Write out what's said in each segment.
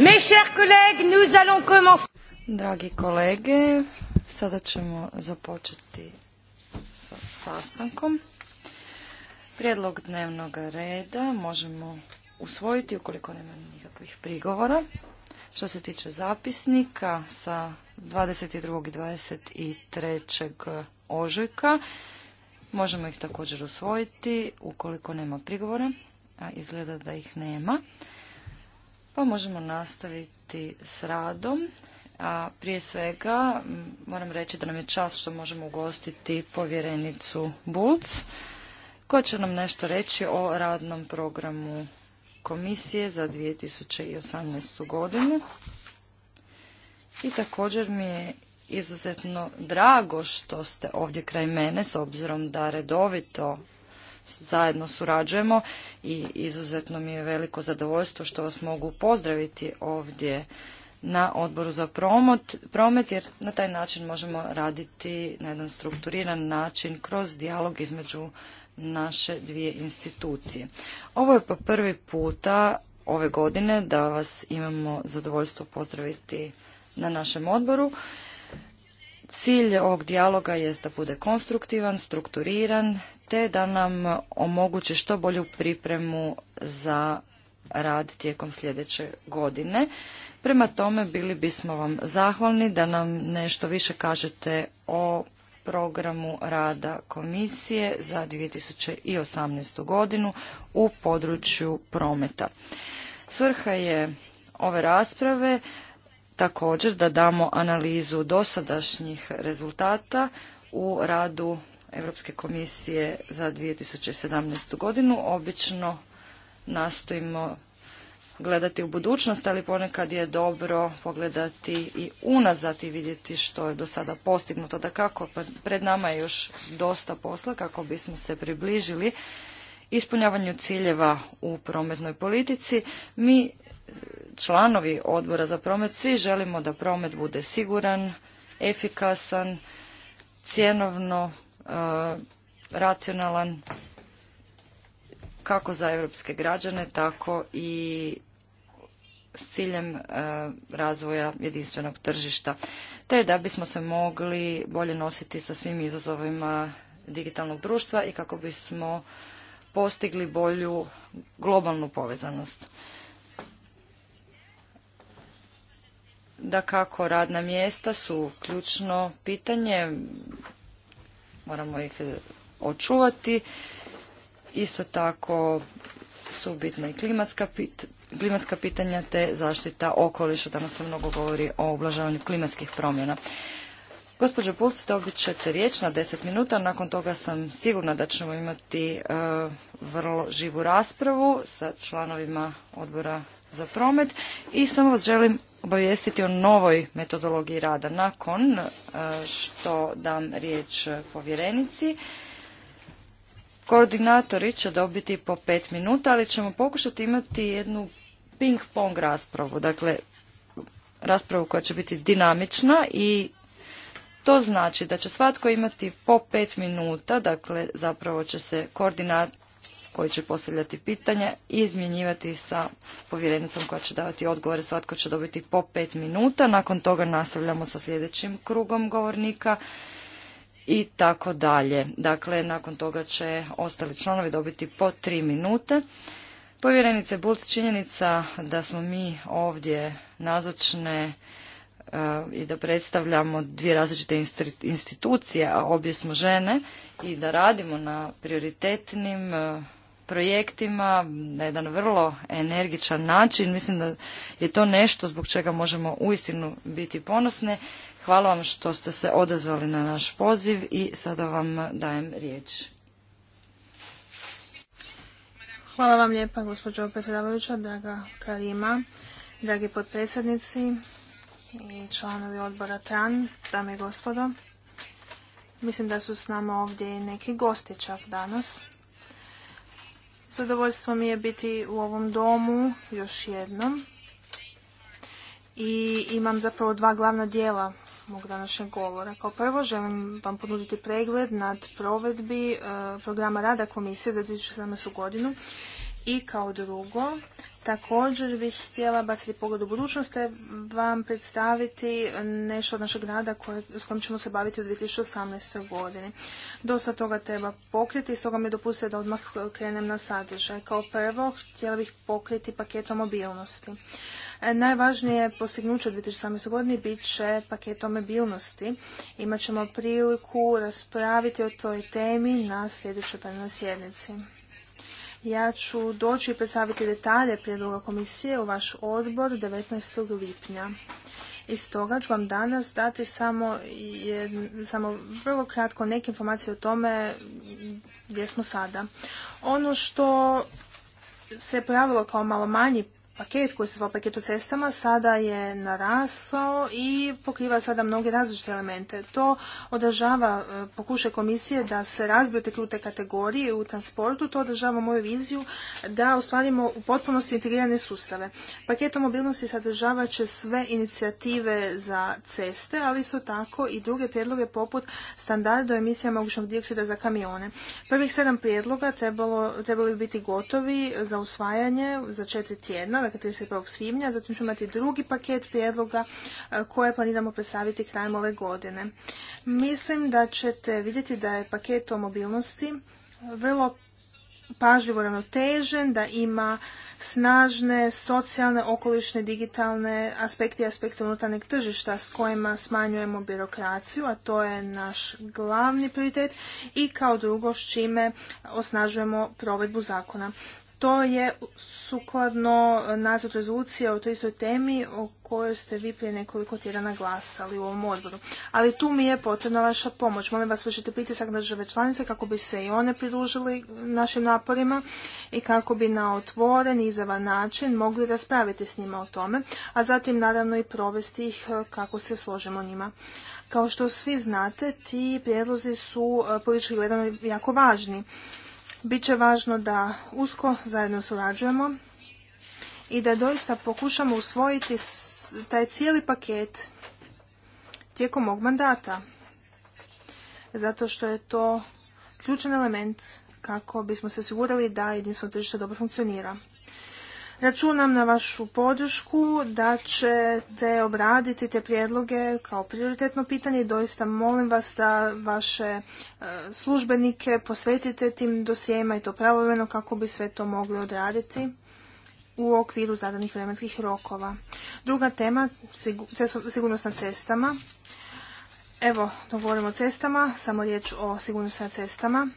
Mes chers collègues, nous allons commencer. Dragi kolege, sada ćemo započeti sa sastankom. Prijedlog dnevnog reda možemo usvojiti ukoliko nema nikakvih prigovora. Što se tiče zapisnika sa 22. i 23. ožujka, možemo ih također usvojiti ukoliko nema prigovora, a izgleda da ih nema. Pa možemo nastaviti s radom. A prije svega moram reći da nam je čast što možemo ugostiti povjerenicu Bulc koja će nam nešto reći o radnom programu komisije za 2018. godinu. I također mi je izuzetno drago što ste ovdje kraj mene s obzirom da redovito zajedno surađujemo i izuzetno mi je veliko zadovoljstvo što vas mogu pozdraviti ovdje na odboru za promot, promet jer na taj način možemo raditi na jedan strukturiran način kroz dijalog između naše dvije institucije. Ovo je po prvi puta ove godine da vas imamo zadovoljstvo pozdraviti na našem odboru. Cilj ovog dijaloga je da bude konstruktivan, strukturiran, te da nam omoguće što bolju pripremu za rad tijekom sljedeće godine. Prema tome bili bismo vam zahvalni da nam nešto više kažete o programu rada komisije za 2018. godinu u području prometa. Svrha je ove rasprave također da damo analizu dosadašnjih rezultata u radu Europske komisije za 2017. godinu. Obično nastojimo gledati u budućnost, ali ponekad je dobro pogledati i unazad i vidjeti što je do sada postignuto. Da kako, pred nama je još dosta posla kako bismo se približili ispunjavanju ciljeva u prometnoj politici. Mi, e, članovi odbora za promet, svi želimo da promet bude siguran, efikasan, cjenovno Eh, racionalan kako za europske građane, tako i s ciljem eh, razvoja jedinstvenog tržišta, te da bismo se mogli bolje nositi sa svim izazovima digitalnog društva i kako bismo postigli bolju globalnu povezanost. Da kako radna mjesta su ključno pitanje, moramo ih e, očuvati. Isto tako su bitna i klimatska, klimatska pitanja te zaštita okoliša. Danas se mnogo govori o ublažavanju klimatskih promjena. Gospođo Puls, dobit ćete riječ na deset minuta. Nakon toga sam sigurna da ćemo imati e, vrlo živu raspravu sa članovima odbora za promet i samo vas želim obavijestiti o novoj metodologiji rada nakon e, što dam riječ povjerenici. Koordinatori će dobiti po pet minuta, ali ćemo pokušati imati jednu ping-pong raspravu. Dakle, raspravu koja će biti dinamična i to znači da će svatko imati po pet minuta, dakle zapravo će se koordinator koji će postavljati pitanja i izmjenjivati sa povjerenicom koja će davati odgovore. Svatko će dobiti po pet minuta. Nakon toga nastavljamo sa sljedećim krugom govornika i tako dalje. Dakle, nakon toga će ostali članovi dobiti po tri minute. Povjerenice Bulc, činjenica da smo mi ovdje nazočne e, i da predstavljamo dvije različite institucije, a obje smo žene i da radimo na prioritetnim e, projektima na jedan vrlo energičan način. Mislim da je to nešto zbog čega možemo uistinu biti ponosne. Hvala vam što ste se odazvali na naš poziv i sada vam dajem riječ. Hvala vam lijepa, gospođo predsjedavajuća, draga Karima, dragi potpredsjednici i članovi odbora TRAN, dame i gospodo. Mislim da su s nama ovdje i neki gosti čak danas. Zadovoljstvo mi je biti u ovom domu još jednom i imam zapravo dva glavna dijela mog današnjeg govora. Kao prvo želim vam ponuditi pregled nad provedbi e, programa rada komisije za 2017. godinu i kao drugo Također bih htjela baciti pogled u budućnost te vam predstaviti nešto od našeg rada s kojim ćemo se baviti u 2018. godini. Dosta toga treba pokriti, stoga mi dopustite da odmah krenem na sadržaj. Kao prvo, htjela bih pokriti paket mobilnosti. E, najvažnije postignuće u 2018. godini bit će paketom mobilnosti mobilnosti. Imaćemo priliku raspraviti o toj temi na sljedećoj plenarnoj sjednici. Ja ću doći i predstaviti detalje prijedloga komisije u vaš odbor 19. lipnja. I stoga ću vam danas dati samo, samo vrlo kratko neke informacije o tome gdje smo sada. Ono što se pojavilo kao malo manji paket koji se zvao paket cestama sada je narasao i pokriva sada mnoge različite elemente. To održava e, pokušaj komisije da se razbiju te krute kategorije u transportu, to održava moju viziju da ostvarimo u potpunosti integrirane sustave. Paket mobilnosti sadržava će sve inicijative za ceste, ali su tako i druge prijedloge poput standarda o emisijama ugljičnog dioksida za kamione. Prvih sedam prijedloga trebali bi biti gotovi za usvajanje za četiri tjedna, Dakle, trideset 31. svibnja, zatim ćemo imati drugi paket prijedloga e, koje planiramo predstaviti krajem ove godine. Mislim da ćete vidjeti da je paket o mobilnosti vrlo pažljivo ravnotežen, da ima snažne socijalne, okolišne, digitalne aspekte i aspekte unutarnjeg tržišta s kojima smanjujemo birokraciju, a to je naš glavni prioritet i kao drugo s čime osnažujemo provedbu zakona. To je sukladno nazvat rezolucije o toj istoj temi o kojoj ste vi prije nekoliko tjedana glasali u ovom odboru. Ali tu mi je potrebna vaša pomoć. Molim vas vršite pritisak na države članice kako bi se i one pridružili našim naporima i kako bi na otvoren i izavan način mogli raspraviti s njima o tome, a zatim naravno i provesti ih e, kako se složimo njima. Kao što svi znate, ti prijedlozi su e, politički gledano jako važni Biće važno da usko zajedno surađujemo i da doista pokušamo usvojiti taj cijeli paket tijekom mog mandata. Zato što je to ključan element kako bismo se osigurali da jedinstvo tržište dobro funkcionira. Računam na vašu podršku da ćete obraditi te prijedloge kao prioritetno pitanje i doista molim vas da vaše e, službenike posvetite tim dosijema i to pravovremeno kako bi sve to mogli odraditi u okviru zadanih vremenskih rokova. Druga tema, sigurnost na cestama. Evo, dogovorimo o cestama, samo riječ o sigurnosti na cestama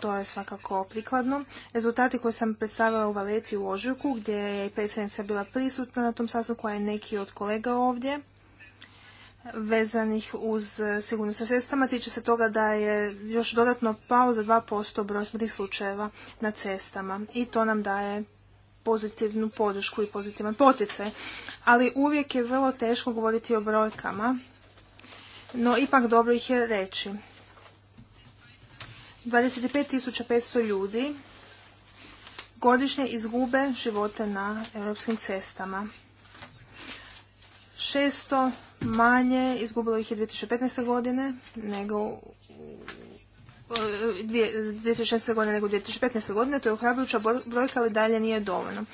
to je svakako prikladno. Rezultati koje sam predstavila u Valeti u Ožujku, gdje je i predsjednica bila prisutna na tom sastanku, koja je neki od kolega ovdje, vezanih uz sigurnost sa cestama, tiče se toga da je još dodatno pao za 2% broj smrtnih slučajeva na cestama. I to nam daje pozitivnu podršku i pozitivan poticaj. Ali uvijek je vrlo teško govoriti o brojkama, no ipak dobro ih je reći. 25.500 ljudi godišnje izgube živote na europskim cestama. 600 manje izgubilo ih je 2015. godine nego 2016. E, godine nego 2015. godine, to je ohrabrujuća brojka, ali dalje nije dovoljno.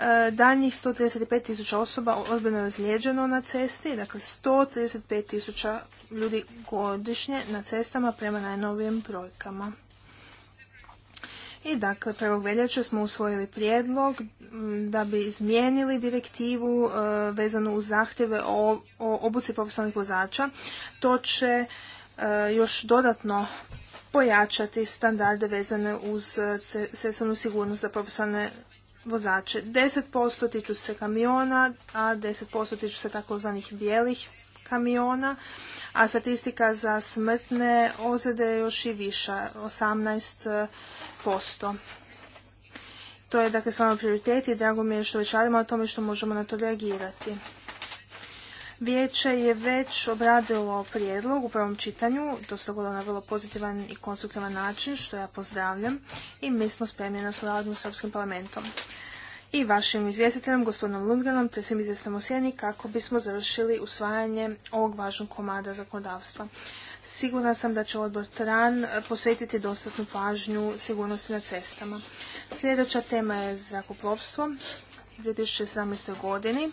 E, danjih 135 tisuća osoba je ozlijeđeno na cesti, dakle 135 tisuća ljudi godišnje na cestama prema najnovijim brojkama. I dakle, prvog veljače smo usvojili prijedlog da bi izmijenili direktivu e, vezanu uz zahtjeve o obuci profesionalnih vozača. To će e, još dodatno pojačati standarde vezane uz cestovnu sigurnost za profesionalne vozače. 10% tiču se kamiona, a 10% tiču se takozvanih bijelih kamiona, a statistika za smrtne ozljede je još i viša, 18%. To je dakle vama prioritet i drago mi je što već radimo o tome što možemo na to reagirati. Vijeće je već obradilo prijedlog u prvom čitanju, to se dogodilo ono na vrlo pozitivan i konstruktivan način, što ja pozdravljam, i mi smo spremni na suradnju s Europskim parlamentom i vašim izvjestiteljem, gospodinom Lundgrenom, te svim izvjestiteljom u Sjeni, kako bismo završili usvajanje ovog važnog komada zakonodavstva. Sigurna sam da će odbor TRAN posvetiti dostatnu pažnju sigurnosti na cestama. Sljedeća tema je zakuplovstvo u 2017. godini.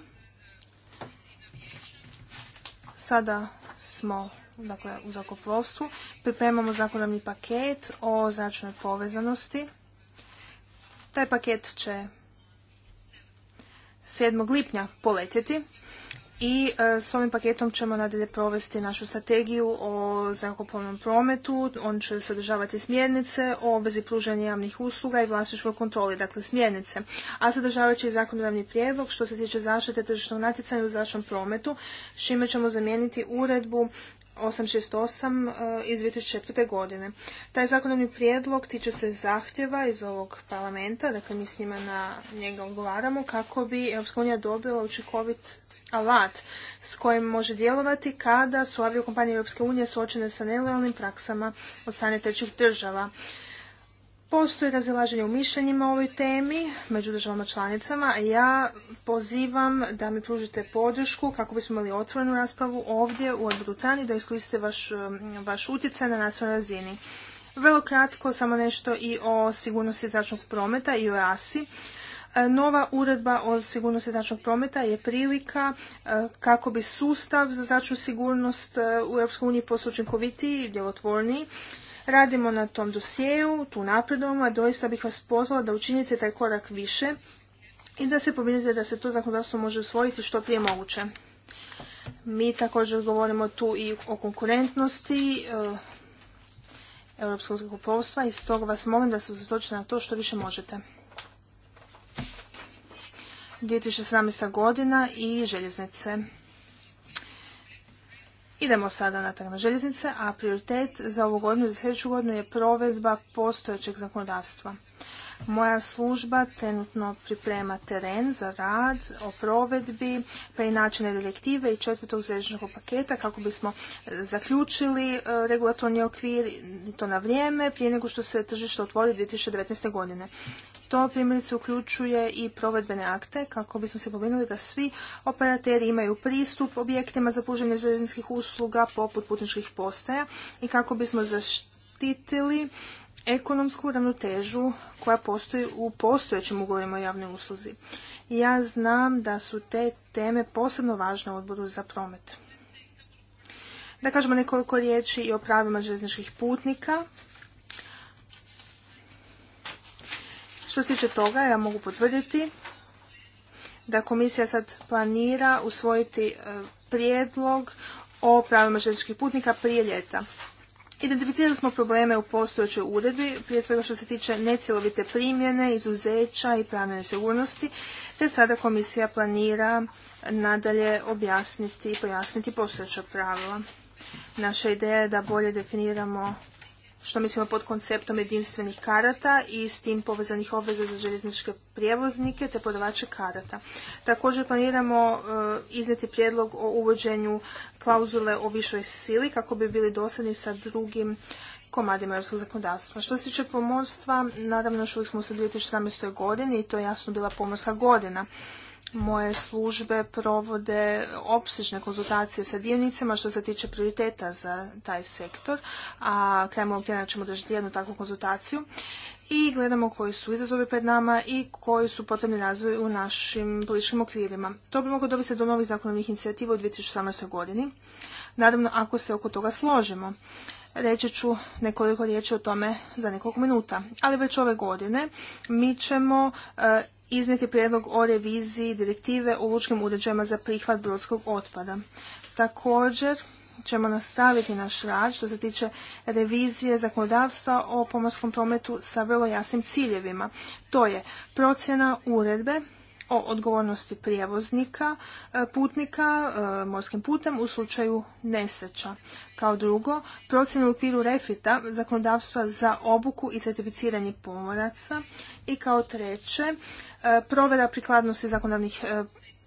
Sada smo dakle, u zakoplovstvu. Pripremamo zakonodavni paket o zračnoj povezanosti. Taj paket će 7. lipnja poletjeti i e, s ovim paketom ćemo nadalje provesti našu strategiju o zrakoplovnom prometu. On će sadržavati smjernice o obvezi pružanja javnih usluga i vlasničkoj kontroli, dakle smjernice. A sadržavat će i zakonodavni prijedlog što se tiče zaštite tržišnog natjecanja u zračnom prometu, s čime ćemo zamijeniti uredbu 868 e, iz 2004. godine. Taj zakonodavni prijedlog tiče se zahtjeva iz ovog parlamenta, dakle mi s njima na njega odgovaramo, kako bi EU dobila učinkovit alat s kojim može djelovati kada su aviokompanije Europske unije suočene sa nelojalnim praksama od strane trećih država. Postoje razilaženje u mišljenjima o ovoj temi među državama članicama, a ja pozivam da mi pružite podršku kako bismo imali otvorenu raspravu ovdje u odboru da iskoristite vaš, vaš utjecaj na nacionalnoj razini. Vrlo kratko, samo nešto i o sigurnosti zračnog prometa i o rasi. E, nova uredba o sigurnosti zračnog prometa je prilika e, kako bi sustav za zračnu sigurnost e, u EU postao učinkovitiji i djelotvorniji. Radimo na tom dosjeu, tu napredom, a doista bih vas pozvala da učinite taj korak više i da se pobinite da se to zakonodavstvo može usvojiti što prije moguće. Mi također govorimo tu i o konkurentnosti europskog zrakoplovstva i stoga vas molim da se uzdočite na to što više možete. 2017. godina i željeznice. Idemo sada natrag na željeznice, a prioritet za ovu godinu i za sljedeću godinu je provedba postojećeg zakonodavstva. Moja služba trenutno priprema teren za rad o provedbi pa i načine direktive i četvrtog zrežnog paketa kako bismo zaključili e, regulatorni okvir i to na vrijeme prije nego što se tržište otvori 2019. godine. To primjerice uključuje i provedbene akte kako bismo se pobrinuli da svi operateri imaju pristup objektima za pružanje željezničkih usluga poput putničkih postaja i kako bismo zaštitili ekonomsku ravnotežu koja postoji u postojećim ugovorima o javnoj usluzi. Ja znam da su te teme posebno važne u odboru za promet. Da kažemo nekoliko riječi i o pravima željezničkih putnika Što se tiče toga, ja mogu potvrditi da komisija sad planira usvojiti e, prijedlog o pravima željezničkih putnika prije ljeta. Identificirali smo probleme u postojećoj uredbi, prije svega što se tiče necjelovite primjene, izuzeća i pravne nesigurnosti, te sada komisija planira nadalje objasniti i pojasniti postojeća pravila. Naša ideja je da bolje definiramo što mislimo pod konceptom jedinstvenih karata i s tim povezanih obveza za željezničke prijevoznike te podavače karata. Također planiramo e, iznijeti prijedlog o uvođenju klauzule o višoj sili kako bi bili dosadni sa drugim komadima europskog zakonodavstva. Što se tiče pomorstva, naravno još uvijek smo se u 2017. godini i to je jasno bila pomorska godina moje službe provode opsežne konzultacije sa dionicama što se tiče prioriteta za taj sektor, a krajem ovog tjedna ćemo držati jednu takvu konzultaciju i gledamo koji su izazovi pred nama i koji su potrebni razvoj u našim političkim okvirima. To bi moglo dovesti do novih zakonovnih inicijativa u 2018. godini, naravno ako se oko toga složimo. Reći ću nekoliko riječi o tome za nekoliko minuta. Ali već ove godine mi ćemo e, iznijeti prijedlog o reviziji direktive o lučkim uređajima za prihvat brodskog otpada. Također ćemo nastaviti naš rad što se tiče revizije zakonodavstva o pomorskom prometu sa vrlo jasnim ciljevima. To je procjena uredbe o odgovornosti prijevoznika e, putnika e, morskim putem u slučaju nesreća. Kao drugo, procjenu u okviru refita zakonodavstva za obuku i certificiranje pomoraca. I kao treće, e, provjera prikladnosti zakonodavnih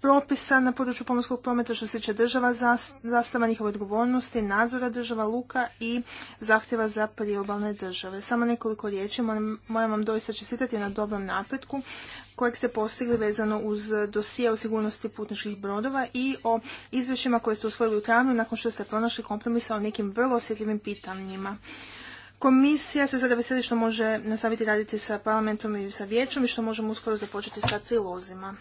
propisa na području pomorskog prometa što se tiče država zastava njihove odgovornosti, nadzora država luka i zahtjeva za priobalne države. Samo nekoliko riječi, moram vam doista čestitati na dobrom napretku kojeg ste postigli vezano uz dosije o sigurnosti putničkih brodova i o izvješćima koje ste usvojili u travnju nakon što ste pronašli kompromisa o nekim vrlo osjetljivim pitanjima. Komisija se sada što može nastaviti raditi sa parlamentom i sa vijećom i što možemo uskoro započeti sa trilozima.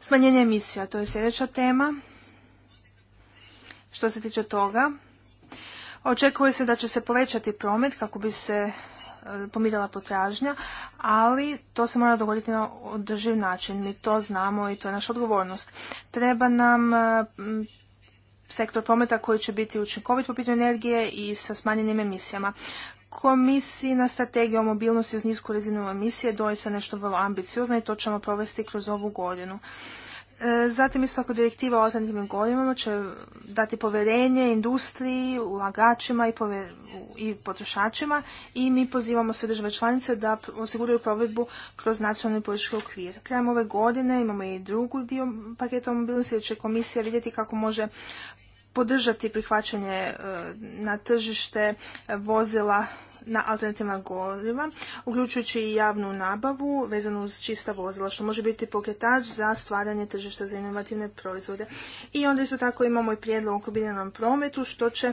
Smanjenje emisija, to je sljedeća tema. Što se tiče toga, očekuje se da će se povećati promet kako bi se pomirila potražnja, ali to se mora dogoditi na održiv način. Mi to znamo i to je naša odgovornost. Treba nam e, sektor prometa koji će biti učinkovit po pitanju energije i sa smanjenim emisijama. na strategija o mobilnosti uz nisku razinu emisije doista nešto vrlo ambiciozna i to ćemo provesti kroz ovu godinu. E, zatim isto tako direktiva o alternativnim gorivima će dati povjerenje industriji, ulagačima i, i potrošačima i mi pozivamo sve države članice da osiguraju provedbu kroz nacionalni politički okvir. Krajem ove godine imamo i drugu dio paketa mobilnosti će komisija vidjeti kako može podržati prihvaćanje e, na tržište vozila na alternativna goriva, uključujući i javnu nabavu vezanu uz čista vozila, što može biti pokretač za stvaranje tržišta za inovativne proizvode. I onda isto tako imamo i prijedlog o kombiniranom prometu, što će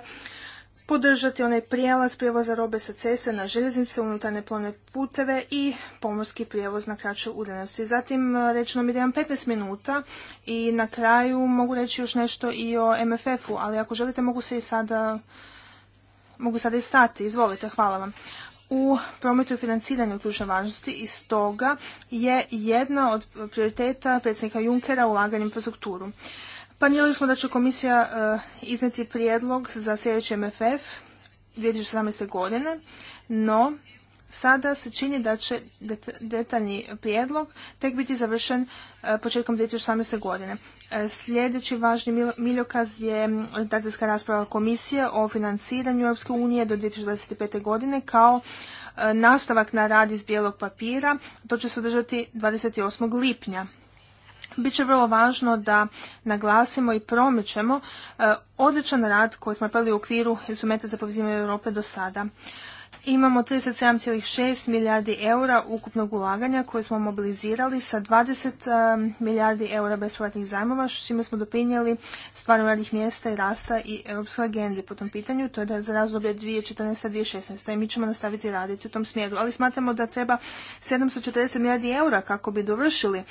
podržati onaj prijelaz prijevoza robe sa cese na željeznice, unutarnje plovne puteve i pomorski prijevoz na kraće udaljenosti. Zatim rečeno mi da imam 15 minuta i na kraju mogu reći još nešto i o MFF-u, ali ako želite mogu se i sada Mogu sada i stati, izvolite, hvala vam. U prometu i financiranju ključne važnosti i stoga je jedna od prioriteta predsjednika Junkera ulaganje u infrastrukturu. Planirali smo da će komisija eh, izneti prijedlog za sljedeći MFF 2017. godine, no sada se čini da će detaljni prijedlog tek biti završen e, početkom 2018. godine. E, sljedeći važni miljokaz je orientacijska rasprava komisije o financiranju Europske unije do 2025. godine kao e, nastavak na rad iz bijelog papira. To će se održati 28. lipnja. Biće vrlo važno da naglasimo i promičemo odličan rad koji smo napravili u okviru instrumenta za povezivanje Europe do sada imamo 37,6 milijardi eura ukupnog ulaganja koje smo mobilizirali sa 20 e, milijardi eura bespovratnih zajmova, s čime smo doprinijeli stvarno radnih mjesta i rasta i europske agendi po tom pitanju, to je da je za razdoblje 2014-2016 i mi ćemo nastaviti raditi u tom smjeru. Ali smatramo da treba 740 milijardi eura kako bi dovršili e,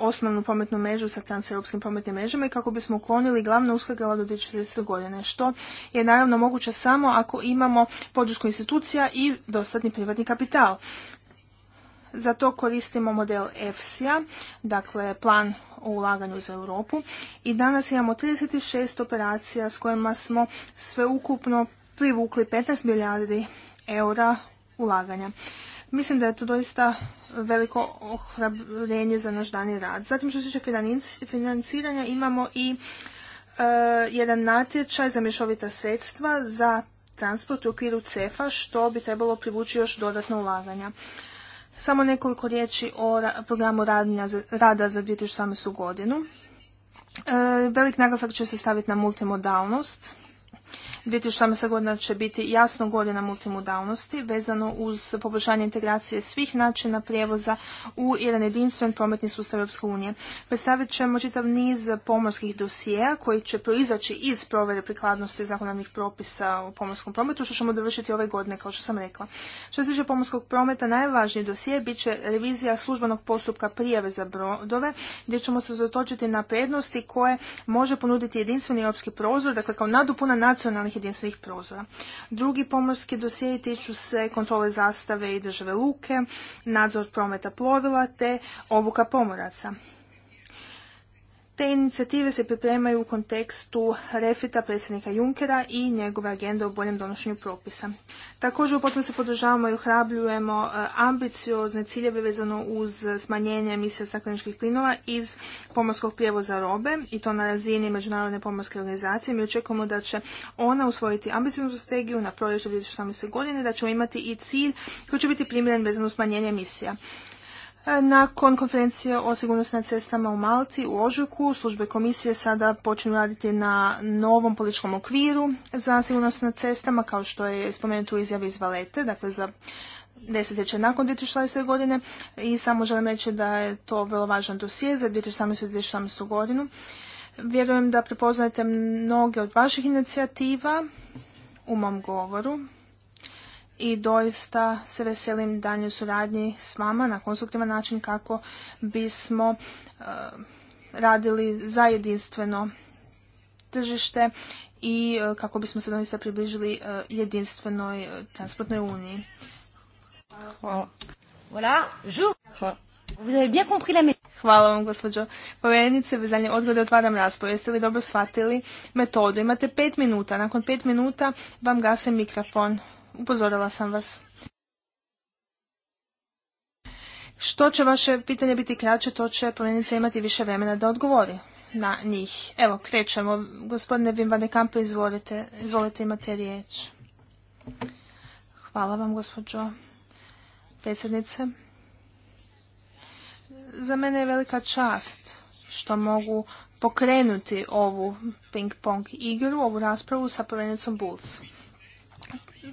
osnovnu prometnu mežu sa transeuropskim prometnim mežama i kako bismo uklonili glavne usluge od 2040 godine, što je naravno moguće samo ako imamo podršku institucija investicija i dostatni privatni kapital. Za to koristimo model EFSI-a, dakle plan o ulaganju za Europu i danas imamo 36 operacija s kojima smo sveukupno privukli 15 milijardi eura ulaganja. Mislim da je to doista veliko ohrabrenje za naš dani rad. Zatim što se tiče financiranja imamo i e, jedan natječaj za mješovita sredstva za transport u okviru CEFA što bi trebalo privući još dodatno ulaganja. Samo nekoliko riječi o programu rada za 2018. godinu. E, velik naglasak će se staviti na multimodalnost 2018. godina će biti jasno godina multimodalnosti vezano uz poboljšanje integracije svih načina prijevoza u jedan jedinstven prometni sustav Europske unije. Predstavit ćemo čitav niz pomorskih dosijeja koji će proizaći iz provere prikladnosti zakonodavnih propisa u pomorskom prometu što ćemo dovršiti ove godine kao što sam rekla. Što se tiče pomorskog prometa najvažniji dosije bit će revizija službenog postupka prijave za brodove gdje ćemo se zatočiti na prednosti koje može ponuditi jedinstveni europski prozor, dakle kao nadopuna nacionalnih nacionalnih jedinstvenih prozora. Drugi pomorski dosjei tiču se kontrole zastave i države luke, nadzor prometa plovila te obuka pomoraca. Te inicijative se pripremaju u kontekstu refita predsjednika Junkera i njegove agende o boljem donošenju propisa. Također u se podržavamo i ohrabljujemo e, ambiciozne ciljeve vezano uz smanjenje emisija stakleničkih plinova iz pomorskog prijevoza robe i to na razini Međunarodne pomorske organizacije. Mi očekujemo da će ona usvojiti ambicioznu strategiju na proljeće 2018. godine, da ćemo imati i cilj koji će biti primjeren vezano uz smanjenje emisija. E, nakon konferencije o sigurnosti na cestama u Malti u Ožujku službe komisije sada počinju raditi na novom političkom okviru za sigurnost na cestama kao što je spomenuto u izjavi iz Valete, dakle za desetljeće nakon 2020. godine i samo želim reći da je to vrlo važan dosije za 2018. i 2018. godinu. Vjerujem da prepoznajete mnoge od vaših inicijativa u mom govoru i doista se veselim daljnjoj suradnji s vama na konstruktivan način kako bismo e, radili za jedinstveno tržište i e, kako bismo se doista približili e, jedinstvenoj transportnoj uniji. Hvala. Hvala. Hvala vam, gospođo povjerenice. za zadnje odgode otvaram raspravu. Jeste li dobro shvatili metodu? Imate pet minuta. Nakon pet minuta vam gasem mikrofon upozorila sam vas. Što će vaše pitanje biti kraće, to će povjerenica imati više vremena da odgovori na njih. Evo, krećemo. Gospodine Wim van de Kampo, izvolite, izvolite imate riječ. Hvala vam, gospođo predsjednice. Za mene je velika čast što mogu pokrenuti ovu ping-pong igru, ovu raspravu sa povjerenicom Bulls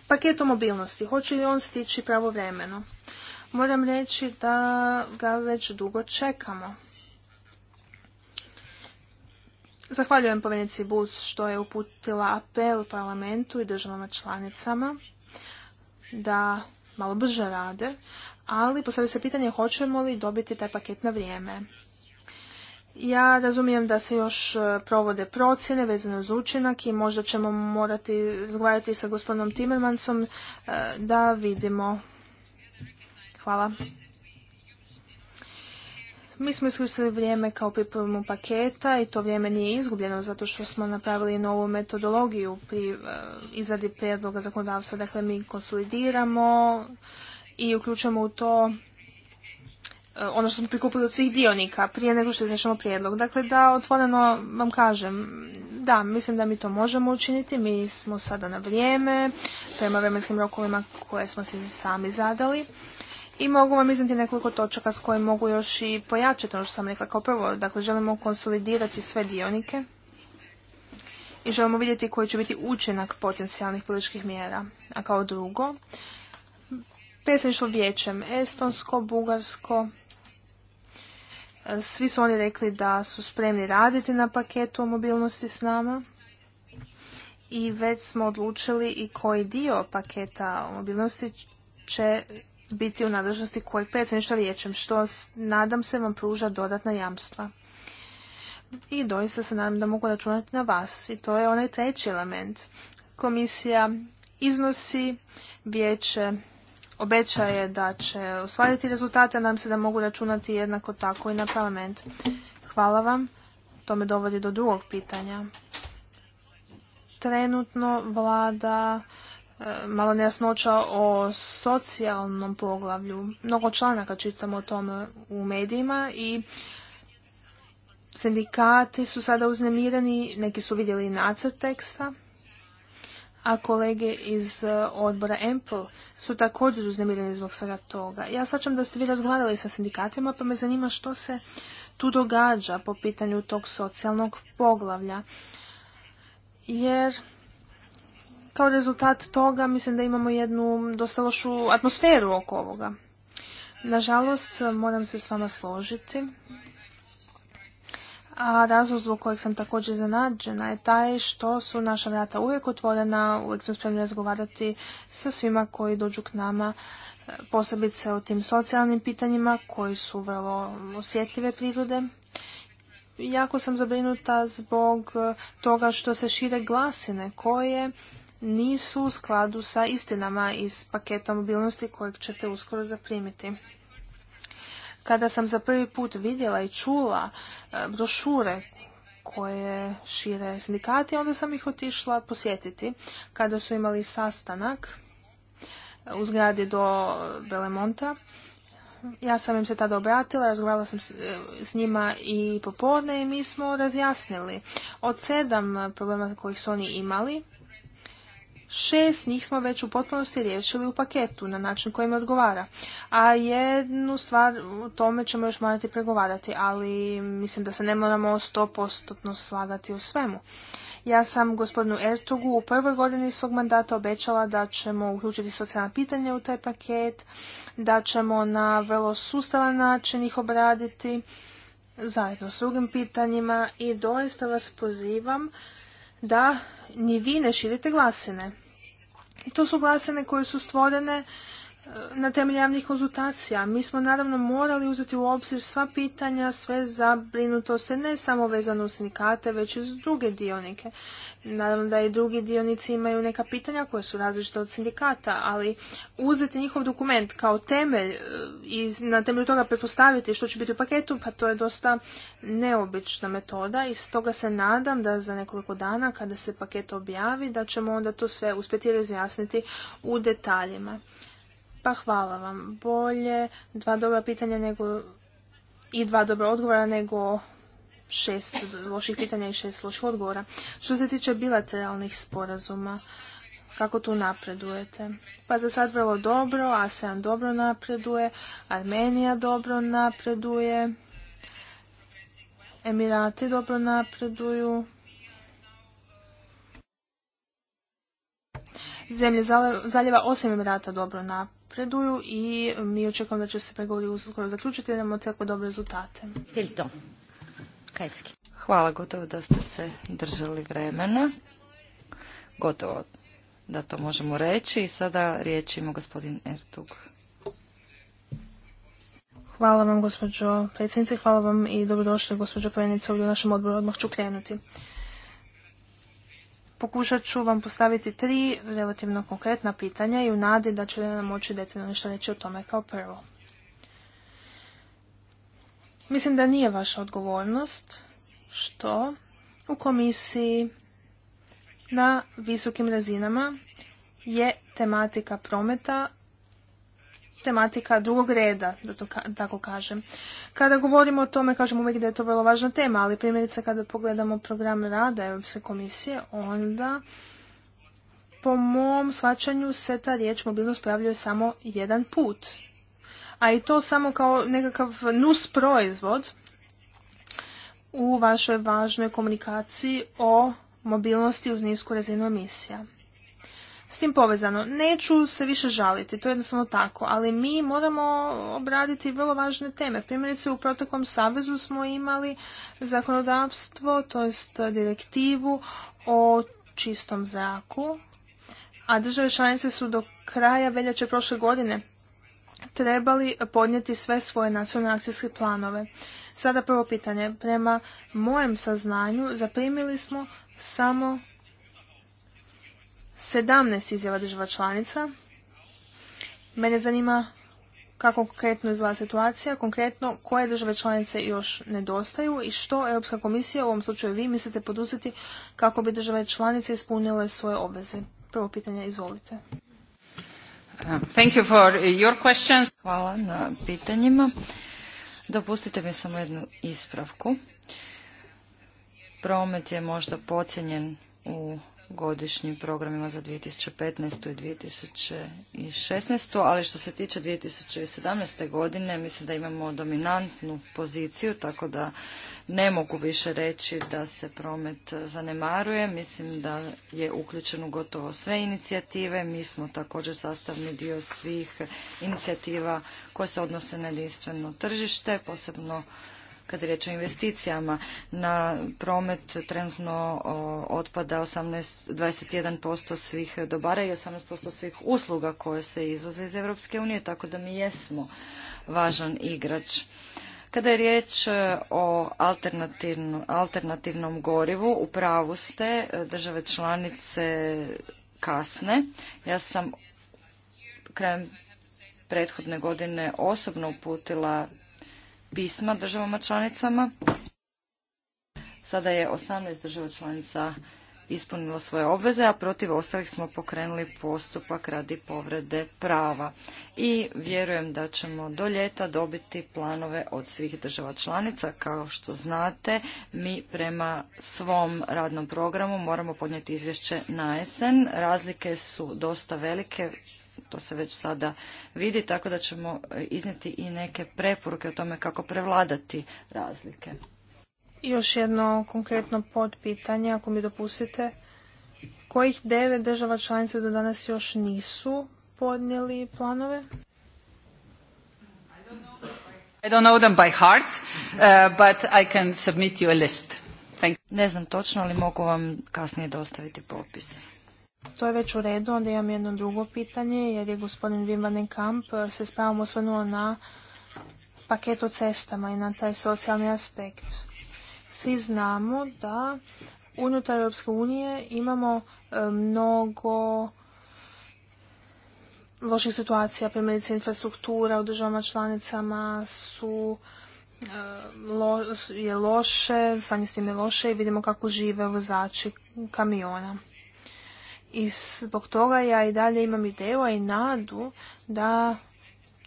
paket o mobilnosti, hoće li on stići pravovremeno? Moram reći da ga već dugo čekamo. Zahvaljujem povenici Buc što je uputila apel parlamentu i državama članicama da malo brže rade, ali postavlja se pitanje hoćemo li dobiti taj paket na vrijeme. Ja razumijem da se još e, provode procjene vezane uz učinak i možda ćemo morati razgovarati sa gospodinom Timmermansom e, da vidimo. Hvala. Mi smo iskoristili vrijeme kao pripremu paketa i to vrijeme nije izgubljeno zato što smo napravili novu metodologiju pri e, izradi prijedloga zakonodavstva. Dakle, mi konsolidiramo i uključujemo u to E, ono što smo prikupili od svih dionika prije nego što iznešemo prijedlog. Dakle, da otvoreno vam kažem, da, mislim da mi to možemo učiniti, mi smo sada na vrijeme, prema vremenskim rokovima koje smo se sami zadali. I mogu vam iznati nekoliko točaka s kojim mogu još i pojačati ono što sam rekla kao prvo. Dakle, želimo konsolidirati sve dionike i želimo vidjeti koji će biti učinak potencijalnih političkih mjera. A kao drugo, predsjedništvo vijećem Estonsko, Bugarsko svi su oni rekli da su spremni raditi na paketu o mobilnosti s nama i već smo odlučili i koji dio paketa o mobilnosti će biti u nadležnosti kojeg predsjedništva vijećem, što nadam se vam pruža dodatna jamstva. I doista se nadam da mogu računati na vas. I to je onaj treći element. Komisija iznosi, vijeće obećaje da će osvajati rezultate, nadam se da mogu računati jednako tako i na parlament. Hvala vam. To me dovodi do drugog pitanja. Trenutno vlada e, malo nejasnoća o socijalnom poglavlju. Mnogo članaka čitamo o tome u medijima i sindikati su sada uznemirani. neki su vidjeli nacrt teksta a kolege iz e, odbora EMPL su također uznemireni zbog svega toga. Ja svačam da ste vi razgovarali sa sindikatima, pa me zanima što se tu događa po pitanju tog socijalnog poglavlja. Jer kao rezultat toga mislim da imamo jednu dosta lošu atmosferu oko ovoga. Nažalost, moram se s vama složiti a razlog zbog kojeg sam također zanađena je taj što su naša vrata uvijek otvorena, uvijek smo spremni razgovarati sa svima koji dođu k nama, e, posebice o tim socijalnim pitanjima koji su vrlo osjetljive prirode. Jako sam zabrinuta zbog e, toga što se šire glasine koje nisu u skladu sa istinama iz paketa mobilnosti kojeg ćete uskoro zaprimiti. Kada sam za prvi put vidjela i čula e, brošure koje šire sindikati, onda sam ih otišla posjetiti kada su imali sastanak e, u zgradi do Belemonta. Ja sam im se tada obratila, razgovarala sam e, s njima i popodne i mi smo razjasnili od sedam problema kojih su oni imali, Šest njih smo već u potpunosti riješili u paketu na način kojim odgovara. A jednu stvar o tome ćemo još morati pregovarati, ali mislim da se ne moramo postotno slagati u svemu. Ja sam gospodinu Ertugu u prvoj godini svog mandata obećala da ćemo uključiti socijalna pitanja u taj paket, da ćemo na vrlo sustavan način ih obraditi zajedno s drugim pitanjima i doista vas pozivam da ni vi ne širite glasine. to su glasine koje su stvorene na temelju javnih konzultacija. Mi smo naravno morali uzeti u obzir sva pitanja, sve zabrinutosti, ne samo vezano uz sindikate, već i druge dionike. Naravno da i drugi dionici imaju neka pitanja koja su različita od sindikata, ali uzeti njihov dokument kao temelj e, i na temelju toga pretpostaviti što će biti u paketu, pa to je dosta neobična metoda i stoga se nadam da za nekoliko dana kada se paket objavi da ćemo onda to sve uspjeti razjasniti u detaljima. Pa hvala vam. Bolje dva dobra pitanja nego i dva dobra odgovora nego šest loših pitanja i šest loših odgovora. Što se tiče bilateralnih sporazuma, kako tu napredujete? Pa za sad vrlo dobro, ASEAN dobro napreduje, Armenija dobro napreduje, Emirati dobro napreduju, zemlje zaljeva osim Emirata dobro Preduju i mi očekujemo da će se pregovori uskoro zaključiti i da imamo tako dobre rezultate. Hvala, gotovo da ste se držali vremena. Gotovo da to možemo reći. sada riječ ima gospodin Ertug. Hvala vam, gospođo predsjednice, hvala vam i dobrodošli, gospođo povjednice, ovdje u našem odboru. Odmah ću krenuti. Pokušat ću vam postaviti tri relativno konkretna pitanja i u nadi da ću nam moći detaljno nešto reći o tome kao prvo. Mislim da nije vaša odgovornost što u komisiji na visokim razinama je tematika prometa tematika drugog reda, da to ka tako kažem. Kada govorimo o tome, kažemo uvijek da je to vrlo važna tema, ali primjerice kada pogledamo program rada Europske komisije, onda po mom svačanju se ta riječ mobilnost pojavljuje samo jedan put. A i to samo kao nekakav nus proizvod u vašoj važnoj komunikaciji o mobilnosti uz nisku razinu emisija s tim povezano. Neću se više žaliti, to je jednostavno tako, ali mi moramo obraditi vrlo važne teme. Primjerice u proteklom savezu smo imali zakonodavstvo, to jest direktivu o čistom zraku, a države članice su do kraja veljače prošle godine trebali podnijeti sve svoje nacionalne akcijske planove. Sada prvo pitanje. Prema mojem saznanju zaprimili smo samo 17 izjava država članica. Mene zanima kako konkretno izgleda situacija, konkretno koje države članice još nedostaju i što Europska komisija, u ovom slučaju vi, mislite poduzeti kako bi države članice ispunile svoje obveze. Prvo pitanje, izvolite. Uh, thank Hvala na pitanjima. Dopustite mi samo jednu ispravku. Promet je možda pocijenjen u godišnjim programima za 2015. i 2016. Ali što se tiče 2017. godine, mislim da imamo dominantnu poziciju, tako da ne mogu više reći da se promet zanemaruje. Mislim da je uključeno gotovo sve inicijative. Mi smo također sastavni dio svih inicijativa koje se odnose na jedinstveno tržište, posebno kad je riječ o investicijama. Na promet trenutno otpada 18, 21% svih dobara i 18% svih usluga koje se izvoze iz Europske unije, tako da mi jesmo važan igrač. Kada je riječ e, o alternativnom gorivu, u pravu ste, e, države članice kasne. Ja sam krajem prethodne godine osobno uputila pisma državama članicama. Sada je 18 država članica ispunilo svoje obveze, a protiv ostalih smo pokrenuli postupak radi povrede prava. I vjerujem da ćemo do ljeta dobiti planove od svih država članica. Kao što znate, mi prema svom radnom programu moramo podnijeti izvješće na jesen. Razlike su dosta velike, to se već sada vidi, tako da ćemo e, iznijeti i neke preporuke o tome kako prevladati razlike. Još jedno konkretno podpitanje, ako mi dopustite. Kojih devet država članica do danas još nisu podnijeli planove? I don't know them by heart, uh, but I can submit you a list. Ne znam točno, ali mogu vam kasnije dostaviti popis. To je već u redu, onda imam jedno drugo pitanje, jer je gospodin Wim Kamp eh, se spravom osvrnuo na paket o cestama i na taj socijalni aspekt. Svi znamo da unutar Europske unije imamo eh, mnogo loših situacija, primjerice infrastruktura u državama članicama su eh, je loše, stanje s tim je loše i vidimo kako žive vozači kamiona. I zbog toga ja i dalje imam ideju, i nadu da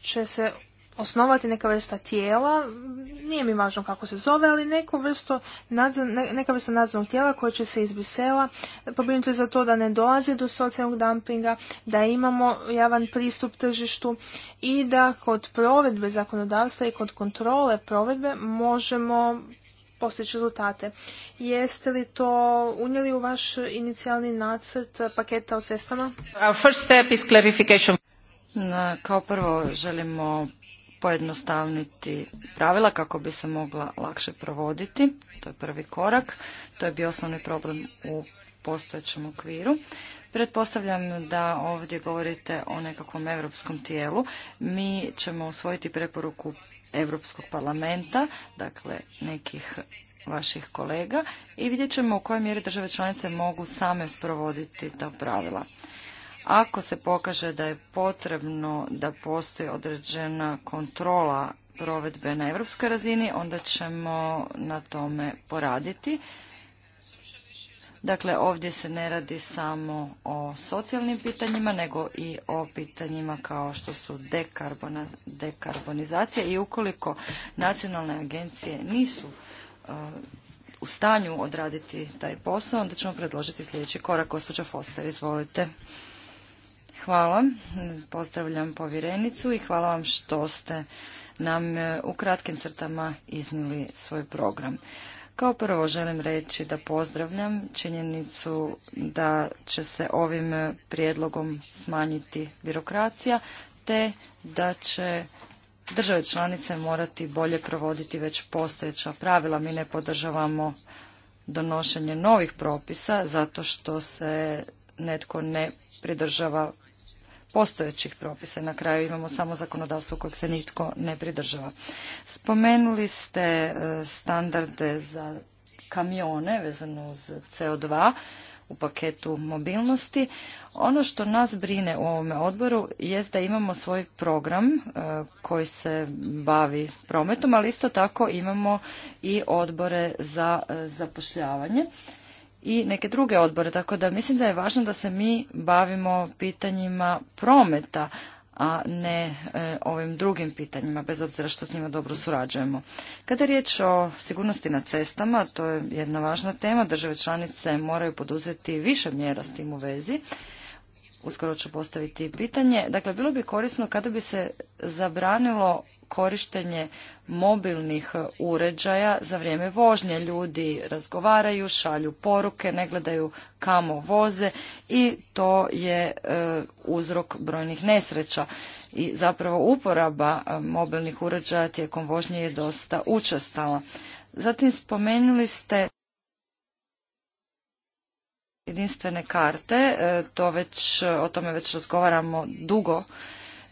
će se osnovati neka vrsta tijela, nije mi važno kako se zove, ali neka vrsta nadzornog tijela koja će se iz Brisela pobrinuti za to da ne dolazi do socijalnog dumpinga, da imamo javan pristup tržištu i da kod provedbe zakonodavstva i kod kontrole provedbe možemo postići rezultate. Jeste li to unijeli u vaš inicijalni nacrt paketa o cestama? kao prvo želimo pojednostavniti pravila kako bi se mogla lakše provoditi. To je prvi korak. To je bio osnovni problem u postojećem okviru. Pretpostavljam da ovdje govorite o nekakvom europskom tijelu. Mi ćemo usvojiti preporuku Europskog parlamenta, dakle nekih vaših kolega i vidjet ćemo u kojoj mjeri države članice mogu same provoditi ta pravila. Ako se pokaže da je potrebno da postoji određena kontrola provedbe na europskoj razini, onda ćemo na tome poraditi. Dakle, ovdje se ne radi samo o socijalnim pitanjima, nego i o pitanjima kao što su dekarbona, dekarbonizacija i ukoliko nacionalne agencije nisu e, u stanju odraditi taj posao, onda ćemo predložiti sljedeći korak. Gospođa Foster, izvolite. Hvala. Pozdravljam povjerenicu i hvala vam što ste nam e, u kratkim crtama iznili svoj program. Kao prvo želim reći da pozdravljam činjenicu da će se ovim prijedlogom smanjiti birokracija te da će države članice morati bolje provoditi već postojeća pravila. Mi ne podržavamo donošenje novih propisa zato što se netko ne pridržava postojećih propisa. Na kraju imamo samo zakonodavstvo kojeg se nitko ne pridržava. Spomenuli ste e, standarde za kamione vezano uz CO2 u paketu mobilnosti. Ono što nas brine u ovome odboru je da imamo svoj program e, koji se bavi prometom, ali isto tako imamo i odbore za e, zapošljavanje i neke druge odbore. Tako da mislim da je važno da se mi bavimo pitanjima prometa, a ne e, ovim drugim pitanjima, bez obzira što s njima dobro surađujemo. Kada je riječ o sigurnosti na cestama, to je jedna važna tema, države članice moraju poduzeti više mjera s tim u vezi. Uskoro ću postaviti pitanje. Dakle, bilo bi korisno kada bi se zabranilo korištenje mobilnih uređaja za vrijeme vožnje. Ljudi razgovaraju, šalju poruke, ne gledaju kamo voze i to je e, uzrok brojnih nesreća. I zapravo uporaba e, mobilnih uređaja tijekom vožnje je dosta učestala. Zatim spomenuli ste jedinstvene karte, e, to već, o tome već razgovaramo dugo,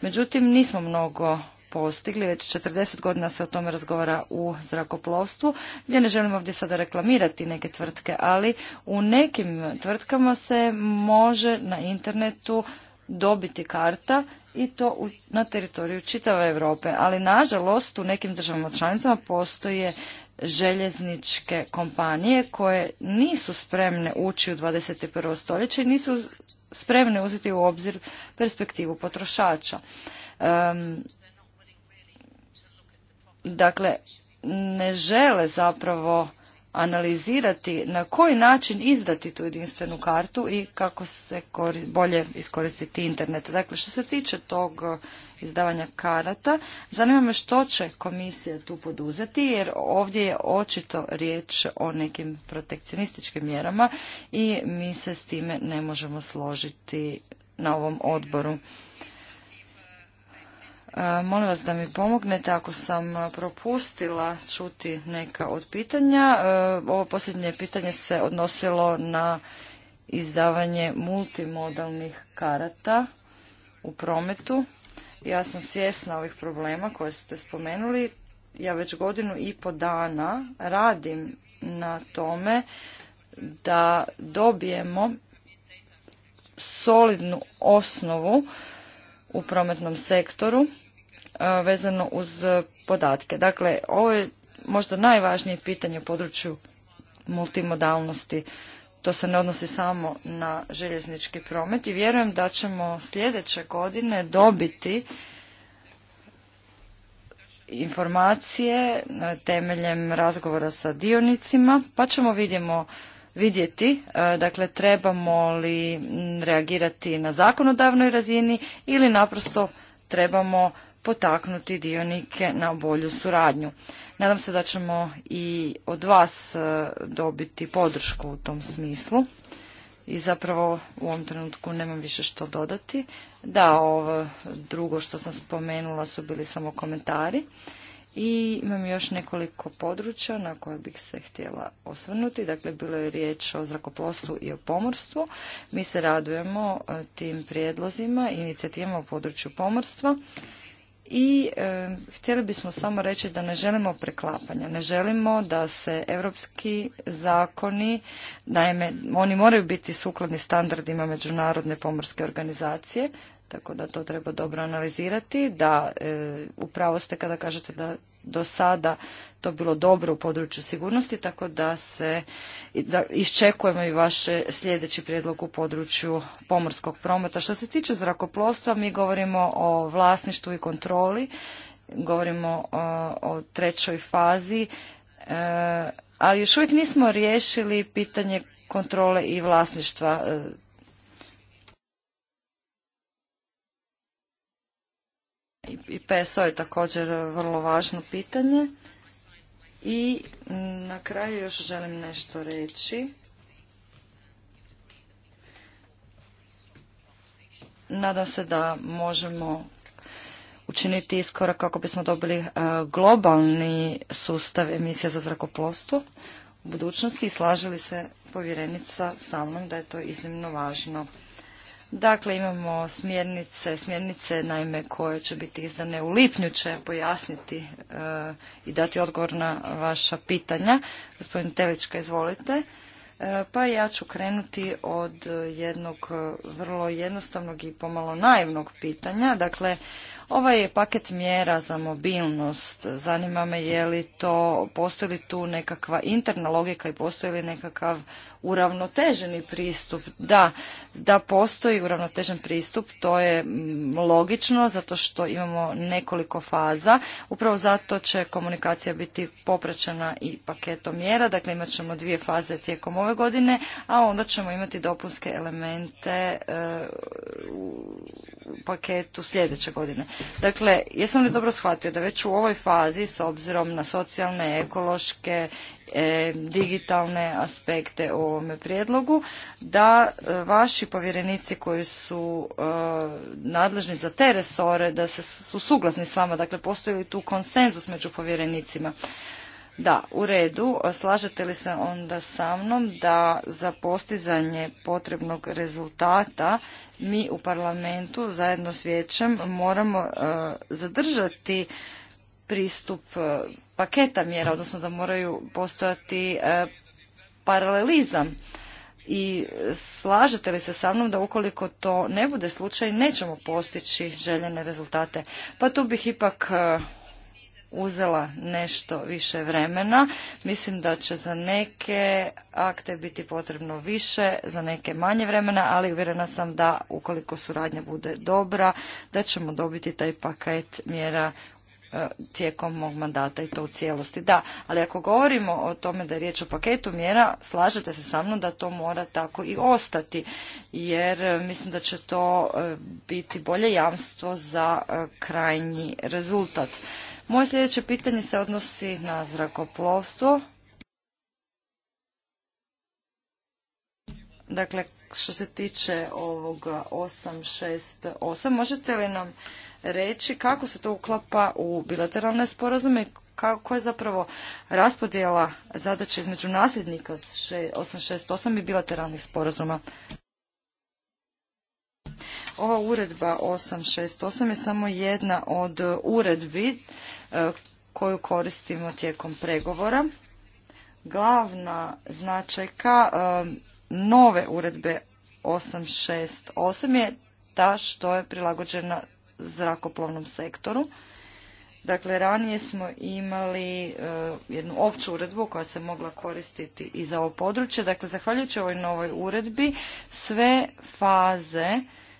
međutim nismo mnogo postigli. Već 40 godina se o tome razgovara u zrakoplovstvu. Ja ne želim ovdje sada reklamirati neke tvrtke, ali u nekim tvrtkama se može na internetu dobiti karta i to na teritoriju čitave Europe. Ali nažalost u nekim državama članicama postoje željezničke kompanije koje nisu spremne ući u 21. stoljeće i nisu spremne uzeti u obzir perspektivu potrošača. Um, dakle ne žele zapravo analizirati na koji način izdati tu jedinstvenu kartu i kako se bolje iskoristiti internet. Dakle, što se tiče tog eh, izdavanja karata, zanima me što će komisija tu poduzeti, jer ovdje je očito riječ o nekim protekcionističkim mjerama i mi se s time ne možemo složiti na ovom odboru. E, molim vas da mi pomognete ako sam e, propustila čuti neka od pitanja. E, ovo posljednje pitanje se odnosilo na izdavanje multimodalnih karata u prometu. Ja sam svjesna ovih problema koje ste spomenuli. Ja već godinu i po dana radim na tome da dobijemo solidnu osnovu u prometnom sektoru vezano uz podatke. Dakle, ovo je možda najvažnije pitanje u području multimodalnosti. To se ne odnosi samo na željeznički promet i vjerujem da ćemo sljedeće godine dobiti informacije e, temeljem razgovora sa dionicima, pa ćemo vidimo, vidjeti, e, dakle trebamo li reagirati na zakonodavnoj razini ili naprosto trebamo potaknuti dionike na bolju suradnju. Nadam se da ćemo i od vas e, dobiti podršku u tom smislu. I zapravo u ovom trenutku nemam više što dodati. Da, ovo drugo što sam spomenula su bili samo komentari. I imam još nekoliko područja na koje bih se htjela osvrnuti. Dakle, bilo je riječ o zrakoplovstvu i o pomorstvu. Mi se radujemo e, tim prijedlozima i inicijativama u području pomorstva i e, htjeli bismo samo reći da ne želimo preklapanja, ne želimo da se europski zakoni, naime oni moraju biti sukladni standardima Međunarodne pomorske organizacije, tako da to treba dobro analizirati, da e, upravo ste kada kažete da do sada to bilo dobro u području sigurnosti, tako da se da iščekujemo i vaš sljedeći prijedlog u području pomorskog prometa. Što se tiče zrakoplovstva, mi govorimo o vlasništvu i kontroli, govorimo e, o, trećoj fazi, e, ali još uvijek nismo riješili pitanje kontrole i vlasništva e, i PSO je također vrlo važno pitanje. I na kraju još želim nešto reći. Nadam se da možemo učiniti iskorak kako bismo dobili e, globalni sustav emisija za zrakoplovstvo u budućnosti i slažili se povjerenica sa mnom da je to iznimno važno. Dakle, imamo smjernice, smjernice naime koje će biti izdane u lipnju će pojasniti e, i dati odgovor na vaša pitanja. Gospodin Telička, izvolite. E, pa ja ću krenuti od jednog vrlo jednostavnog i pomalo naivnog pitanja. Dakle, ovaj paket mjera za mobilnost. Zanima me je li to, postoji li tu nekakva interna logika i postoji li nekakav uravnoteženi pristup. Da, da postoji uravnotežen pristup, to je logično zato što imamo nekoliko faza. Upravo zato će komunikacija biti popraćena i paketom mjera, dakle imat ćemo dvije faze tijekom ove godine, a onda ćemo imati dopunske elemente e, u paketu sljedeće godine. Dakle, jesam li dobro shvatio da već u ovoj fazi s obzirom na socijalne, ekološke, e, digitalne aspekte o ovome prijedlogu da e, vaši povjerenici koji su e, nadležni za te resore da se su suglasni s vama, dakle postoji li tu konsenzus među povjerenicima? Da, u redu. E, slažete li se onda sa mnom da za postizanje potrebnog rezultata mi u parlamentu zajedno s vijećem moramo zadržati pristup paketa mjera, odnosno da moraju postojati paralelizam i slažete li se sa mnom da ukoliko to ne bude slučaj nećemo postići željene rezultate? Pa tu bih ipak e, uzela nešto više vremena. Mislim da će za neke akte biti potrebno više, za neke manje vremena, ali uvjerena sam da ukoliko suradnja bude dobra, da ćemo dobiti taj paket mjera E, tijekom mog mandata i to u cijelosti. Da, ali ako govorimo o tome da je riječ o paketu mjera, slažete se sa mnom da to mora tako i ostati, jer e, mislim da će to e, biti bolje jamstvo za krajnji rezultat. Moje sljedeće pitanje se odnosi na zrakoplovstvo. Dakle, što se tiče ovog 868, možete li nam reći kako se to uklapa u bilateralne sporazume kako je zapravo raspodjela zadaće između nasljednika 868 i bilateralnih sporazuma. Ova uredba 868 je samo jedna od uredbi e, koju koristimo tijekom pregovora. Glavna značajka e, nove uredbe 868 je ta što je prilagođena zrakoplovnom sektoru. Dakle, ranije smo imali eh, jednu opću uredbu koja se mogla koristiti i za ovo područje. Dakle, zahvaljujući ovoj novoj uredbi, sve faze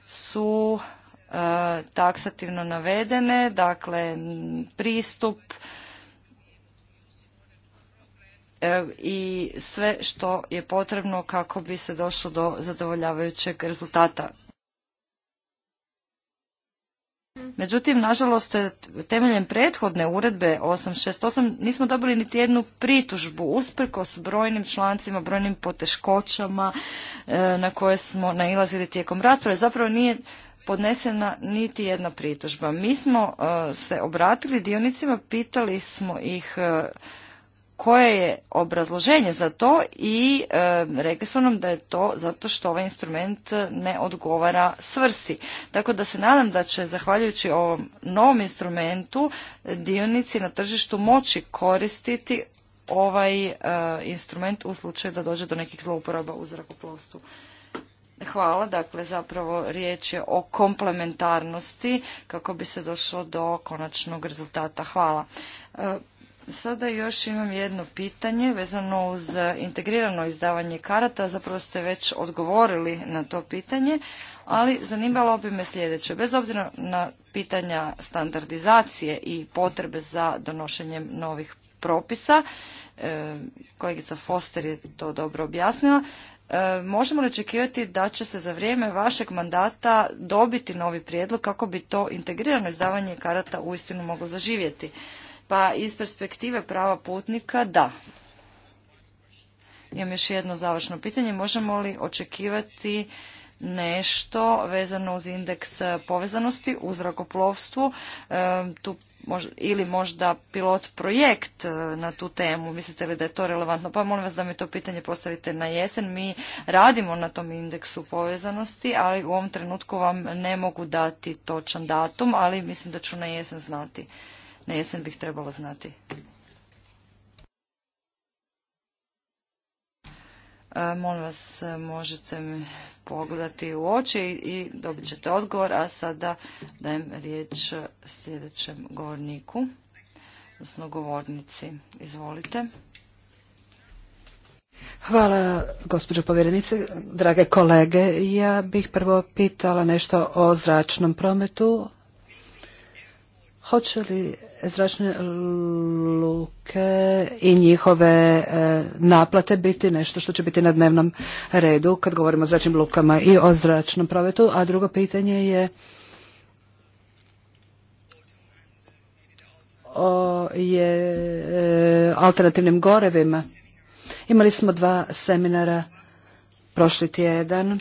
su eh, taksativno navedene, dakle, pristup eh, i sve što je potrebno kako bi se došlo do zadovoljavajućeg rezultata Međutim, nažalost, temeljem prethodne uredbe 868 nismo dobili niti jednu pritužbu s brojnim člancima, brojnim poteškoćama e, na koje smo nailazili tijekom rasprave. Zapravo nije podnesena niti jedna pritužba. Mi smo e, se obratili dionicima, pitali smo ih e, koje je obrazloženje za to i e, rekli su nam da je to zato što ovaj instrument ne odgovara svrsi. Tako da se nadam da će zahvaljujući ovom novom instrumentu dionici na tržištu moći koristiti ovaj e, instrument u slučaju da dođe do nekih zlouporaba u zrakoplovstvu. Hvala, dakle zapravo riječ je o komplementarnosti kako bi se došlo do konačnog rezultata. Hvala. E, Sada još imam jedno pitanje vezano uz e, integrirano izdavanje karata. Zapravo ste već odgovorili na to pitanje, ali zanimalo bi me sljedeće. Bez obzira na pitanja standardizacije i potrebe za donošenjem novih propisa, e, kolegica Foster je to dobro objasnila, e, možemo li očekivati da će se za vrijeme vašeg mandata dobiti novi prijedlog kako bi to integrirano izdavanje karata uistinu moglo zaživjeti? Pa iz perspektive prava putnika da. Imam još jedno završno pitanje. Možemo li očekivati nešto vezano uz indeks povezanosti u zrakoplovstvu e, tu ili možda pilot projekt e, na tu temu. Mislite li da je to relevantno? Pa molim vas da mi to pitanje postavite na jesen. Mi radimo na tom indeksu povezanosti, ali u ovom trenutku vam ne mogu dati točan datum, ali mislim da ću na jesen znati na jesen bih trebala znati. E, molim vas, možete mi pogledati u oči i dobit ćete odgovor, a sada dajem riječ sljedećem govorniku, odnosno govornici. Izvolite. Hvala, gospođo povjerenice. Drage kolege, ja bih prvo pitala nešto o zračnom prometu. Hoće li zračne luke i njihove e, naplate biti nešto što će biti na dnevnom redu kad govorimo o zračnim lukama i o zračnom prometu. A drugo pitanje je o e, alternativnim gorevima. Imali smo dva seminara prošli tjedan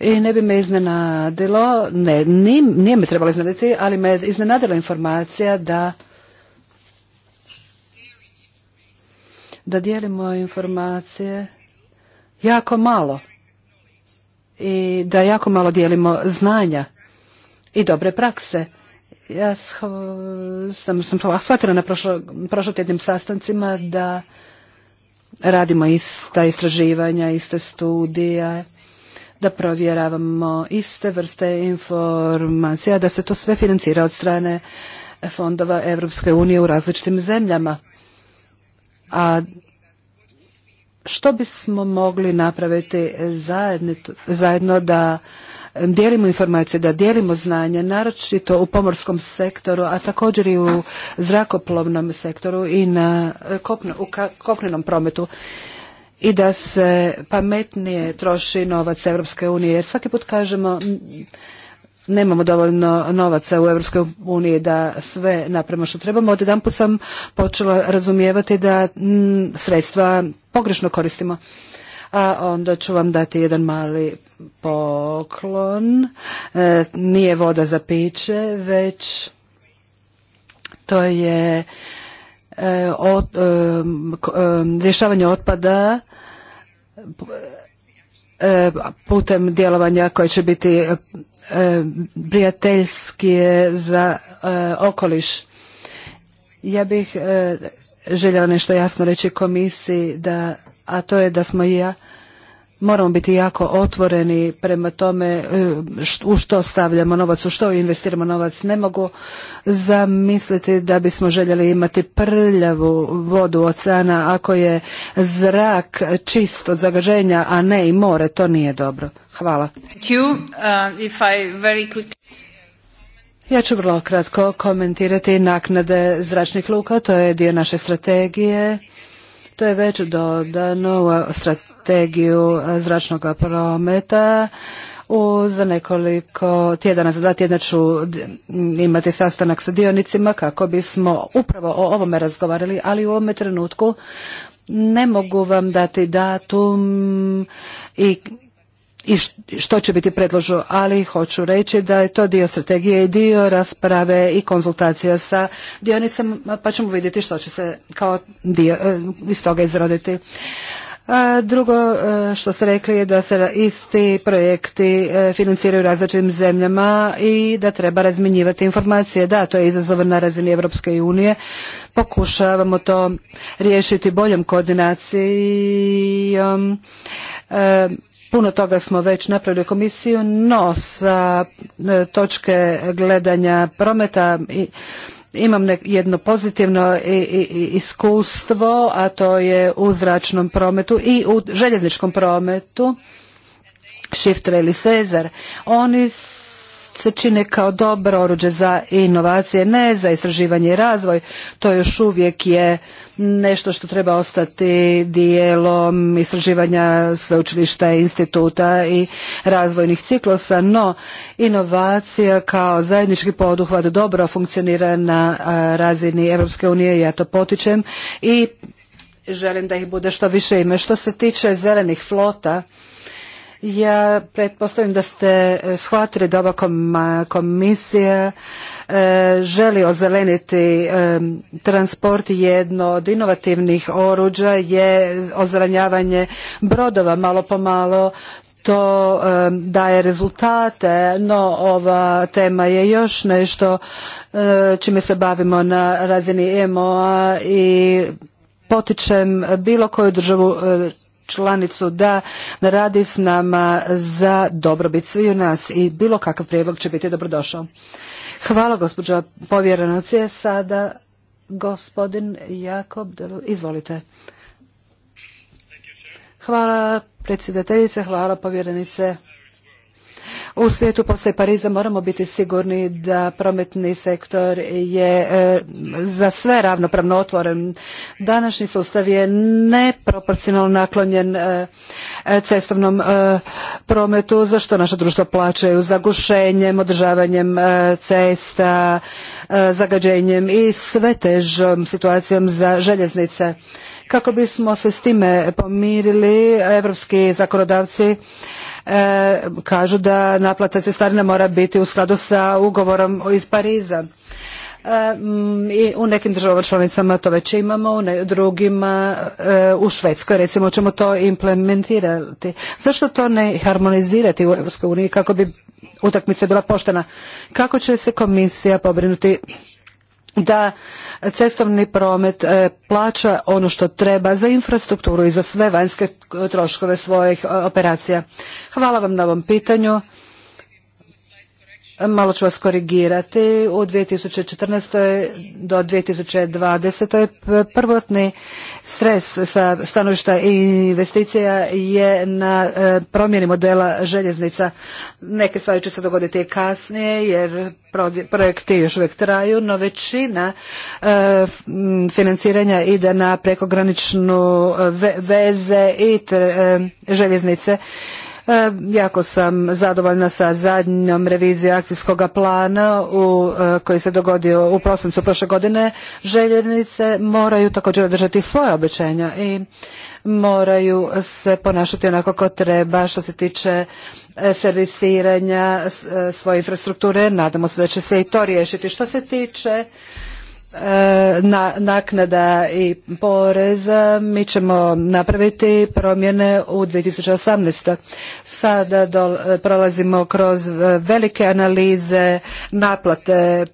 i ne bi me iznenadilo, ne, nije me trebalo iznenaditi, ali me iznenadila informacija da da dijelimo informacije jako malo i da jako malo dijelimo znanja i dobre prakse. Ja sam, sam shvatila na prošlotjednim sastancima da radimo ista istraživanja, iste studije da provjeravamo iste vrste informacija, da se to sve financira od strane fondova Europske unije u različitim zemljama. A što bismo mogli napraviti zajedno, da dijelimo informacije, da dijelimo znanje, naročito u pomorskom sektoru, a također i u zrakoplovnom sektoru i na u kopnenom prometu i da se pametnije troši novac Europske unije. Jer svaki put kažemo nemamo dovoljno novaca u Europskoj uniji da sve napravimo što trebamo. Od jedan put sam počela razumijevati da sredstva pogrešno koristimo. A onda ću vam dati jedan mali poklon. E, nije voda za piće, već to je E, e, e, rješavanje otpada putem djelovanja koje će biti prijateljski za okoliš. Ja bih željela nešto jasno reći komisiji a to je da smo i ja moramo biti jako otvoreni prema tome e, u što stavljamo novac, u što investiramo novac. Ne mogu zamisliti da bismo željeli imati prljavu vodu oceana ako je zrak čist od zagaženja, a ne i more. To nije dobro. Hvala. Uh, ja ću vrlo kratko komentirati naknade zračnih luka. To je dio naše strategije to je već dodano u strategiju zračnog prometa. U, za nekoliko tjedana, za dva tjedna ću imati sastanak sa dionicima kako bismo upravo o ovome razgovarali, ali u ovome trenutku ne mogu vam dati datum i i što će biti predloženo, ali hoću reći da je to dio strategije i dio rasprave i konzultacija sa dionicama, pa ćemo vidjeti što će se kao dio e, iz toga izroditi. E, drugo e, što ste rekli je da se isti projekti financiraju različitim zemljama i da treba razminjivati informacije. Da, to je izazov na razini Europske unije. Pokušavamo to riješiti boljom koordinacijom Puno toga smo već napravili komisiju, no sa e, točke gledanja prometa i imam jedno pozitivno iskustvo, a to je u zračnom prometu i u željezničkom prometu. Šiftre ili Cezar. Oni se čine kao dobro oruđe za inovacije, ne za istraživanje i razvoj. To još uvijek je nešto što treba ostati dijelom istraživanja sveučilišta, instituta i razvojnih ciklosa no inovacija kao zajednički poduhvat dobro funkcionira na razini Europske unije, ja to potičem i želim da ih bude što više ime. Što se tiče zelenih flota, ja pretpostavljam da ste e, shvatili da ova komisija e, želi ozeleniti e, transport jedno od inovativnih oruđa je ozelenjavanje brodova malo po malo to daje rezultate, no ova tema je još nešto čime se bavimo na razini emo i potičem bilo koju državu članicu da radi s nama za dobrobit sviju nas i bilo kakav prijedlog će biti dobrodošao. Hvala gospođa povjerenocije. Sada gospodin Jakob, izvolite. Hvala predsjedateljice, hvala povjerenice. U svijetu poslije Pariza moramo biti sigurni da prometni sektor je e, za sve ravnopravno otvoren. Današnji sustav je neproporcionalno naklonjen e, e, cestovnom prometu, za što naša društva plaćaju zagušenjem, održavanjem cesta, zagađenjem i sve težom situacijom za željeznice. Kako bismo se s time pomirili, evropski zakonodavci E, kažu da naplata cestarina mora biti u skladu sa ugovorom iz Pariza. E, I u nekim državama članicama to već imamo, u drugima e, u Švedskoj recimo ćemo to implementirati. Zašto to ne harmonizirati u EU kako bi utakmica bila poštena? Kako će se komisija pobrinuti da cestovni promet e, plaća ono što treba za infrastrukturu i za sve vanjske e, troškove svojih e, operacija. Hvala vam na ovom pitanju. Malo ću vas korigirati. U 2014. do 2020. prvotni stres sa stanovišta investicija je na e, promjeni modela željeznica. Neke stvari će se dogoditi kasnije jer projekti još uvijek traju, no većina e, financiranja ide na prekograničnu e, veze i željeznice. E, jako sam zadovoljna sa zadnjom revizijom akcijskog plana e, koji se dogodio u prosincu prošle godine. Željeznice moraju također održati svoje obećanja i moraju se ponašati onako kako treba što se tiče e, servisiranja svoje infrastrukture. Nadamo se da će se i to riješiti. Što se tiče E, naknada i poreza mi ćemo napraviti promjene u 2018. Sada e, prolazimo kroz e, velike analize naplate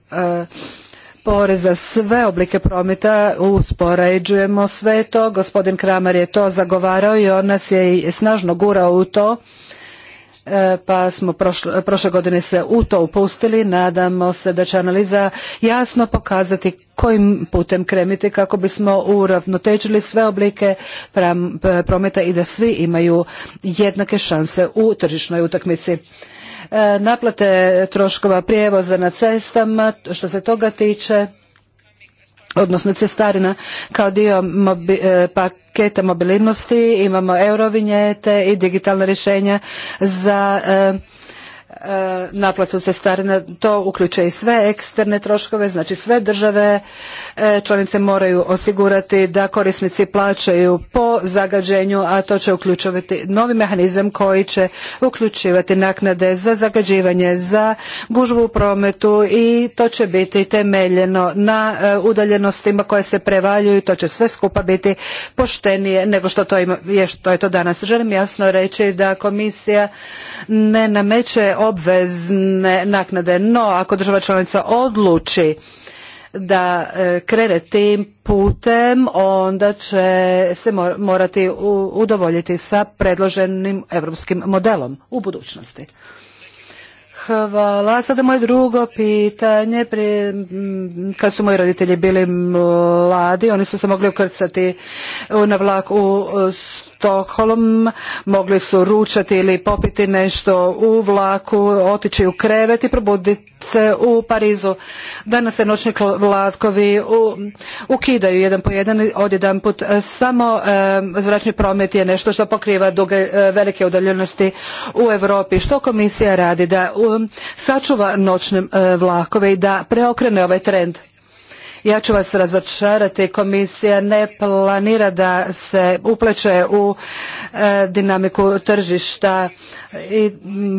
poreza sve oblike prometa uspoređujemo sve to gospodin Kramar je to zagovarao i on nas je snažno gurao u to E, pa smo prošle, prošle godine se u to upustili. Nadamo se da će analiza jasno pokazati kojim putem kremiti kako bismo uravnotežili sve oblike e, prometa i da svi imaju jednake šanse u tržišnoj utakmici e, naplate troškova prijevoza na cestama što se toga tiče odnosno cestarina kao dio e, paketa mobilnosti imamo eurovinjete i digitalna rješenja za e, E, naplatu cestarina, to uključe i sve eksterne troškove, znači sve države e, članice moraju osigurati da korisnici plaćaju po zagađenju, a to će uključivati novi mehanizam koji će uključivati naknade za zagađivanje, za gužvu u prometu i to će biti temeljeno na e, udaljenostima koje se prevaljuju, to će sve skupa biti poštenije nego što to je što je to danas. Želim jasno reći da komisija ne nameće obvezne naknade. No, ako država članica odluči da e, krene tim putem, onda će se morati udovoljiti sa predloženim europskim modelom u budućnosti. Hvala. Sada moje drugo pitanje. pri kad su moji roditelji bili mladi, oni su se mogli ukrcati na vlak u e, Stockholm, mogli su ručati ili popiti nešto u vlaku, otići u krevet i probuditi se u Parizu. Danas se noćni vlakovi ukidaju jedan po jedan, odjedan put. Samo e, zračni promet je nešto što pokriva e, velike udaljenosti u Europi. Što komisija radi da u Um, sačuva noćne e, vlakove i da preokrene ovaj trend. Ja ću vas razočarati, komisija ne planira da se upleče u e, dinamiku tržišta i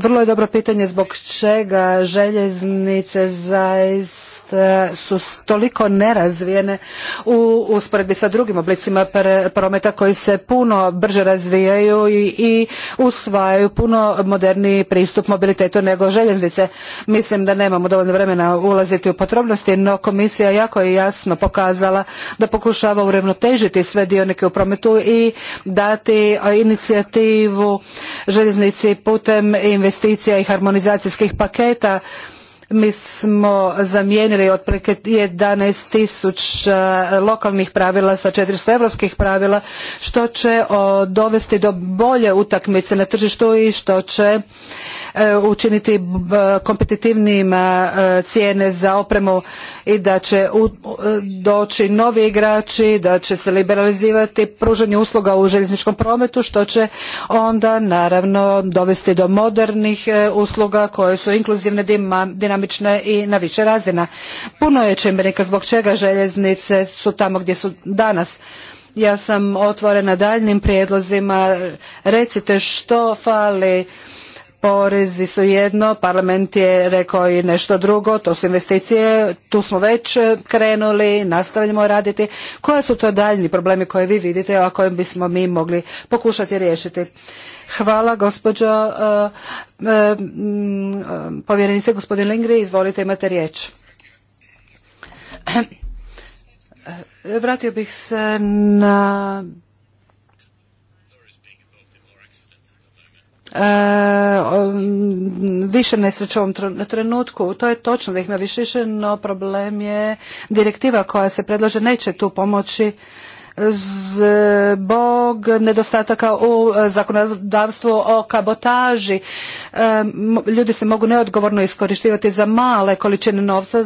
vrlo je dobro pitanje zbog čega željeznice zaista E, su toliko nerazvijene u usporedbi sa drugim oblicima prometa koji se puno brže razvijaju i, usvajaju puno moderniji pristup mobilitetu nego željeznice. Mislim da nemamo dovoljno vremena ulaziti u potrebnosti, no komisija jako je jasno pokazala da pokušava uravnotežiti sve dionike u prometu i dati inicijativu željeznici putem investicija i harmonizacijskih paketa mi smo zamijenili otprilike jedanaest tisuća lokalnih pravila sa 400 europskih pravila što će dovesti do bolje utakmice na tržištu i što će e, učiniti kompetitivnijima e, cijene za opremu i da će doći novi igrači, da će se liberalizirati pružanje usluga u željezničkom prometu što će onda naravno dovesti do modernih e, usluga koje su inkluzivne, dinamike i na više razina. Puno je čimbenika zbog čega željeznice su tamo gdje su danas. Ja sam otvorena daljnim prijedlozima. Recite što fali porezi su jedno, parlament je rekao i nešto drugo, to su investicije, tu smo već krenuli, nastavljamo raditi. Koje su to daljni problemi koje vi vidite, a koje bismo mi mogli pokušati riješiti? Hvala gospođo e, e, e, povjerenice, gospodin Lingri, izvolite imate riječ. Vratio bih se na E, više nesreća u ovom trenutku. To je točno da ih ima više, no problem je direktiva koja se predlaže neće tu pomoći zbog nedostataka u zakonodavstvu o kabotaži. E, ljudi se mogu neodgovorno iskoristivati za male količine novca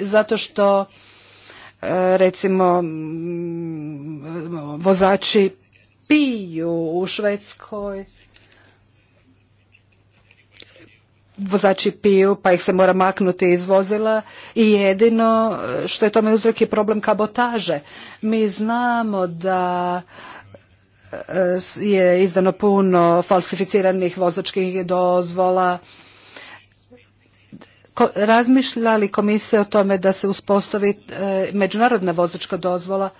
zato što e, recimo vozači piju u Švedskoj vozači piju pa ih se mora maknuti iz vozila i jedino e, što je tome uzrok je problem kabotaže. Mi znamo da e, je izdano puno falsificiranih vozačkih dozvola. Ko, razmišlja li komisija o tome da se uspostavi e, međunarodna vozačka dozvola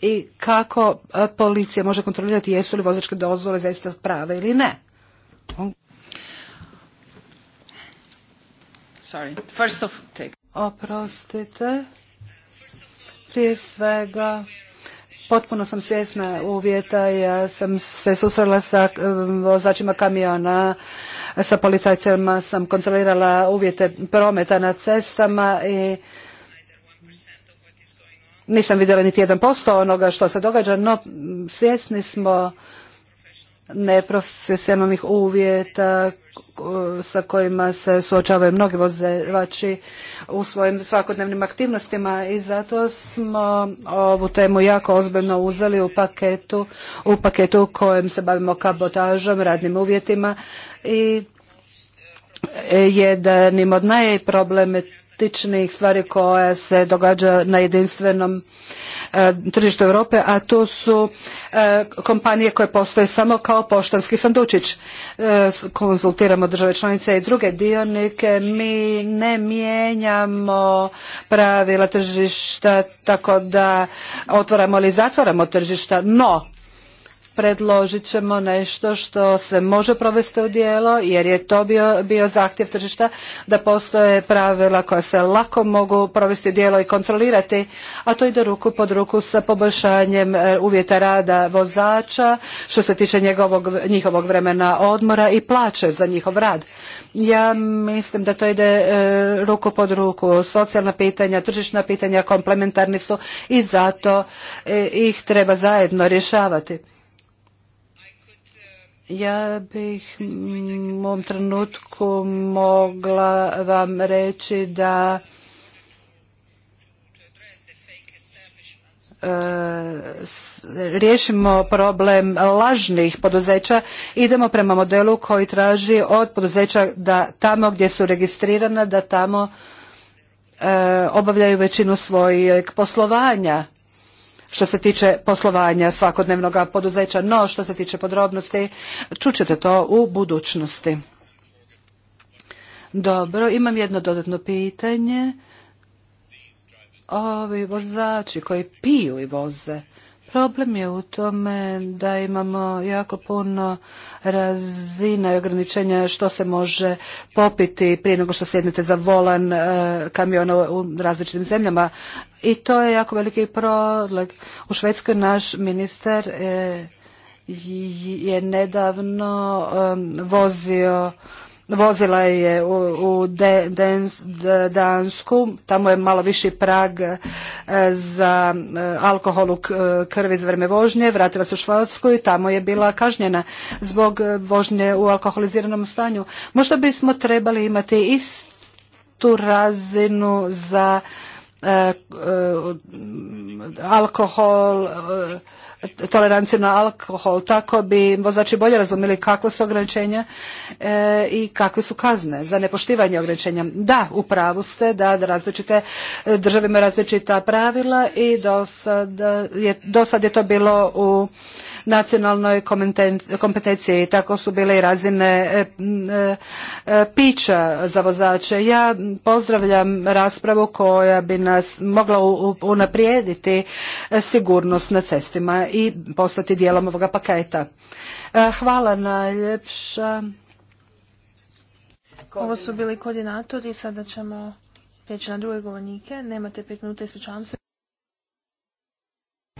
i kako policija može kontrolirati jesu li vozačke dozvole zaista prave ili ne? Oprostite. Prije svega, potpuno sam svjesna uvjeta. Ja sam se susrela sa um, vozačima kamiona, sa policajcima, sam kontrolirala uvjete prometa na cestama i nisam vidjela niti jedan posto onoga što se događa, no svjesni smo neprofesionalnih uvjeta sa kojima se suočavaju mnogi vozevači u svojim svakodnevnim aktivnostima i zato smo ovu temu jako ozbiljno uzeli u paketu, u paketu kojem se bavimo kabotažom, radnim uvjetima i e, jedanim od najprobleme tičnih stvari koja se događa na jedinstvenom e, tržištu Europe, a to su e, kompanije koje postoje samo kao poštanski sandučić. E, konzultiramo države članice i druge dionike. Mi ne mijenjamo pravila tržišta tako da otvaramo ili zatvaramo tržišta, no predložit ćemo nešto što se može provesti u dijelo jer je to bio, bio zahtjev tržišta da postoje pravila koja se lako mogu provesti u dijelo i kontrolirati, a to ide ruku pod ruku sa poboljšanjem e, uvjeta rada vozača što se tiče njegovog, njihovog vremena odmora i plaće za njihov rad. Ja mislim da to ide e, ruku pod ruku. Socijalna pitanja, tržišna pitanja komplementarni su i zato e, ih treba zajedno rješavati. Ja bih u ovom trenutku mogla vam reći da e, riješimo problem lažnih poduzeća, idemo prema modelu koji traži od poduzeća da tamo gdje su registrirana, da tamo e, obavljaju većinu svojeg poslovanja što se tiče poslovanja svakodnevnog poduzeća, no što se tiče podrobnosti, čućete to u budućnosti. Dobro, imam jedno dodatno pitanje. Ovi vozači koji piju i voze, Problem je u tome da imamo jako puno razina i ograničenja što se može popiti prije nego što sjednete za volan e, kamiona u različitim zemljama i to je jako veliki problem. U Švedskoj naš ministar e, je nedavno vozio vozila je u, Dansku, tamo je malo viši prag e, za e, alkohol u e, krvi za vreme vožnje, vratila se u Švatsku i tamo je bila kažnjena zbog vožnje u alkoholiziranom stanju. Možda bismo trebali imati istu razinu za alkohol toleranciju na alkohol, tako bi vozači bolje razumjeli kakva su ograničenja e, i kakve su kazne za nepoštivanje ograničenja. Da, u pravu ste da različite e, države imaju različita pravila i do do sad je to bilo u nacionalnoj kompetenciji. Tako su bile i razine e, e, e, pića za vozače. Ja pozdravljam raspravu koja bi nas mogla unaprijediti sigurnost na cestima i postati dijelom ovoga paketa. Hvala najljepša. Ovo su bili koordinatori, sada ćemo prijeći na druge govornike. Nemate pet minuta, ispričavam se.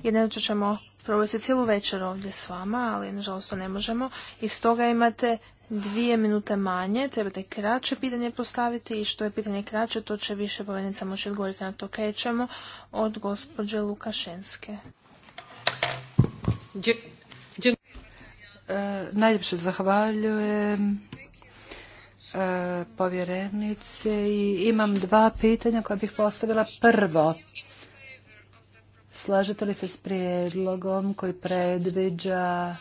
Jednako ćemo proveli se cijelu večer ovdje s vama, ali nažalost to ne možemo. I stoga imate dvije minute manje, trebate kraće pitanje postaviti i što je pitanje kraće, to će više povednica moći odgovoriti na to krećemo od gospođe Lukašenske. Dje, e, najljepše zahvaljujem e, povjerenice i imam dva pitanja koja bih postavila. Prvo, Slažete li se s prijedlogom koji predviđa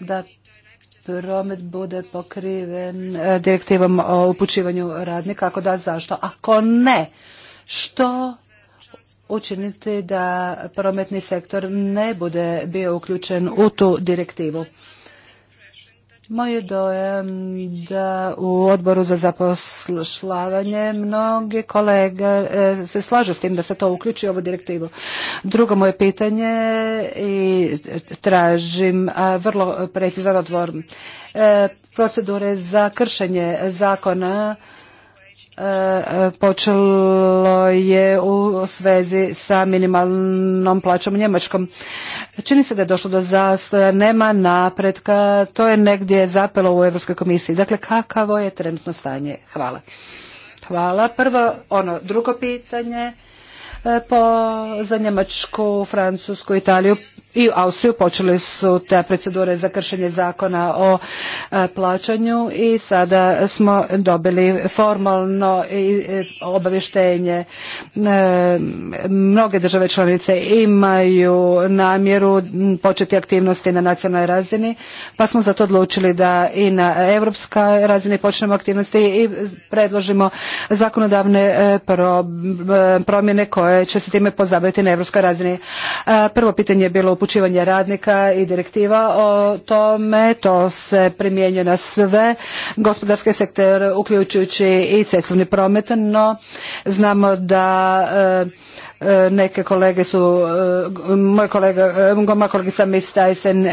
da promet bude pokriven e, direktivom o upućivanju radnika? Ako da, zašto? Ako ne, što učiniti da prometni sektor ne bude bio uključen u tu direktivu? Moj je dojam da u odboru za zapošljavanje mnogi kolega e, se slažu s tim da se to uključi u ovu direktivu. Drugo moje pitanje i tražim vrlo precizan odgovor. E, procedure za kršenje zakona E, počelo je u svezi sa minimalnom plaćom u Njemačkom. Čini se da je došlo do zastoja, nema napretka, to je negdje zapelo u Europskoj komisiji. Dakle, kakavo je trenutno stanje? Hvala. Hvala. Prvo, ono, drugo pitanje e, po, za Njemačku, Francusku, Italiju, i u Austriju počele su te procedure za kršenje zakona o e, plaćanju i sada smo dobili formalno e, obavještenje. E, mnoge države članice imaju namjeru početi aktivnosti na nacionalnoj razini pa smo zato odlučili da i na europskoj razini počnemo aktivnosti i predložimo zakonodavne promjene koje će se time pozabaviti na europskoj razini. Prvo pitanje je bilo upućivanje radnika i direktiva o tome. To se primjenjuje na sve gospodarske sektore, uključujući i cestovni promet, no znamo da e, e, neke kolege su, e, moj kolega, moja kolegica Miss Tyson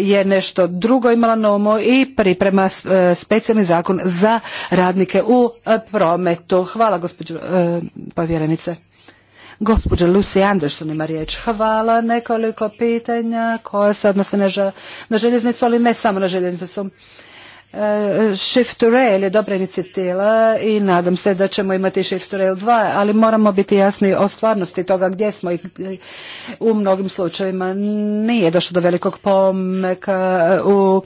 je nešto drugo imala na umu i priprema specijalni zakon za radnike u prometu. Hvala gospođo povjerenice. Gospođa Lucy Anderson ima riječ. Hvala nekoliko pitanja koja se odnose na željeznicu, ali ne samo na željeznicu. E, Shift to Rail je dobra inicijativa i nadam se da ćemo imati Shift to Rail 2, ali moramo biti jasni o stvarnosti toga gdje smo i u mnogim slučajevima nije došlo do velikog pomeka u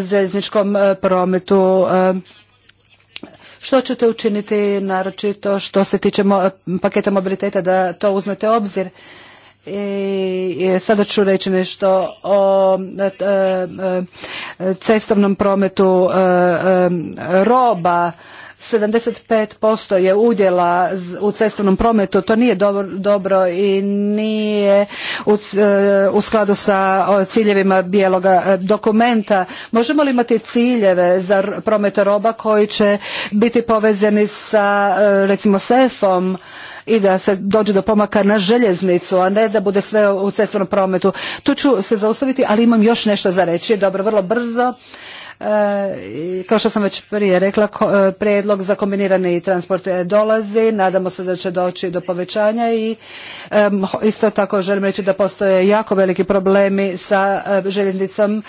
željezničkom e, prometu e, što ćete učiniti naročito što se tiče paketa mobiliteta da to uzmete obzir? i sada ću reći nešto o e, e, e, cestovnom prometu roba 75% je udjela u cestovnom prometu, to nije dobro i nije u e, skladu sa ciljevima bijeloga e, dokumenta. Možemo li imati ciljeve za promet roba koji će biti povezani sa e, recimo sefom i da se dođe do pomaka na željeznicu, a ne da bude sve u cestovnom prometu. Tu ću se zaustaviti, ali imam još nešto za reći. Dobro, vrlo brzo. E, kao što sam već prije rekla, e, predlog za kombinirani transport e, dolazi, nadamo se da će doći do povećanja i isto tako želim reći da postoje jako veliki problemi sa željeznicom.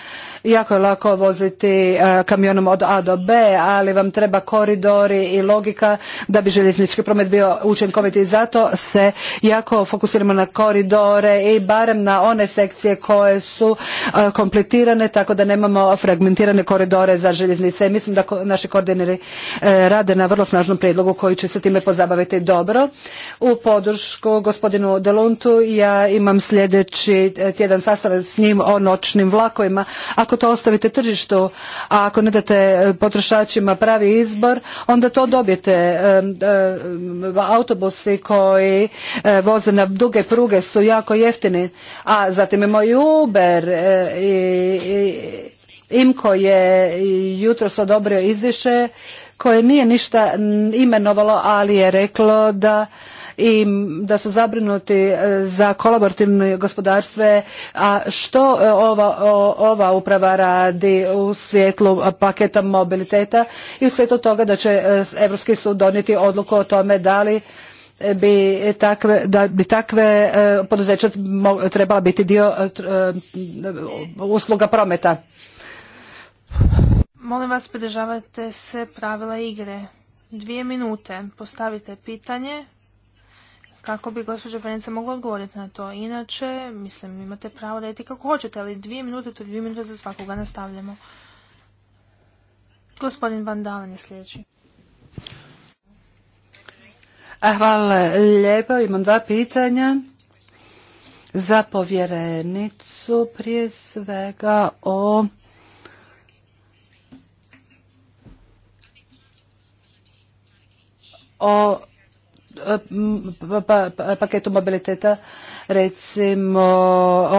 Jako je lako voziti kamionom od A do B, ali vam treba koridori i logika da bi željeznički promet bio učinkovit i zato se jako fokusiramo na koridore i barem na one sekcije koje su kompletirane tako da nemamo fragmentirane koridore koridore za željeznice. Mislim da naši koordinari e, rade na vrlo snažnom prijedlogu koji će se time pozabaviti dobro. U podršku gospodinu Deluntu ja imam sljedeći e, tjedan sastavljen s njim o noćnim vlakovima. Ako to ostavite tržištu, a ako ne date e, potrošačima pravi izbor, onda to dobijete. Autobusi koji voze na duge pruge su jako jeftini, a zatim imamo i Uber i IMKO je jutros odobrio izvješće koje nije ništa imenovalo, ali je reklo da i da su zabrinuti e, za kolaborativne gospodarstve, a što e, ova, ova uprava radi u svjetlu paketa mobiliteta i u svjetlu toga da će Europski sud donijeti odluku o tome da li bi takve, da bi takve e, poduzeća trebala biti dio usluga prometa. Molim vas, pridržavajte se pravila igre. Dvije minute. Postavite pitanje kako bi gospođa Prenica mogla odgovoriti na to. Inače, mislim, imate pravo raditi kako hoćete, ali dvije minute, to dvije minute za svakoga nastavljamo. Gospodin Van Dalen je sljedeći. Hvala lijepo. Imam dva pitanja za povjerenicu prije svega o o e, pa, pa, pa, paketu mobiliteta recimo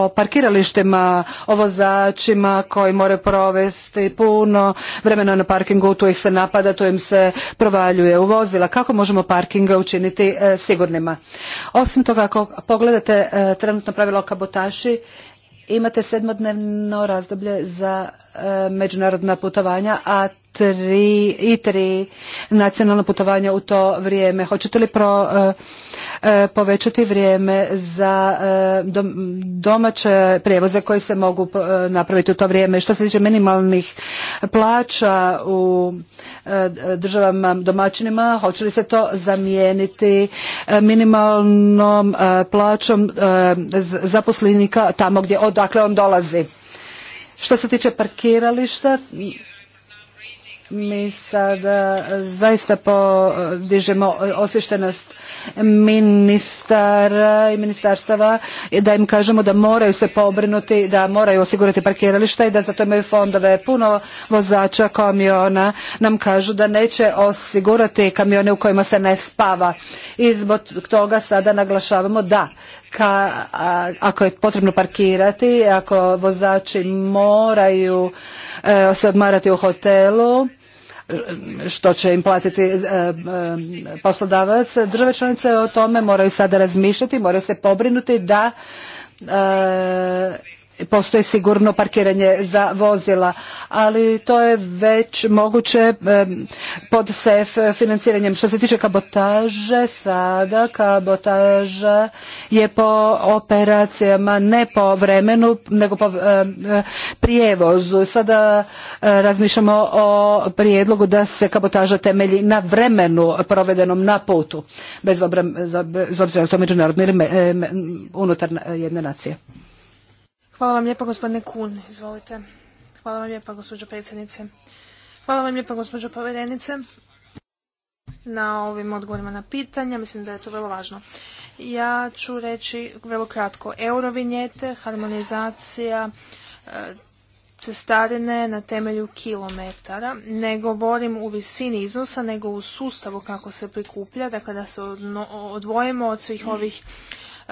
o parkiralištima o vozačima koji moraju provesti puno vremena na parkingu tu ih se napada tu im se provaljuje u vozila kako možemo parkinga učiniti e, sigurnima osim toga ako pogledate e, trenutno pravilo o kabotaši imate sedmodnevno razdoblje za međunarodna putovanja a tri, i tri nacionalna putovanja u to vrijeme. Hoćete li pro, e, e, povećati vrijeme za e, domaće prijevoze koji se mogu napraviti u to vrijeme? Što se tiče minimalnih plaća u državama domaćinima, hoće li se to zamijeniti minimalnom plaćom zaposlenika tamo gdje odakle on dolazi? Što se tiče parkirališta, mi sada zaista podižemo osještenost ministara i ministarstava da im kažemo da moraju se pobrinuti, da moraju osigurati parkirališta i da zato imaju fondove. Puno vozača kamiona nam kažu da neće osigurati kamione u kojima se ne spava i zbog toga sada naglašavamo da ako je potrebno parkirati, ako vozači moraju e, se odmarati u hotelu, što će im platiti e, e, poslodavac. Države članice o tome moraju sada razmišljati, moraju se pobrinuti da e, Postoje sigurno parkiranje za vozila, ali to je već moguće pod SEF financiranjem. Što se tiče kabotaže, sada kabotaža je po operacijama, ne po vremenu, nego po prijevozu. Sada razmišljamo o prijedlogu da se kabotaža temelji na vremenu provedenom na putu, bez obzira to međunarodno ili unutar jedne nacije. Hvala vam lijepa gospodine Kun, izvolite. Hvala vam lijepa gospođo predsjednice. Hvala vam lijepa gospođo povjerenice na ovim odgovorima na pitanja. Mislim da je to vrlo važno. Ja ću reći vrlo kratko. Eurovinjete, harmonizacija, e, cestarine na temelju kilometara. Ne govorim u visini iznosa, nego u sustavu kako se prikuplja, dakle da se odvojimo od svih ovih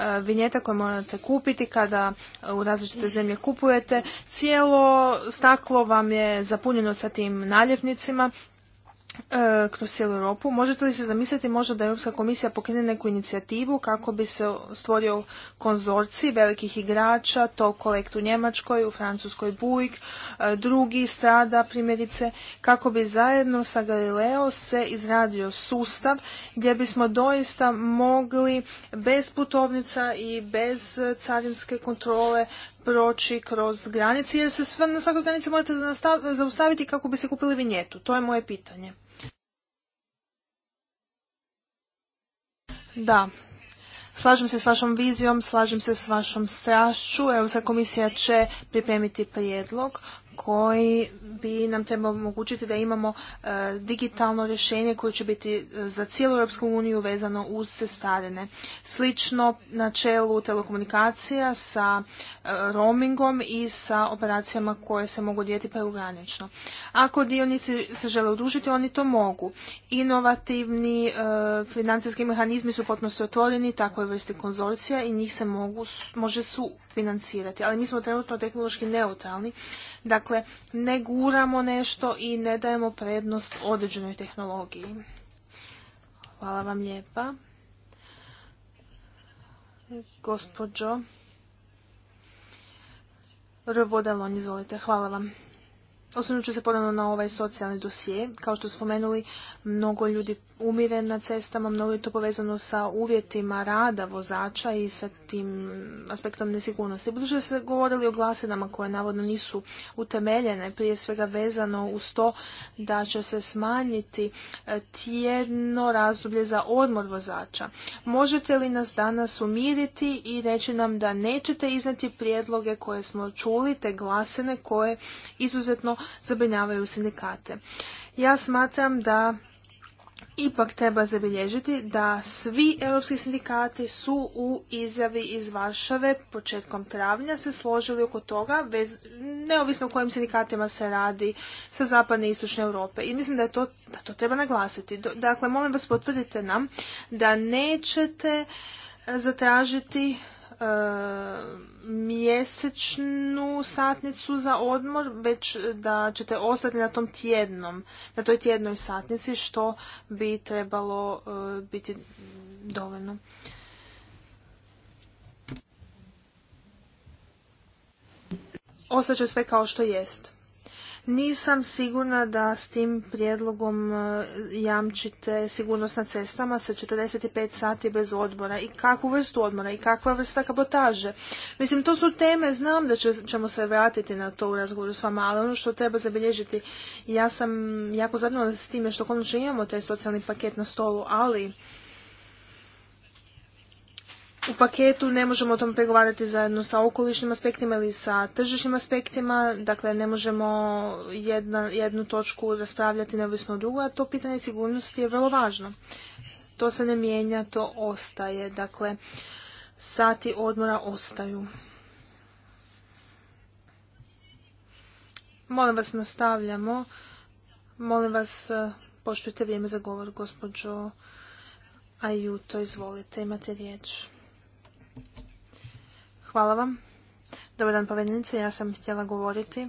E, vinjeta koje morate kupiti kada u različite zemlje kupujete. Cijelo staklo vam je zapunjeno sa tim naljepnicima E, kroz cijelu Europu. Možete li se zamisliti možda da Europska komisija pokrene neku inicijativu kako bi se stvorio konzorci velikih igrača, to kolekt u Njemačkoj, u Francuskoj Bujk, e, drugi strada primjerice, kako bi zajedno sa Galileo se izradio sustav gdje bismo doista mogli bez putovnica i bez carinske kontrole proći kroz granice jer se sve na svakoj granici morate zaustaviti kako bi se kupili vinjetu. To je moje pitanje. Da, slažem se s vašom vizijom, slažem se s vašom strašću. Europska komisija će pripremiti prijedlog koji bi nam trebao omogućiti da imamo e, digitalno rješenje koje će biti e, za cijelu Europsku uniju vezano uz cestarine. Slično na čelu telekomunikacija sa e, roamingom i sa operacijama koje se mogu dijeti preugranično. Ako dionici se žele udružiti, oni to mogu. Inovativni financijski mehanizmi su potpuno otvoreni je vrsti konzorcija i njih se može su financirati. Ali mi smo trenutno tehnološki neutralni. Dakle, ne guramo nešto i ne dajemo prednost određenoj tehnologiji. Hvala vam lijepa. Gospođo Rvodalon, izvolite. Hvala vam. Osnovno ću se ponovno na ovaj socijalni dosije. Kao što spomenuli, mnogo ljudi umire na cestama, mnogo je to povezano sa uvjetima rada vozača i sa tim aspektom nesigurnosti. Budući da ste govorili o glasinama koje navodno nisu utemeljene, prije svega vezano uz to da će se smanjiti e, tjedno razdoblje za odmor vozača. Možete li nas danas umiriti i reći nam da nećete iznati prijedloge koje smo čuli, te glasine koje izuzetno zabrinjavaju sindikate? Ja smatram da ipak treba zabilježiti da svi europski sindikati su u izjavi iz Varšave početkom travnja se složili oko toga, bez, neovisno o kojim sindikatima se radi sa zapadne i istočne Europe. I mislim da, je to, da to treba naglasiti. Dakle, molim vas potvrdite nam da nećete eh, zatražiti mjesečnu satnicu za odmor, već da ćete ostati na tom tjednom, na toj tjednoj satnici što bi trebalo e, biti dovoljno. će sve kao što jest. Nisam sigurna da s tim prijedlogom e, jamčite sigurnost na cestama sa 45 sati bez odmora i kakvu vrstu odmora i kakva vrsta kabotaže. Mislim, to su teme, znam da ćemo se vratiti na to u razgovoru s vama, ali ono što treba zabilježiti, ja sam jako zadnula s time što konačno imamo taj socijalni paket na stolu, ali u paketu, ne možemo o tom pregovarati zajedno sa okolišnim aspektima ili sa tržišnim aspektima, dakle ne možemo jednu točku raspravljati neovisno od a to pitanje sigurnosti je vrlo važno. To se ne mijenja, to ostaje, dakle sati odmora ostaju. Molim vas nastavljamo, molim vas poštujte vrijeme za govor gospođo Ajuto, izvolite, imate riječ. Hvala vam. Dobar dan, povednice. Ja sam htjela govoriti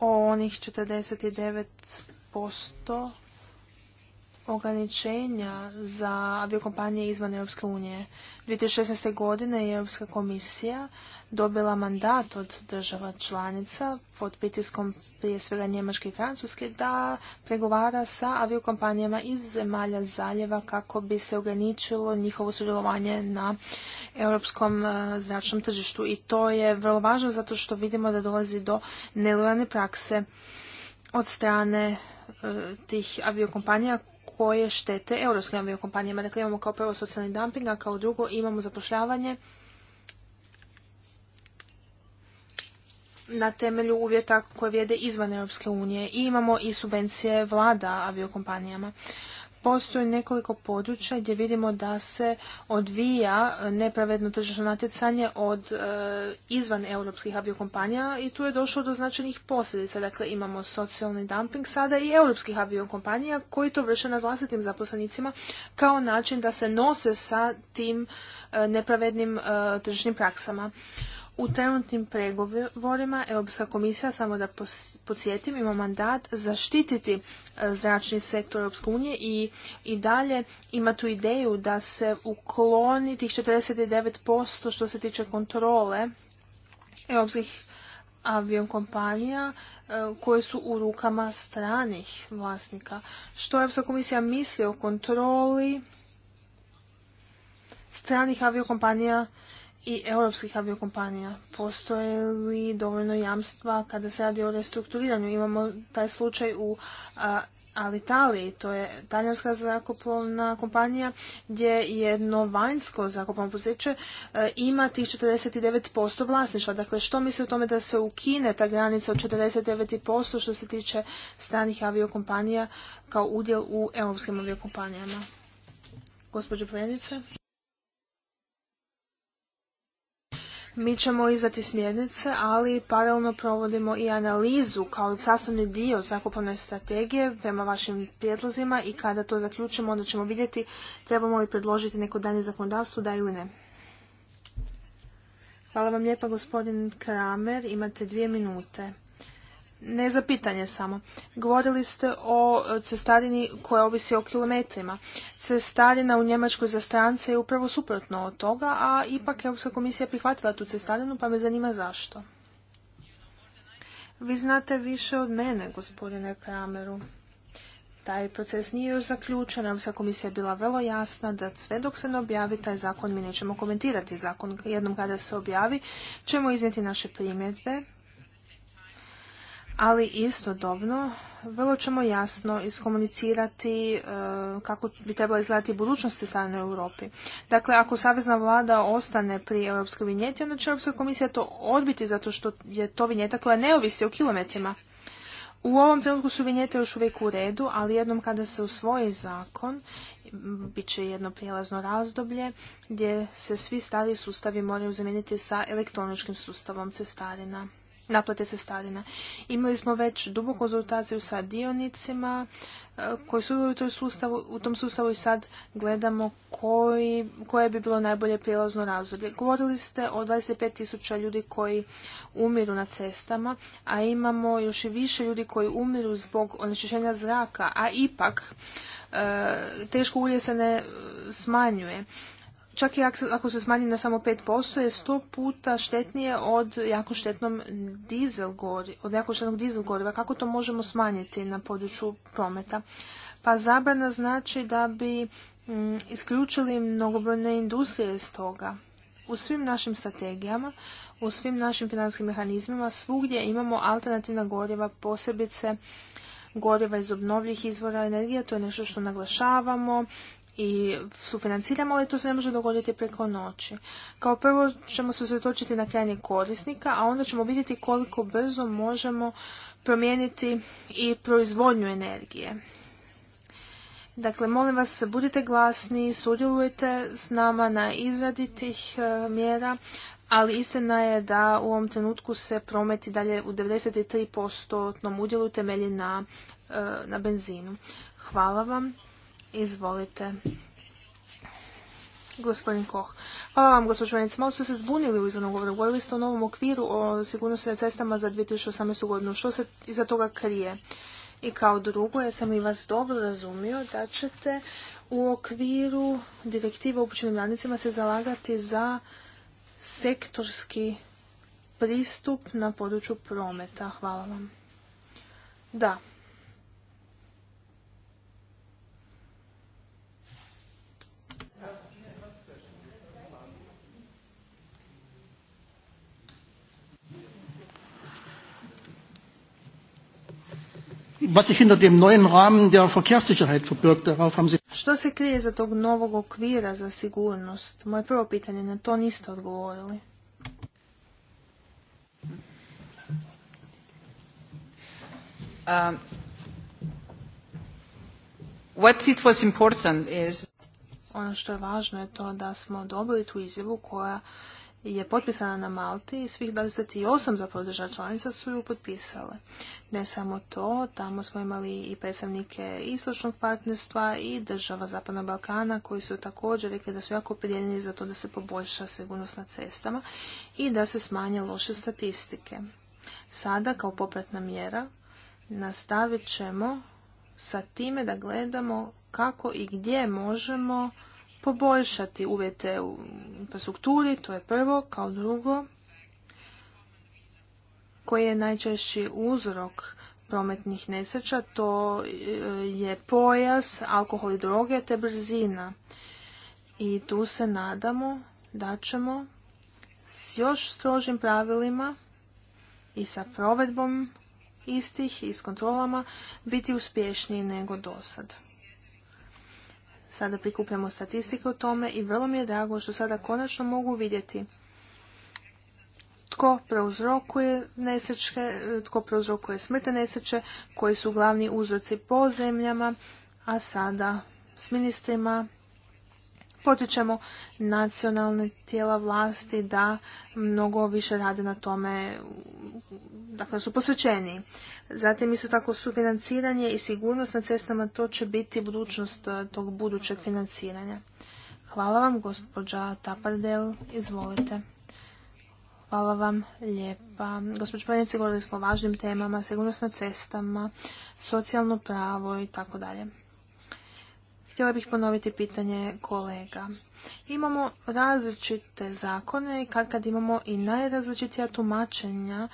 o onih 49% ograničenja za aviokompanije izvan Europske unije. 2016. godine je Europska komisija dobila mandat od država članica pod pritiskom prije svega Njemačke i Francuske da pregovara sa aviokompanijama iz zemalja zaljeva kako bi se ograničilo njihovo sudjelovanje na europskom e, zračnom tržištu. I to je vrlo važno zato što vidimo da dolazi do nelojalne prakse od strane e, tih aviokompanija koje štete europskim aviokompanijama. Dakle, imamo kao prvo socijalni dumping, a kao drugo imamo zapošljavanje na temelju uvjeta koje vrijede izvan Europske unije i imamo i subvencije vlada aviokompanijama postoji nekoliko područja gdje vidimo da se odvija nepravedno tržišno natjecanje od e, izvan europskih aviokompanija i tu je došlo do značajnih posljedica. Dakle, imamo socijalni dumping sada i europskih aviokompanija koji to vrše na vlastitim zaposlenicima kao način da se nose sa tim e, nepravednim e, tržišnim praksama. U trenutnim pregovorima Europska komisija, samo da podsjetim, ima mandat zaštititi e, zračni sektor Europske unije i, i dalje ima tu ideju da se ukloni tih 49% što se tiče kontrole europskih kompanija e, koje su u rukama stranih vlasnika. Što Europska komisija misli o kontroli stranih aviokompanija i europskih aviokompanija. Postoje li dovoljno jamstva kada se radi o restrukturiranju? Imamo taj slučaj u Alitaliji, to je talijanska zrakoplovna kompanija gdje jedno vanjsko zrakoplovno poduzeće e, ima tih 49% vlasništva. Dakle, što misli o tome da se ukine ta granica od 49% što se tiče stranih aviokompanija kao udjel u europskim aviokompanijama? Gospođo Plenice. Mi ćemo izdati smjernice, ali paralelno provodimo i analizu kao sastavni dio zakupovne strategije prema vašim prijedlozima i kada to zaključimo onda ćemo vidjeti trebamo li predložiti neko danje zakonodavstvo, da ili ne. Hvala vam lijepa gospodin Kramer, imate dvije minute ne za pitanje samo. Govorili ste o cestarini koja ovisi o kilometrima. Cestarina u Njemačkoj za strance je upravo suprotno od toga, a ipak Europska komisija prihvatila tu cestarinu, pa me zanima zašto. Vi znate više od mene, gospodine Krameru. Taj proces nije još zaključen, Europska komisija je bila vrlo jasna da sve dok se ne objavi taj zakon mi nećemo komentirati zakon. Jednom kada se objavi ćemo iznijeti naše primjedbe ali istodobno vrlo ćemo jasno iskomunicirati e, kako bi trebala izgledati budućnost strane u Europi. Dakle, ako savezna vlada ostane pri europskoj vinjeti, onda će Europska komisija to odbiti zato što je to vinjeta koja ne ovisi o kilometrima. U ovom trenutku su vinjete još uvijek u redu, ali jednom kada se usvoji zakon, bit će jedno prijelazno razdoblje gdje se svi stari sustavi moraju zamijeniti sa elektroničkim sustavom cestarina naplate cestarina. Imali smo već duboku konzultaciju sa dionicima e, koji su u, sustavu, u tom sustavu i sad gledamo koje bi bilo najbolje prijelazno razdoblje. Govorili ste o 25.000 ljudi koji umiru na cestama, a imamo još i više ljudi koji umiru zbog onečišćenja zraka, a ipak e, teško ulje se ne e, smanjuje čak i ako se smanji na samo 5%, je 100 puta štetnije od jako štetnom dizel gori, od jako štetnog dizel goriva. Kako to možemo smanjiti na području prometa? Pa zabrana znači da bi mm, isključili mnogobrojne industrije iz toga. U svim našim strategijama, u svim našim financijskim mehanizmima svugdje imamo alternativna goriva, posebice goriva iz obnovljivih izvora energije, to je nešto što naglašavamo, i sufinanciramo, ali to se ne može dogoditi preko noći. Kao prvo ćemo se zatočiti na krajnje korisnika, a onda ćemo vidjeti koliko brzo možemo promijeniti i proizvodnju energije. Dakle, molim vas, budite glasni, sudjelujte s nama na izradi tih e, mjera, ali istina je da u ovom trenutku se prometi dalje u 93% udjelu temelji na, e, na benzinu. Hvala vam. Izvolite. Gospodin Koh. Hvala vam, gospođo Malo ste se zbunili u izvornom govoru. Govorili ste o novom okviru o sigurnosti na cestama za 2018. godinu. Što se iza toga krije? I kao drugo, ja sam i vas dobro razumio da ćete u okviru direktive o upućenim radnicima se zalagati za sektorski pristup na području prometa. Hvala vam. Da, was sich hinter dem neuen Rahmen der Verkehrssicherheit verbirgt. Darauf haben Sie Što se krije za tog novog okvira za sigurnost? Moje prvo pitanje, na to niste odgovorili. Um, what it was important is... Ono što je važno je to da smo dobili tu izjavu koja je potpisana na Malti i svih 28 zapravo država članica su ju potpisale. Ne samo to, tamo smo imali i predstavnike istočnog partnerstva i država Zapadnog Balkana koji su također rekli da su jako opredjeljeni za to da se poboljša sigurnost na cestama i da se smanje loše statistike. Sada, kao popratna mjera, nastavit ćemo sa time da gledamo kako i gdje možemo poboljšati uvjete u infrastrukturi, to je prvo, kao drugo, koji je najčešći uzrok prometnih nesreća, to e, je pojas, alkohol i droge te brzina. I tu se nadamo da ćemo s još strožim pravilima i sa provedbom istih i s kontrolama biti uspješniji nego dosad. Sada prikupljamo statistike o tome i vrlo mi je drago što sada konačno mogu vidjeti tko preuzrokuje nesreće, tko preuzrokuje smrte nesreće, koji su glavni uzroci po zemljama, a sada s ministrima potičemo nacionalne tijela vlasti da mnogo više rade na tome, dakle su posvećeni. Zatim isto tako sufinanciranje i sigurnost na cestama, to će biti budućnost eh, tog budućeg financiranja. Hvala vam, gospođa Tapardel, izvolite. Hvala vam lijepa. Gospođo Panjici, govorili smo o važnim temama, sigurnost na cestama, socijalno pravo i tako dalje. Htjela bih ponoviti pitanje kolega. Imamo različite zakone i kad kad imamo i najrazličitija tumačenja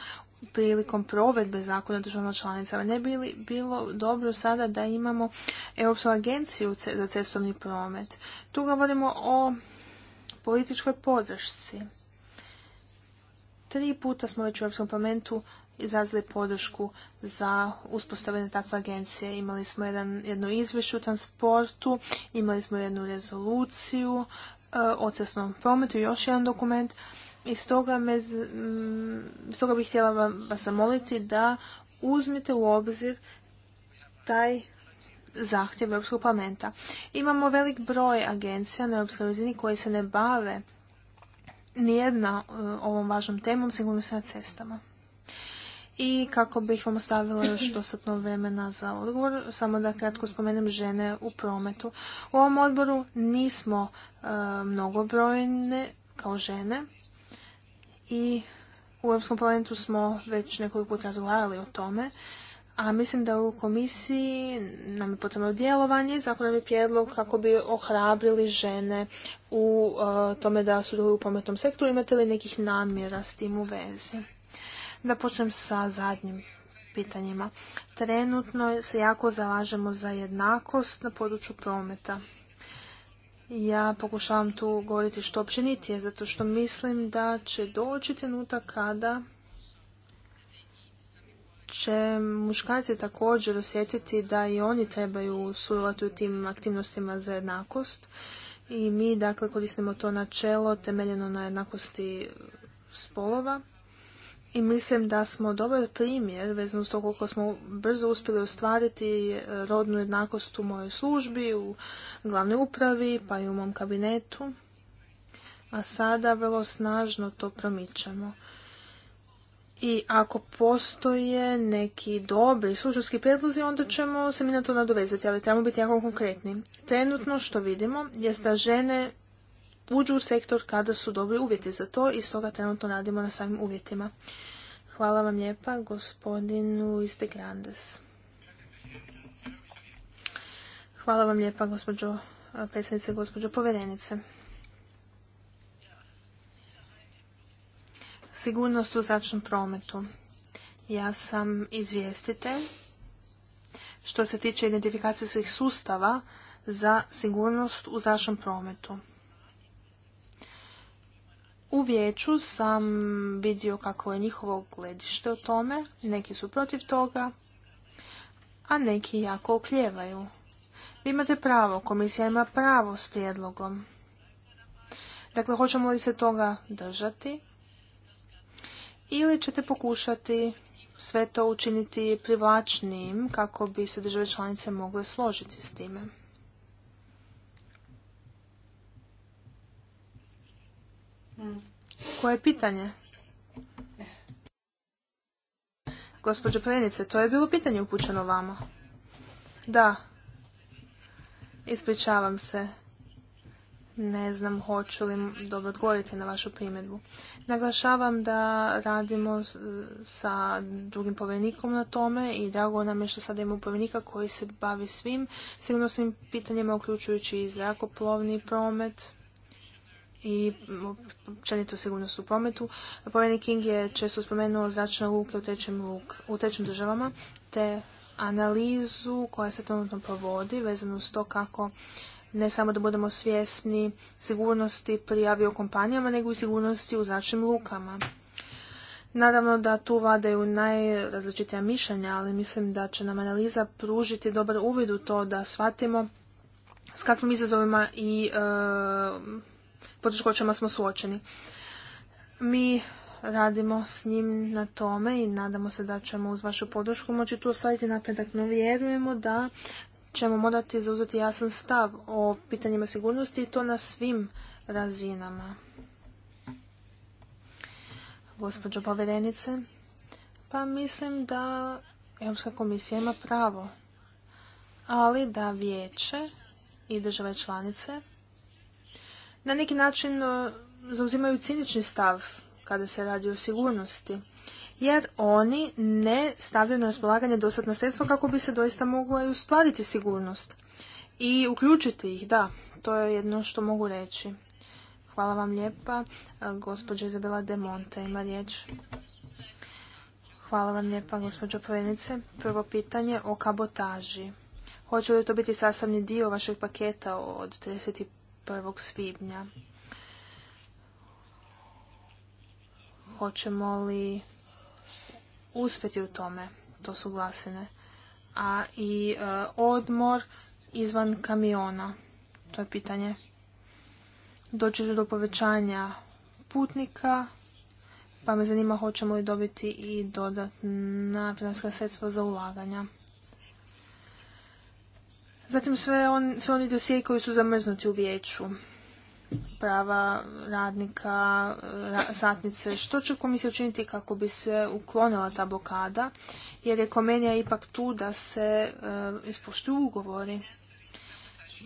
prilikom provedbe zakona državama članicama. Ne bi li bilo dobro sada da imamo Europsku agenciju za cestovni promet? Tu govorimo o političkoj podršci. Tri puta smo već u Europskom parlamentu izrazili podršku za uspostavljanje takve agencije. Imali smo jedan, jedno izvješće u transportu, imali smo jednu rezoluciju e, o cestnom prometu i još jedan dokument. I stoga, me, stoga bih htjela vas zamoliti da uzmite u obzir taj zahtjev Europskog parlamenta. Imamo velik broj agencija na Europskoj razini koji se ne bave nijedna e, ovom važnom temom sigurnosti na cestama. I kako bih vam ostavila još dostatno vremena za odgovor, samo da kratko spomenem žene u prometu. U ovom odboru nismo e, mnogobrojne kao žene i u Europskom parlamentu smo već nekoliko puta razgovarali o tome, a mislim da u komisiji nam je potrebno djelovanje i zapravo je prijedlog kako bi ohrabrili žene u e, tome da su u prometnom sektoru. Imate li nekih namjera s tim u vezi? Da počnem sa zadnjim pitanjima. Trenutno se jako zalažemo za jednakost na području prometa. Ja pokušavam tu govoriti što općenitije, zato što mislim da će doći trenutak kada će muškarci također osjetiti da i oni trebaju sudjelovati u tim aktivnostima za jednakost. I mi dakle koristimo to načelo temeljeno na jednakosti spolova i mislim da smo dobar primjer vezano s to koliko smo brzo uspjeli ostvariti eh, rodnu jednakost u mojoj službi, u glavnoj upravi, pa i u mom kabinetu. A sada vrlo snažno to promičemo. I ako postoje neki dobri službovski prijedlozi, onda ćemo se mi na to nadovezati, ali trebamo biti jako konkretni. Trenutno što vidimo je da žene uđu u sektor kada su dobri uvjeti za to i stoga trenutno radimo na samim uvjetima. Hvala vam lijepa, gospodinu Grandes. Hvala vam lijepa, gospođo predsjednice, gospođo povjerenice. Sigurnost u zračnom prometu. Ja sam izvijestite što se tiče identifikacijskih sustava za sigurnost u zračnom prometu. U vijeću sam vidio kako je njihovo gledište o tome, neki su protiv toga, a neki jako okljevaju. Vi imate pravo, komisija ima pravo s prijedlogom. Dakle, hoćemo li se toga držati? Ili ćete pokušati sve to učiniti privlačnim, kako bi se države članice mogle složiti s time? Koje pitanje? Gospođo Plenice, to je bilo pitanje upućeno vama. Da. Ispričavam se. Ne znam hoću li dobro odgovoriti na vašu primjedbu. Naglašavam da radimo sa drugim povjerenikom na tome i drago nam je što sada imamo povjerenika koji se bavi svim sigurnosnim pitanjima, uključujući i zrakoplovni promet i općenito sigurnost u prometu. Povjerenik King je često spomenuo zračne luke u trećim, državama te analizu koja se trenutno provodi vezano uz to kako ne samo da budemo svjesni sigurnosti pri kompanijama nego i sigurnosti u zračnim lukama. Naravno da tu vladaju najrazličitija mišljenja, ali mislim da će nam analiza pružiti dobar uvid u to da shvatimo s kakvim izazovima i e, poteškoćama smo suočeni. Mi radimo s njim na tome i nadamo se da ćemo uz vašu podršku moći tu ostaviti napredak, no vjerujemo da ćemo morati zauzeti jasan stav o pitanjima sigurnosti i to na svim razinama. Gospođo povjerenice, pa mislim da Europska komisija ima pravo, ali da vijeće i države članice na neki način e, zauzimaju cinični stav kada se radi o sigurnosti jer oni ne stavljaju na raspolaganje dostatna sredstva kako bi se doista mogla i ustvariti sigurnost. I uključiti ih, da, to je jedno što mogu reći. Hvala vam lijepa, e, gospođa Izabela de Monte ima riječ. Hvala vam lijepa, gospođo Povenice. Prvo pitanje o kabotaži. Hoće li to biti sastavni dio vašeg paketa od 1. svibnja. Hoćemo li uspjeti u tome? To su glasine. A i e, odmor izvan kamiona. To je pitanje. Doći do povećanja putnika, pa me zanima hoćemo li dobiti i dodatna financijska sredstva za ulaganja. Zatim sve, oni dosije koji su zamrznuti u vijeću, prava radnika, satnice, što će komisija učiniti kako bi se uklonila ta blokada, jer je komenja ipak tu da se uh, ispoštuju ugovori.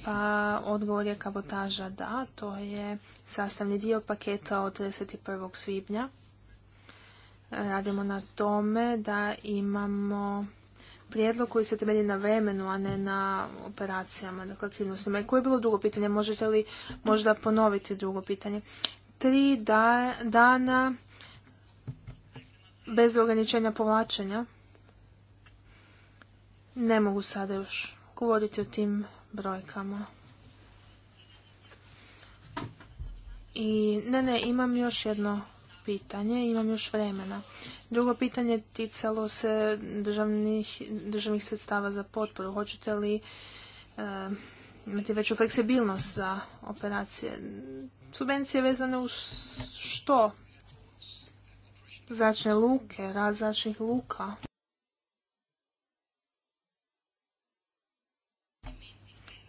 Pa odgovor je kabotaža da, to je sastavni dio paketa od 31. svibnja. Radimo na tome da imamo prijedlog koji se temelji na vremenu, a ne na operacijama, dakle aktivnostima. I koje je bilo drugo pitanje? Možete li možda ponoviti drugo pitanje? Tri dana bez ograničenja povlačenja. Ne mogu sada još govoriti o tim brojkama. I ne, ne, imam još jedno pitanje, imam još vremena. Drugo pitanje ticalo se državnih, sredstava za potporu. Hoćete li e, imati veću fleksibilnost za operacije? Subvencije vezane uz što? Zračne luke, rad zračnih luka.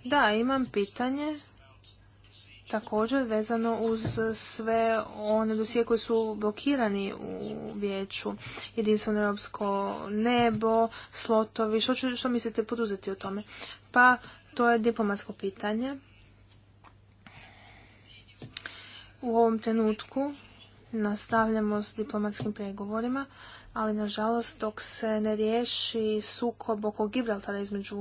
Da, imam pitanje također vezano uz sve one dosije koji su blokirani u vijeću, jedinstveno europsko nebo, slotovi, što, ću, što mislite poduzeti o tome? Pa to je diplomatsko pitanje. U ovom trenutku nastavljamo s diplomatskim pregovorima ali nažalost dok se ne riješi sukob oko Gibraltara između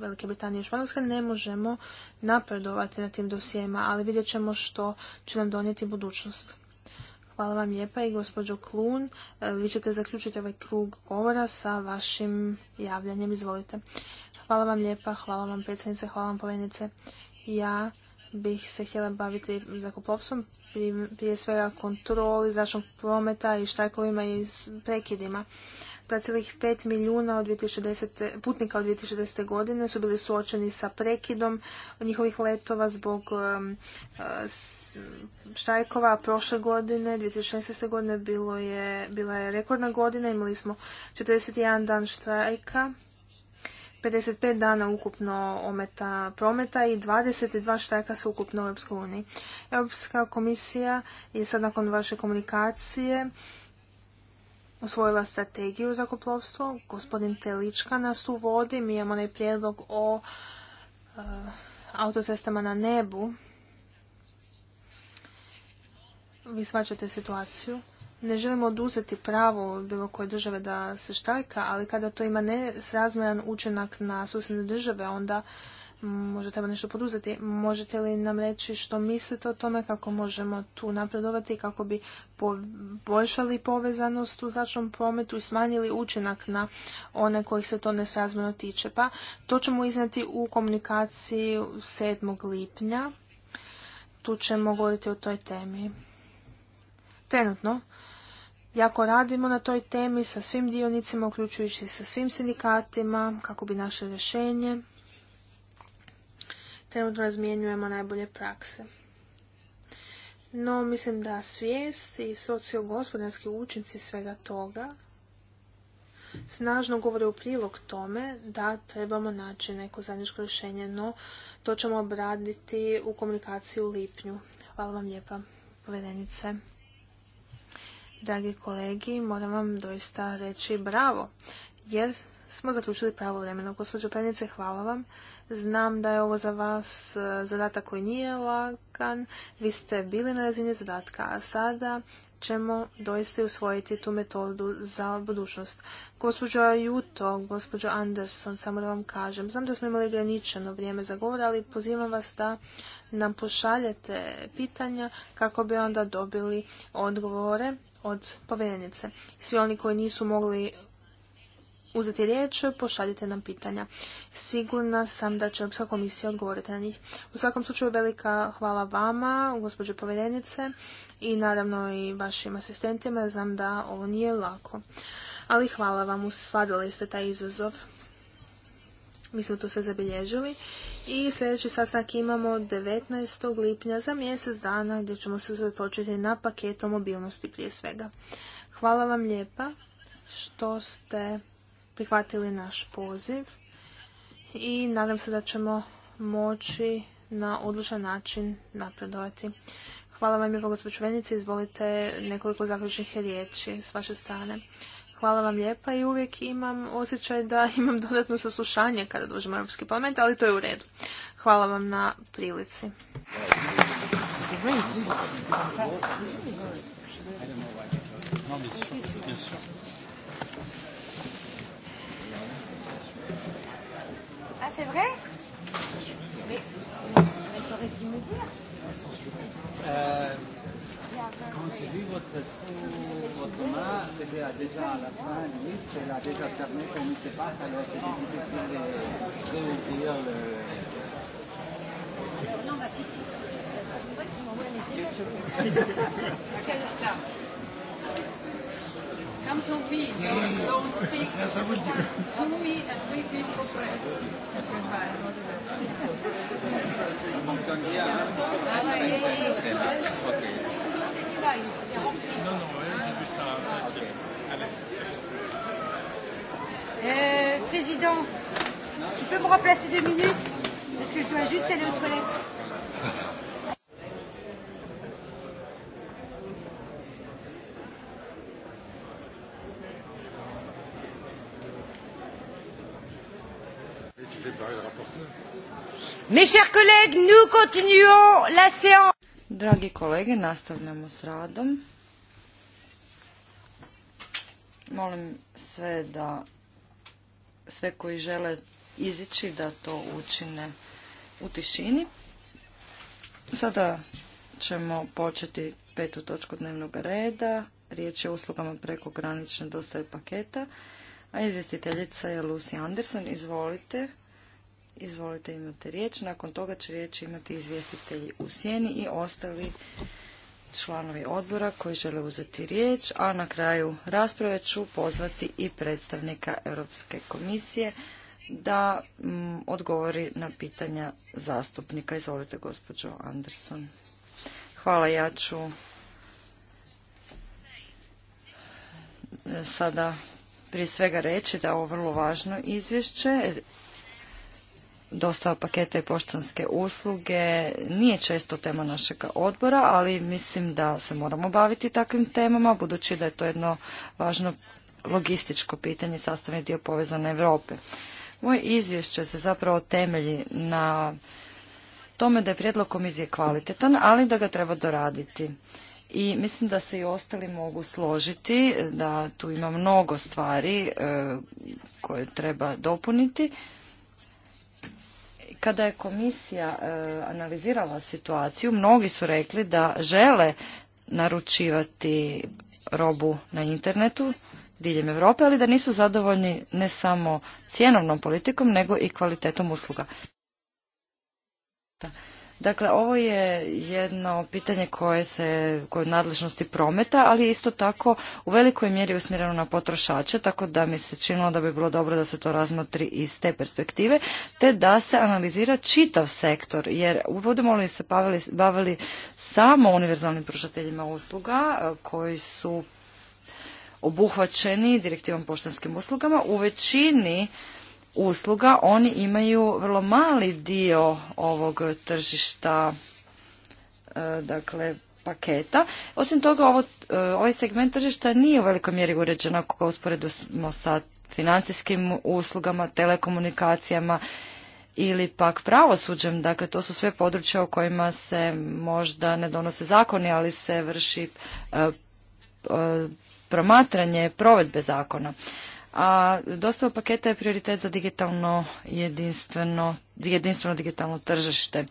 Velike Britanije i Španjolske ne možemo napredovati na tim dosijema, ali vidjet ćemo što će nam donijeti budućnost. Hvala vam lijepa i gospođo Klun. Vi ćete zaključiti ovaj krug govora sa vašim javljanjem. Izvolite. Hvala vam lijepa, hvala vam predsjednice, hvala vam povenice. Ja bih se htjela baviti zakoplovstvom prije svega kontroli zračnog prometa i štajkovima i prekidima. 2,5 milijuna od 2010, putnika od 2010. godine su bili suočeni sa prekidom njihovih letova zbog um, uh, štrajkova. Prošle godine, 2016. godine, bilo je, bila je rekordna godina. Imali smo 41 dan štrajka 55 dana ukupno ometa prometa i 22 štajka su ukupno u Europskoj uniji. Europska komisija je sad nakon vaše komunikacije usvojila strategiju za koplovstvo. Gospodin Telička nas uvodi. Mi imamo onaj prijedlog o eh, autocestama na nebu. Vi svačate situaciju ne želimo oduzeti pravo bilo koje države da se štrajka, ali kada to ima nesrazmjeran učinak na susjedne države, onda možda treba nešto poduzeti. Možete li nam reći što mislite o tome, kako možemo tu napredovati, kako bi poboljšali povezanost u zračnom prometu i smanjili učinak na one kojih se to nesrazmjerno tiče. Pa to ćemo iznijeti u komunikaciji 7. lipnja. Tu ćemo govoriti o toj temi. Trenutno jako radimo na toj temi sa svim dionicima, uključujući sa svim sindikatima, kako bi naše rješenje. Trenutno razmjenjujemo najbolje prakse. No, mislim da svijest i sociogospodarski učinci svega toga snažno govore u prilog tome da trebamo naći neko zajedničko rješenje, no to ćemo obraditi u komunikaciji u lipnju. Hvala vam lijepa, povedenice. Dragi kolegi, moram vam doista reći bravo, jer smo zaključili pravo vremeno. Gospođo Penice, hvala vam. Znam da je ovo za vas eh, zadatak koji nije lagan. Vi ste bili na razini zadatka, a sada ćemo doista usvojiti tu metodu za budućnost. Gospođo Juto, gospođo Anderson, samo da vam kažem, znam da smo imali ograničeno vrijeme za govor, ali pozivam vas da nam pošaljete pitanja kako bi onda dobili odgovore od povjerenice. Svi oni koji nisu mogli uzeti riječ, pošaljite nam pitanja. Sigurna sam da će Europska komisija odgovoriti na njih. U svakom slučaju velika hvala vama, gospođo povjerenice, i naravno i vašim asistentima. Znam da ovo nije lako. Ali hvala vam, usvadili ste taj izazov. Mi smo to sve zabilježili. I sljedeći sasak imamo 19. lipnja za mjesec dana gdje ćemo se usredotočiti na paketu mobilnosti prije svega. Hvala vam lijepa što ste prihvatili naš poziv i nadam se da ćemo moći na odlučan način napredovati. Hvala vam lijepo gospođo izvolite nekoliko zaključnih riječi s vaše strane. Hvala vam lijepa i uvijek imam osjećaj da imam dodatno saslušanje kada dođem u Europski parlament, ali to je u redu. Hvala vam na prilici. Ah, Euh, quand j'ai vu votre, votre main, c'était déjà à la fin du livre, elle a déjà fermé qu'on ne sait pas, alors c'est difficile de réouvrir le... non, bah c'est en fait, tu m'envoies un message come to me. don't, don't speak. Yes, I will do. To me and leave me for press. Goodbye. No, no, j'ai vu ça. Euh, président, tu peux me remplacer deux minutes Parce que je dois juste aller aux toilettes. Mes chers collègues, nous continuons la séance. Dragi kolege, nastavljamo s radom. Molim sve da sve koji žele izići da to učine u tišini. Sada ćemo početi petu točku dnevnog reda. Riječ je o uslugama preko granične dostave paketa. A izvjestiteljica je Lucy Anderson. Izvolite. Izvolite, imate riječ. Nakon toga će riječ imati izvjestitelji u sjeni i ostali članovi odbora koji žele uzeti riječ, a na kraju rasprave ću pozvati i predstavnika Europske komisije da mm, odgovori na pitanja zastupnika. Izvolite, gospođo Anderson. Hvala, ja ću sada prije svega reći da je ovo vrlo važno izvješće dostava paketa i poštanske usluge nije često tema našeg odbora, ali mislim da se moramo baviti takvim temama, budući da je to jedno važno logističko pitanje, sastavni dio povezane Europe. Moje izvješće se zapravo temelji na tome da je prijedlog komisije kvalitetan, ali da ga treba doraditi. I mislim da se i ostali mogu složiti, da tu ima mnogo stvari e, koje treba dopuniti, kada je komisija e, analizirala situaciju, mnogi su rekli da žele naručivati robu na internetu diljem Europe, ali da nisu zadovoljni ne samo cjenovnom politikom, nego i kvalitetom usluga. Dakle, ovo je jedno pitanje koje se, koje nadležnosti prometa, ali isto tako u velikoj mjeri usmjereno na potrošače, tako da mi se činilo da bi bilo dobro da se to razmotri iz te perspektive, te da se analizira čitav sektor, jer budemo li se bavili, bavili samo univerzalnim pružateljima usluga e, koji su obuhvaćeni direktivom poštanskim uslugama, u većini usluga, oni imaju vrlo mali dio ovog tržišta e, dakle paketa. Osim toga, ovo, e, ovaj segment tržišta nije u velikoj mjeri uređen ako ga usporedimo sa financijskim uslugama, telekomunikacijama ili pak pravosuđem. Dakle, to su sve područja u kojima se možda ne donose zakoni, ali se vrši e, promatranje provedbe zakona a dostava paketa je prioritet za digitalno jedinstveno jedinstveno digitalno tržište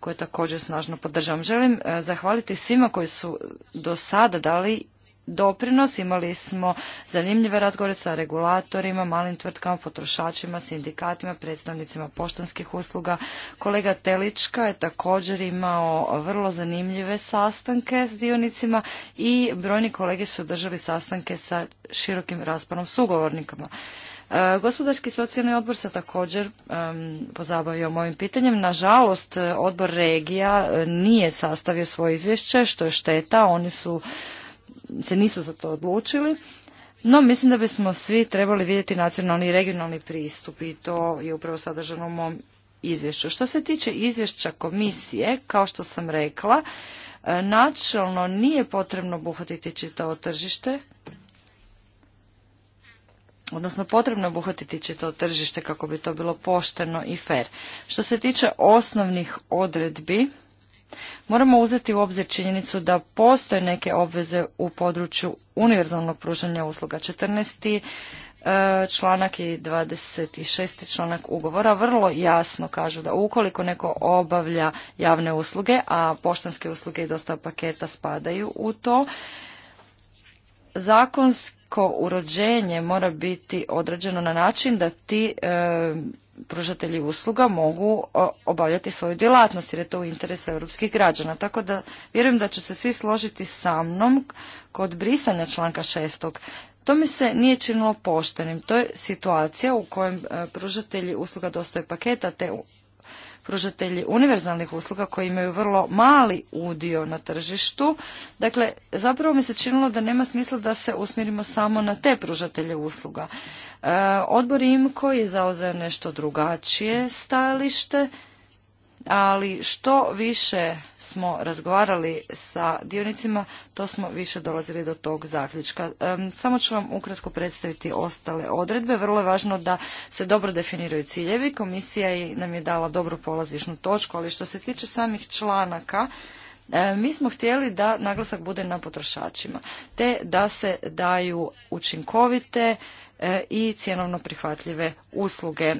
koje također snažno podržavam. Želim e, zahvaliti svima koji su do sada dali doprinos. Imali smo zanimljive razgovore sa regulatorima, malim tvrtkama, potrošačima, sindikatima, predstavnicima poštanskih usluga. Kolega Telička je također imao vrlo zanimljive sastanke s dionicima i brojni kolege su držali sastanke sa širokim rasponom sugovornikama. E, gospodarski socijalni odbor se također pozabavio mojim pitanjem. Nažalost, odbor regija e, nije sastavio svoje izvješće, što je šteta. Oni su se nisu za to odlučili. No, mislim da bismo svi trebali vidjeti nacionalni i regionalni pristup i to je upravo sadržano u mom izvješću. Što se tiče izvješća komisije, kao što sam rekla, e, načelno nije potrebno obuhvatiti čitavo tržište, odnosno potrebno je obuhvatiti čitavo tržište kako bi to bilo pošteno i fer. Što se tiče osnovnih odredbi, Moramo uzeti u obzir činjenicu da postoje neke obveze u području univerzalnog pružanja usluga. 14. E, članak i 26. članak ugovora vrlo jasno kažu da ukoliko neko obavlja javne usluge, a poštanske usluge i dosta paketa spadaju u to, zakonsko urođenje mora biti određeno na način da ti e, pružatelji usluga mogu obavljati svoju djelatnost jer je to u interesu europskih građana. Tako da vjerujem da će se svi složiti sa mnom kod brisanja članka šestog. To mi se nije činilo poštenim. To je situacija u kojem e, pružatelji usluga dostave paketa te pružatelji univerzalnih usluga koji imaju vrlo mali udio na tržištu. Dakle, zapravo mi se činilo da nema smisla da se usmjerimo samo na te pružatelje usluga. E, odbor IMKO je zauzeo nešto drugačije stajalište ali što više smo razgovarali sa dionicima, to smo više dolazili do tog zaključka. Samo ću vam ukratko predstaviti ostale odredbe. Vrlo je važno da se dobro definiraju ciljevi. Komisija nam je dala dobru polazišnu točku, ali što se tiče samih članaka, mi smo htjeli da naglasak bude na potrošačima, te da se daju učinkovite E, i cjenovno prihvatljive usluge. E,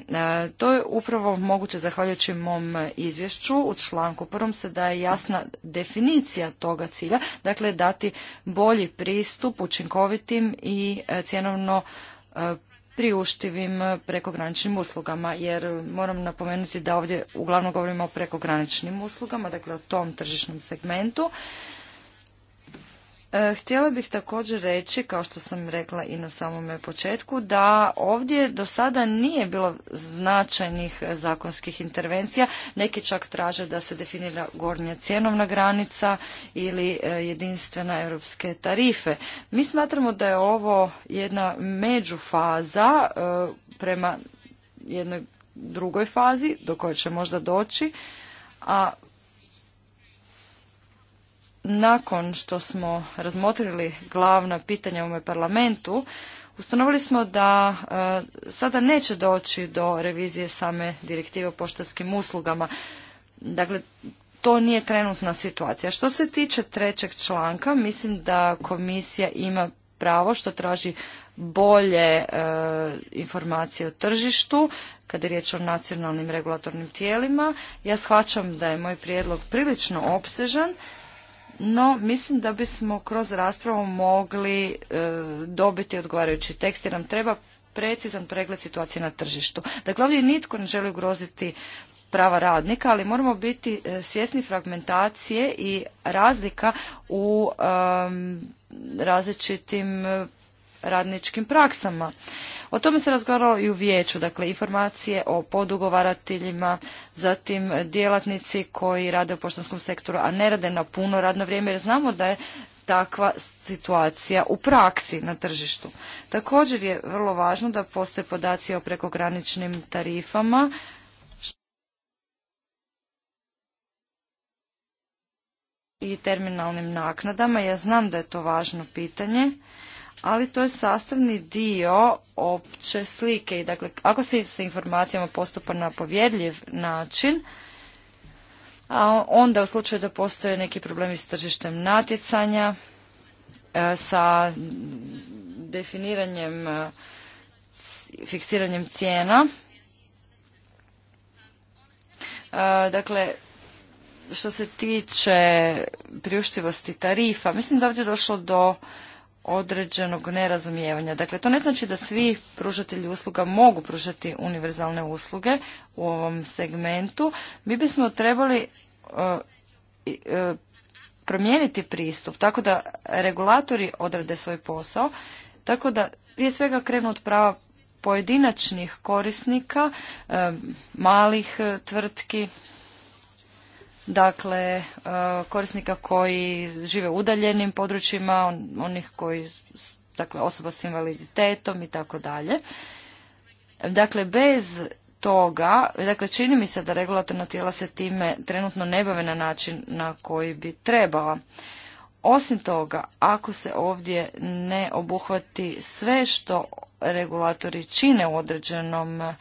to je upravo moguće zahvaljujući mom izvješću. U članku prvom se daje jasna definicija toga cilja, dakle dati bolji pristup učinkovitim i e, cjenovno priuštivim prekograničnim uslugama, jer moram napomenuti da ovdje uglavnom govorimo o prekograničnim uslugama, dakle o tom tržišnom segmentu. E, htjela bih također reći, kao što sam rekla i na samome početku, da ovdje do sada nije bilo značajnih zakonskih intervencija. Neki čak traže da se definira gornja cjenovna granica ili e, jedinstvena europske tarife. Mi smatramo da je ovo jedna međufaza e, prema jednoj drugoj fazi do koje će možda doći, a nakon što smo razmotrili glavna pitanja u ovome parlamentu, ustanovili smo da e, sada neće doći do revizije same direktive o poštarskim uslugama. Dakle, to nije trenutna situacija. Što se tiče trećeg članka, mislim da komisija ima pravo što traži bolje e, informacije o tržištu kada je riječ o nacionalnim regulatornim tijelima. Ja shvaćam da je moj prijedlog prilično opsežan no mislim da bismo kroz raspravu mogli e, dobiti odgovarajući tekst jer nam treba precizan pregled situacije na tržištu. Dakle, ovdje nitko ne želi ugroziti prava radnika, ali moramo biti e, svjesni fragmentacije i razlika u različitim e, radničkim praksama. O tome se razgovaralo i u vijeću, dakle informacije o podugovarateljima, zatim djelatnici koji rade u poštanskom sektoru, a ne rade na puno radno vrijeme jer znamo da je takva situacija u praksi na tržištu. Također je vrlo važno da postoje podaci o prekograničnim tarifama, i terminalnim naknadama. Ja znam da je to važno pitanje ali to je sastavni dio opće slike. I dakle, ako se sa informacijama postupa na povjedljiv način, a onda u slučaju da postoje neki problemi s tržištem natjecanja, e, sa definiranjem, e, fiksiranjem cijena. E, dakle, što se tiče priuštivosti tarifa, mislim da ovdje došlo do određenog nerazumijevanja. Dakle, to ne znači da svi pružatelji usluga mogu pružati univerzalne usluge u ovom segmentu. Mi bismo trebali e, e, promijeniti pristup tako da regulatori odrade svoj posao, tako da prije svega krenu od prava pojedinačnih korisnika, e, malih tvrtki, dakle e, korisnika koji žive u udaljenim područjima, onih koji, dakle osoba s invaliditetom i tako dalje. Dakle, bez toga, dakle čini mi se da regulatorna tijela se time trenutno ne bave na način na koji bi trebala. Osim toga, ako se ovdje ne obuhvati sve što regulatori čine u određenom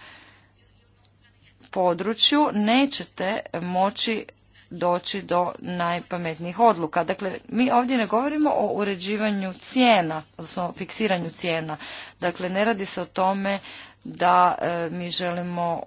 području, nećete moći doći do najpametnijih odluka. Dakle, mi ovdje ne govorimo o uređivanju cijena, odnosno o fiksiranju cijena. Dakle, ne radi se o tome da e, mi želimo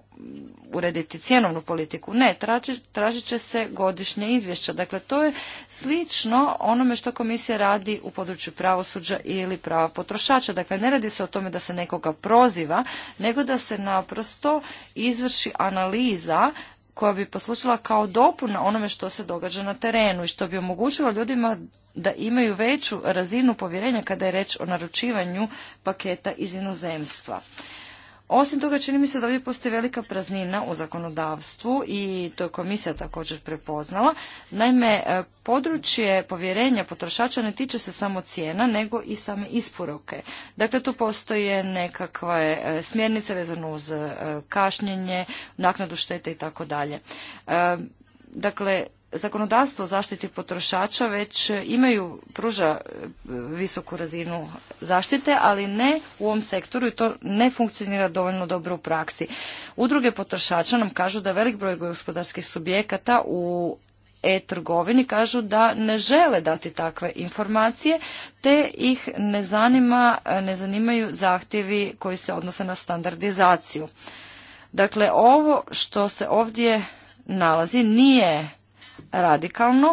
urediti cjenovnu politiku. Ne, traži, tražit će se godišnje izvješća. Dakle, to je slično onome što komisija radi u području pravosuđa ili prava potrošača. Dakle, ne radi se o tome da se nekoga proziva, nego da se naprosto izvrši analiza koja bi poslušala kao dopuna onome što se događa na terenu i što bi omogućilo ljudima da imaju veću razinu povjerenja kada je reč o naručivanju paketa iz inozemstva. Osim toga, čini mi se da ovdje postoji velika praznina u zakonodavstvu i to je komisija također prepoznala. Naime, e, područje povjerenja potrošača ne tiče se samo cijena, nego i same isporuke. Dakle, tu postoje nekakve e, smjernice vezano uz e, kašnjenje, naknadu štete i tako dalje. Dakle, zakonodavstvo o zaštiti potrošača već imaju, pruža e, visoku razinu zaštite, ali ne u ovom sektoru i to ne funkcionira dovoljno dobro u praksi. Udruge potrošača nam kažu da velik broj gospodarskih subjekata u e-trgovini kažu da ne žele dati takve informacije te ih ne, zanima, ne zanimaju zahtjevi koji se odnose na standardizaciju. Dakle, ovo što se ovdje nalazi nije radikalno.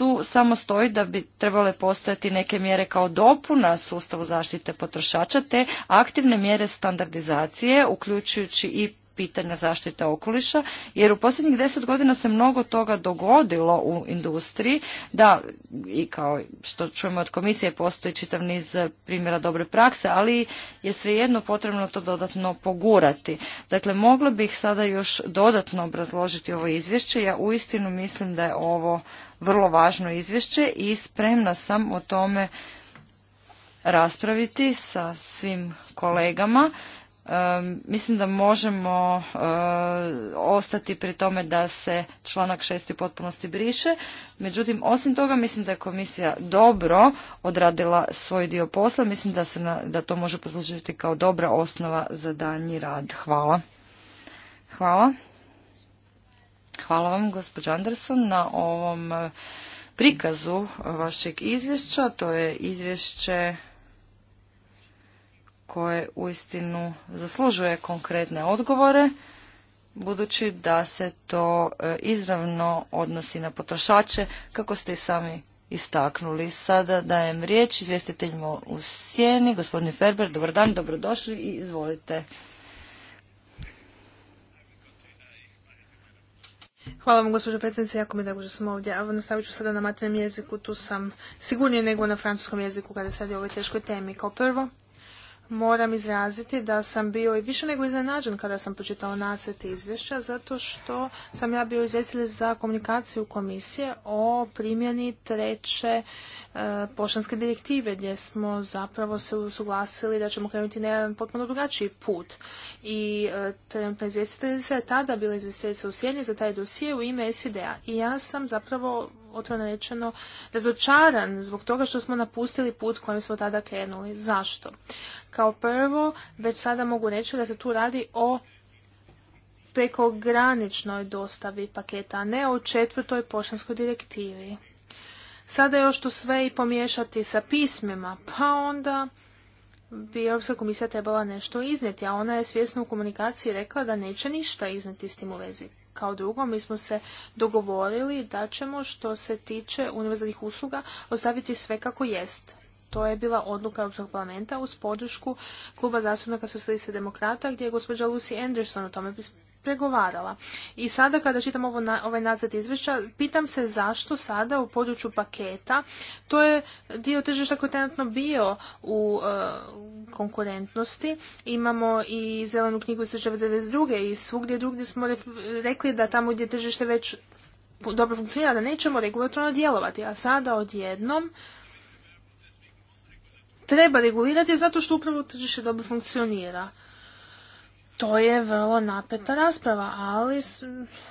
Tu samo stoji da bi trebale postojati neke mjere kao dopuna sustavu zaštite potrošača te aktivne mjere standardizacije uključujući i pitanja zaštite okoliša, jer u posljednjih deset godina se mnogo toga dogodilo u industriji, da i kao što čujemo od komisije postoji čitav niz primjera dobre prakse, ali je svejedno potrebno to dodatno pogurati. Dakle, mogla bih sada još dodatno obrazložiti ovo izvješće. Ja uistinu mislim da je ovo vrlo važno izvješće i spremna sam o tome raspraviti sa svim kolegama mislim da možemo eh, ostati pri tome da se članak 6. u potpunosti briše. Međutim, osim toga mislim da je komisija dobro odradila svoj dio posla. Mislim da, se da to može poslužiti kao dobra osnova za danji rad. Hvala. Hvala. Hvala vam, gospođo Anderson, na ovom eh, prikazu vašeg izvješća. To je izvješće koje uistinu zaslužuje konkretne odgovore budući da se to e, izravno odnosi na potrošače kako ste i sami istaknuli. Sada dajem riječ izvjestiteljima u sjeni, Gospodin Ferber, dobar dan, dobrodošli i izvolite. Hvala vam gospođo predsjednice, jako mi je drago što sam ovdje. Evo nastavit ću sada na materijem jeziku, tu sam sigurnije nego na francuskom jeziku kada se radi o ovoj teškoj temi. Kao prvo, moram izraziti da sam bio i više nego iznenađen kada sam pročitao nacrt izvješća, zato što sam ja bio izvjestitelj za komunikaciju komisije o primjeni treće pošanske poštanske direktive, gdje smo zapravo se usuglasili da ćemo krenuti na jedan potpuno drugačiji put. I e, trenutna izvjestiteljica je tada bila izvjestiteljica u sjedni za taj dosije u ime SID-a. I ja sam zapravo otvoreno rečeno razočaran zbog toga što smo napustili put kojim smo tada krenuli. Zašto? Kao prvo, već sada mogu reći da se tu radi o prekograničnoj dostavi paketa, a ne o četvrtoj poštanskoj direktivi. Sada još to sve i pomiješati sa pismima, pa onda bi Europska komisija trebala nešto iznijeti, a ona je svjesno u komunikaciji rekla da neće ništa iznijeti s tim u vezi. Kao drugo, mi smo se dogovorili da ćemo što se tiče univerzalnih usluga ostaviti sve kako jest. To je bila odluka Europskog parlamenta uz podršku kluba zastupnika socijalista demokrata gdje je gospođa Lucy Anderson o tome pregovarala. I sada kada čitam ovo na, ovaj nacrt izvješća, pitam se zašto sada u području paketa, to je dio tržišta koji je trenutno bio u e, konkurentnosti. Imamo i zelenu knjigu iz 1992. i svugdje drugdje smo rekli da tamo gdje tržište već dobro funkcionira, da nećemo regulatorno djelovati, a sada odjednom treba regulirati zato što upravo tržište dobro funkcionira to je vrlo napeta rasprava, ali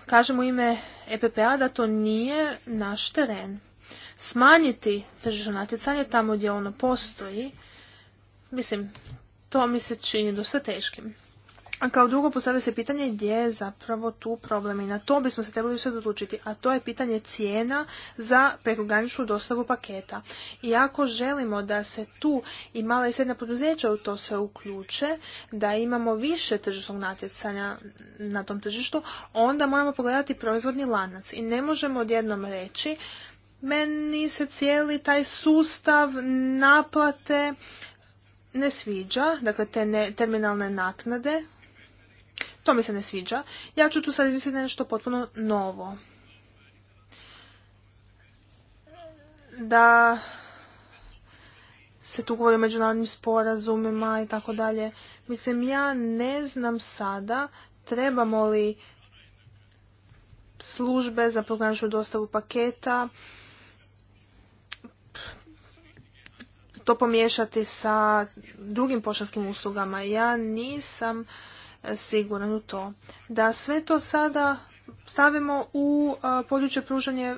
kažem u ime EPPA da to nije naš teren. Smanjiti tržišno natjecanje tamo gdje ono postoji, mislim, to mi se čini dosta teškim. A kao drugo postavlja se pitanje gdje je zapravo tu problem i na to bismo se trebali sad odlučiti, a to je pitanje cijena za prekograničnu dostavu paketa. I ako želimo da se tu i mala i srednja poduzeća u to sve uključe, da imamo više tržišnog natjecanja na tom tržištu, onda moramo pogledati proizvodni lanac i ne možemo odjednom reći meni se cijeli taj sustav naplate ne sviđa, dakle te terminalne naknade to mi se ne sviđa. Ja ću tu sad izmisliti nešto potpuno novo. Da se tu govori o međunarodnim sporazumima i tako dalje. Mislim, ja ne znam sada trebamo li službe za pograničnu dostavu paketa to pomiješati sa drugim poštanskim uslugama. Ja nisam siguran u to. Da sve to sada stavimo u e, područje pružanje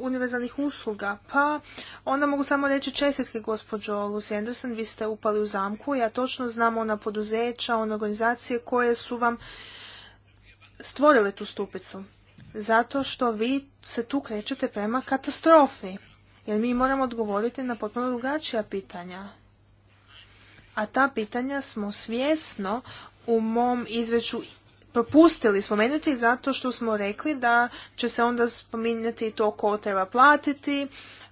univerzalnih usluga. Pa onda mogu samo reći čestitke gospođo Lucy Anderson, vi ste upali u zamku. Ja točno znam ona poduzeća, one organizacije koje su vam stvorile tu stupicu. Zato što vi se tu krećete prema katastrofi. Jer mi moramo odgovoriti na potpuno drugačija pitanja a ta pitanja smo svjesno u mom izveću propustili spomenuti zato što smo rekli da će se onda spominjati to ko treba platiti,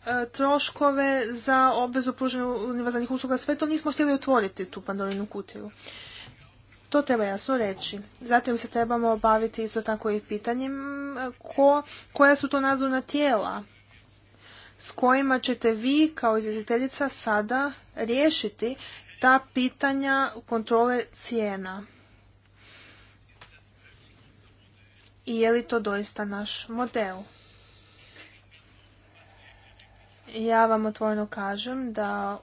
e, troškove za obvezu pružanja univerzalnih usluga. Sve to nismo htjeli otvoriti, tu pandorinu kutiju. To treba jasno reći. Zatim se trebamo baviti isto tako i pitanjem e, ko, koja su to nadzorna tijela s kojima ćete vi kao izvjestiteljica sada riješiti ta pitanja kontrole cijena. I je li to doista naš model? Ja vam otvoreno kažem da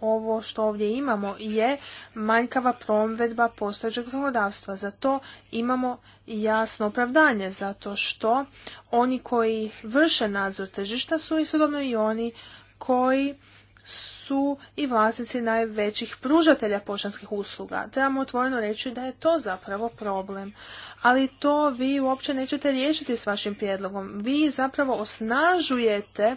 ovo što ovdje imamo je manjkava promvedba postojećeg zakonodavstva. Za to imamo jasno opravdanje, zato što oni koji vrše nadzor tržišta su istodobno i oni koji su su i vlasnici najvećih pružatelja poštanskih usluga. Trebamo otvoreno reći da je to zapravo problem. Ali to vi uopće nećete riješiti s vašim prijedlogom. Vi zapravo osnažujete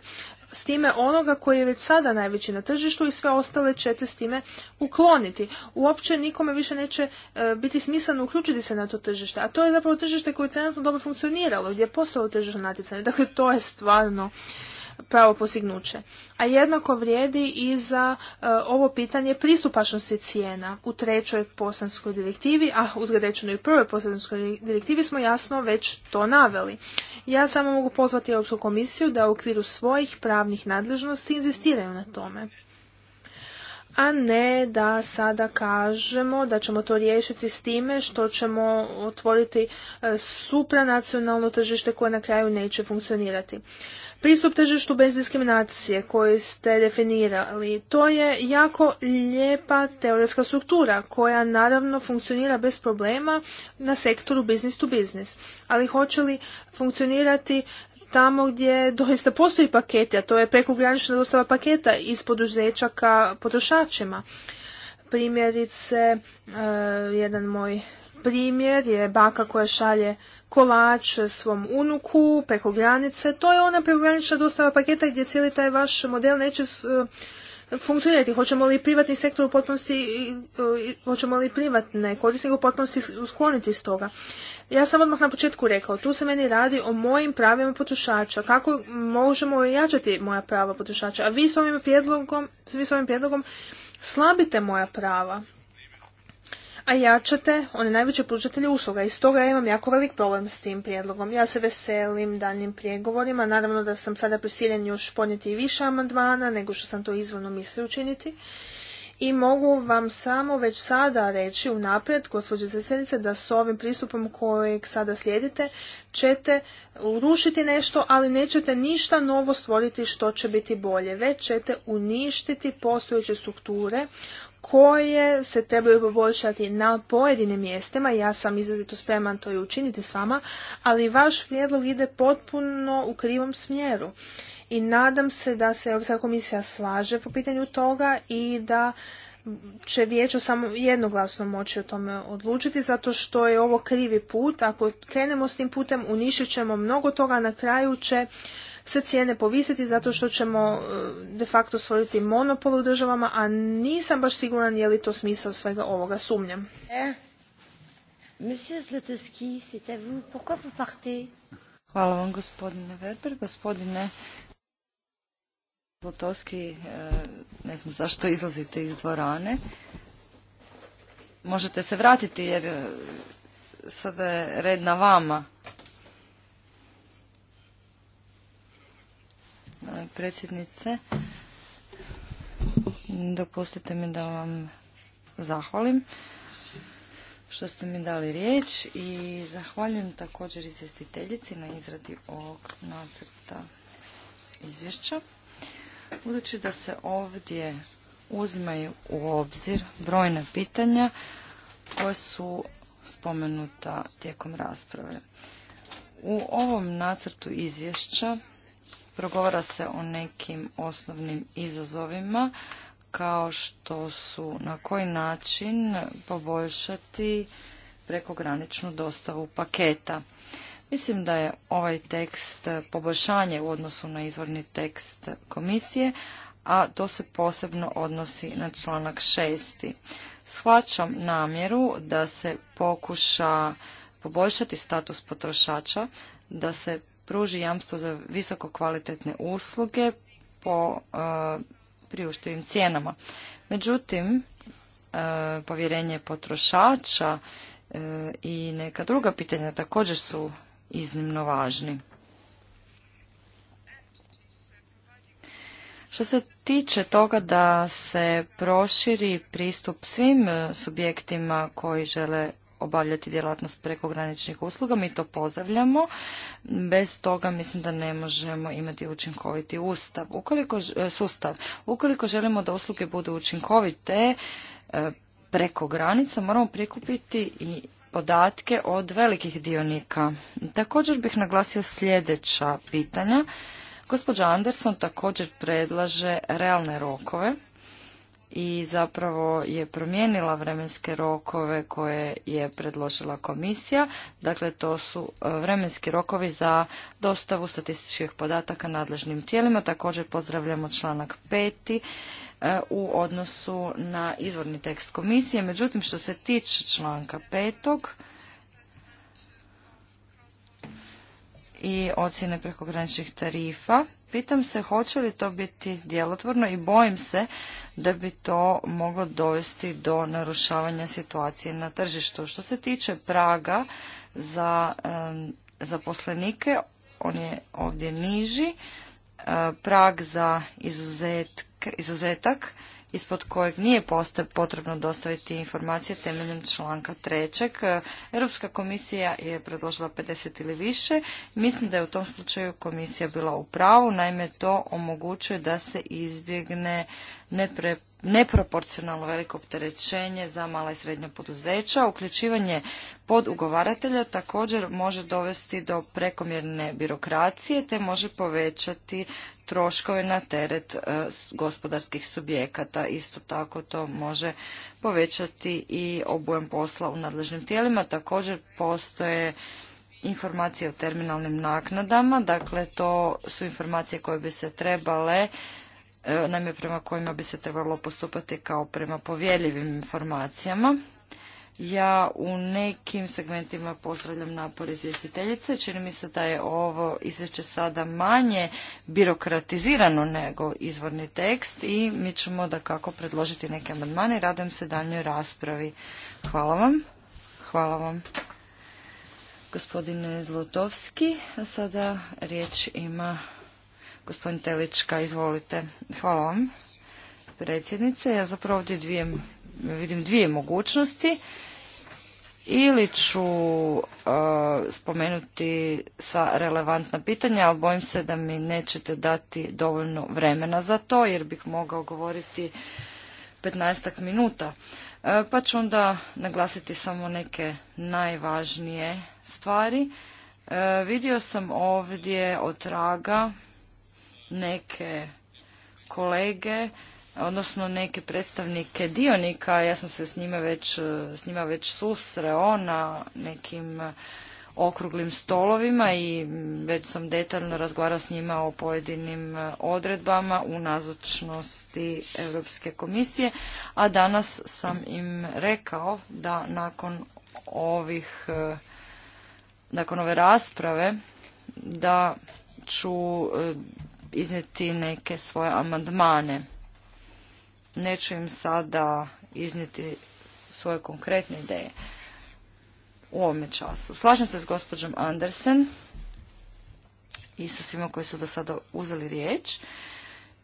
s time onoga koji je već sada najveći na tržištu i sve ostale ćete s time ukloniti. Uopće nikome više neće e, biti smisleno uključiti se na to tržište, a to je zapravo tržište koje je trenutno dobro funkcioniralo, gdje je postalo tržišno natjecanje. Dakle, to je stvarno pravo postignuće. A jednako vrijedi i za e, ovo pitanje pristupačnosti cijena u trećoj poslanskoj direktivi, a uzgledečeno i u prvoj poslanskoj direktivi smo jasno već to naveli. Ja samo mogu pozvati Europsku komisiju da u okviru svojih pravnih nadležnosti inzistiraju na tome a ne da sada kažemo da ćemo to riješiti s time što ćemo otvoriti e, supranacionalno tržište koje na kraju neće funkcionirati. Pristup tržištu bez diskriminacije koji ste definirali, to je jako lijepa teoretska struktura koja naravno funkcionira bez problema na sektoru business to business. Ali hoće li funkcionirati tamo gdje doista postoji paketi, a to je prekogranična dostava paketa iz poduzeća ka potrošačima. Primjerice, e, jedan moj primjer je baka koja šalje kolač svom unuku preko granice. To je ona prekogranična dostava paketa gdje cijeli taj vaš model neće e, funkcionirati. Hoćemo li privatni sektor u potpunosti, hoćemo li privatne korisnike u potpunosti skloniti iz toga. Ja sam odmah na početku rekao, tu se meni radi o mojim pravima potrošača, kako možemo ojačati moja prava potrošača, a vi s ovim prijedlogom, vi s slabite moja prava a jačate oni najveće pružatelje usluga. I stoga ja imam jako velik problem s tim prijedlogom. Ja se veselim daljim prijegovorima. Naravno da sam sada prisiljen još podnijeti i više amandmana nego što sam to izvorno mislio učiniti i mogu vam samo već sada reći u naprijed, gospođe da s ovim pristupom kojeg sada slijedite ćete urušiti nešto, ali nećete ništa novo stvoriti što će biti bolje, već ćete uništiti postojeće strukture koje se trebaju poboljšati na pojedinim mjestima. Ja sam izrazito spreman to i učiniti s vama, ali vaš prijedlog ide potpuno u krivom smjeru i nadam se da se Europska komisija slaže po pitanju toga i da će vijeće samo jednoglasno moći o tome odlučiti zato što je ovo krivi put. Ako krenemo s tim putem unišit ćemo mnogo toga, a na kraju će se cijene povisiti zato što ćemo e, de facto stvoriti monopol u državama, a nisam baš siguran je li to smisao svega ovoga sumnjam. Eh, Hvala vam gospodine Weber. Gospodine Zlotovski, e, ne znam zašto izlazite iz dvorane. Možete se vratiti jer e, sada je red na vama. Predsjednice, dopustite mi da vam zahvalim što ste mi dali riječ i zahvaljujem također izvjestiteljici na izradi ovog nacrta izvješća. Budući da se ovdje uzmaju u obzir brojna pitanja koja su spomenuta tijekom rasprave. U ovom nacrtu izvješća progovara se o nekim osnovnim izazovima kao što su na koji način poboljšati prekograničnu dostavu paketa. Mislim da je ovaj tekst poboljšanje u odnosu na izvorni tekst komisije, a to se posebno odnosi na članak 6. Shvaćam namjeru da se pokuša poboljšati status potrošača, da se pruži jamstvo za visoko kvalitetne usluge po eh, priuštivim cijenama. Međutim, eh, povjerenje potrošača eh, i neka druga pitanja također su iznimno važni. Što se tiče toga da se proširi pristup svim e, subjektima koji žele obavljati djelatnost prekograničnih usluga, mi to pozdravljamo. Bez toga mislim da ne možemo imati učinkoviti ustav. Ukoliko, e, sustav. Ukoliko želimo da usluge budu učinkovite e, preko granica, moramo prikupiti i podatke od velikih dionika. Također bih naglasio sljedeća pitanja. Gospođa Anderson također predlaže realne rokove i zapravo je promijenila vremenske rokove koje je predložila komisija. Dakle, to su e, vremenski rokovi za dostavu statističkih podataka nadležnim tijelima. Također pozdravljamo članak peti E, u odnosu na izvorni tekst komisije. Međutim, što se tiče članka petog i ocjene prekograničnih tarifa, pitam se hoće li to biti djelotvorno i bojim se da bi to moglo dovesti do narušavanja situacije na tržištu. Što se tiče praga za e, zaposlenike, on je ovdje niži. E, prag za izuzet izuzetak ispod kojeg nije potrebno dostaviti informacije temeljem članka trećeg. Europska komisija je predložila 50 ili više. Mislim da je u tom slučaju komisija bila u pravu. Naime, to omogućuje da se izbjegne neproporcionalno veliko opterećenje za mala i srednja poduzeća. Uključivanje podugovaratelja također može dovesti do prekomjerne birokracije te može povećati troškove na teret e, gospodarskih subjekata. Isto tako to može povećati i obujem posla u nadležnim tijelima. Također postoje informacije o terminalnim naknadama, dakle to su informacije koje bi se trebale e, naime prema kojima bi se trebalo postupati kao prema povjeljivim informacijama. Ja u nekim segmentima pozdravljam napor izvjestiteljice. Čini mi se da je ovo izvješće sada manje birokratizirano nego izvorni tekst i mi ćemo da kako predložiti neke amandmane i radujem se daljnjoj raspravi. Hvala vam. Hvala vam. Gospodine Zlotovski, a sada riječ ima gospodin Telička. Izvolite. Hvala vam predsjednice. Ja zapravo ovdje dvije vidim dvije mogućnosti. Ili ću e, spomenuti sva relevantna pitanja, ali bojim se da mi nećete dati dovoljno vremena za to, jer bih mogao govoriti 15 minuta. E, pa ću onda naglasiti samo neke najvažnije stvari. E, vidio sam ovdje od traga neke kolege odnosno neke predstavnike dionika, ja sam se s njima već, e, s njima već susreo na nekim e, okruglim stolovima i već sam detaljno razgovarao s njima o pojedinim e, odredbama u nazočnosti Europske komisije, a danas sam im rekao da nakon ovih, nakon ove rasprave, da ću iznijeti neke svoje amandmane Neću im sada iznijeti svoje konkretne ideje u ovome času. Slažem se s gospođom Andersen i sa svima koji su do sada uzeli riječ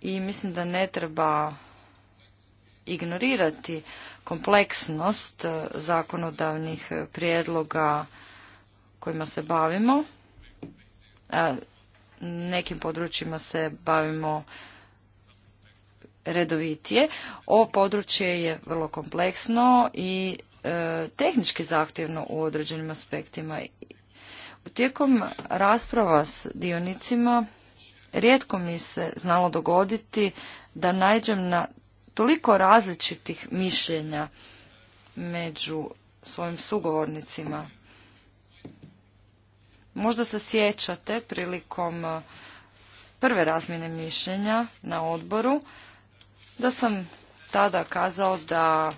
i mislim da ne treba ignorirati kompleksnost e, zakonodavnih prijedloga kojima se bavimo. E, nekim područjima se bavimo redovitije. Ovo područje je vrlo kompleksno i e, tehnički zahtjevno u određenim aspektima. Tijekom rasprava s dionicima rijetko mi se znalo dogoditi da najđem na toliko različitih mišljenja među svojim sugovornicima. Možda se sjećate prilikom prve razmjene mišljenja na odboru da sam tada kazao da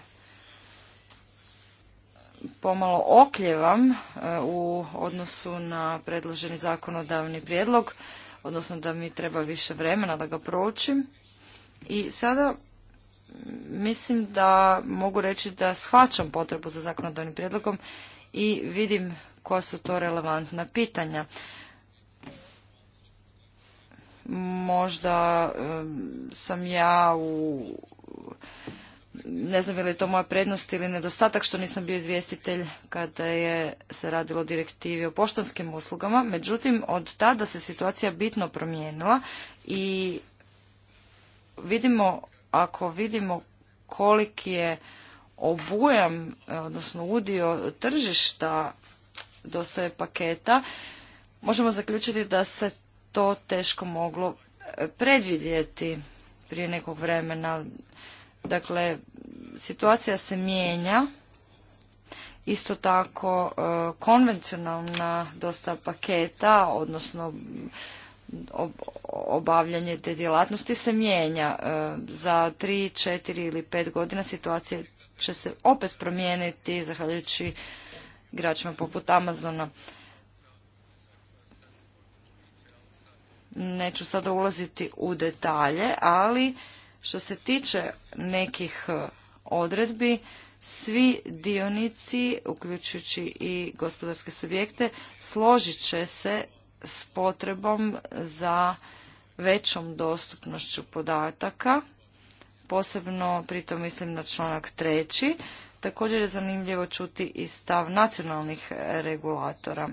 pomalo okljevam e, u odnosu na predloženi zakonodavni prijedlog, odnosno da mi treba više vremena da ga proučim. I sada mislim da mogu reći da shvaćam potrebu za zakonodavnim prijedlogom i vidim koja su to relevantna pitanja možda sam ja u ne znam je li to moja prednost ili nedostatak što nisam bio izvjestitelj kada je se radilo o direktivi o poštanskim uslugama. Međutim, od tada se situacija bitno promijenila i vidimo, ako vidimo koliki je obujam, e, odnosno udio tržišta dostave paketa, možemo zaključiti da se to teško moglo e, predvidjeti prije nekog vremena. Dakle, situacija se mijenja. Isto tako, e, konvencionalna dosta paketa, odnosno obavljanje te djelatnosti se mijenja. E, za tri, četiri ili pet godina situacija će se opet promijeniti zahvaljujući igračima poput Amazona. neću sada ulaziti u detalje, ali što se tiče nekih e, odredbi, svi dionici, uključujući i gospodarske subjekte, složit će se s potrebom za većom dostupnošću podataka, posebno pritom mislim na članak treći. Također je zanimljivo čuti i stav nacionalnih regulatora.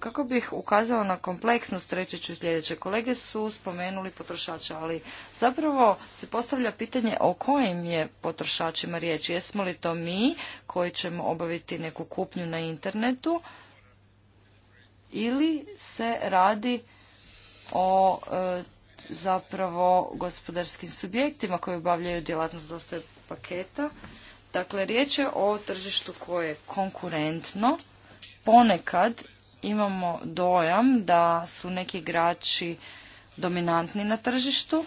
Kako bih ukazala na kompleksnost, reći ću sljedeće. Kolege su spomenuli potrošača, ali zapravo se postavlja pitanje o kojim je potrošačima riječ. Jesmo li to mi koji ćemo obaviti neku kupnju na internetu ili se radi o e, zapravo gospodarskim subjektima koji obavljaju djelatnost dostave paketa. Dakle, riječ je o tržištu koje je konkurentno, ponekad imamo dojam da su neki igrači dominantni na tržištu.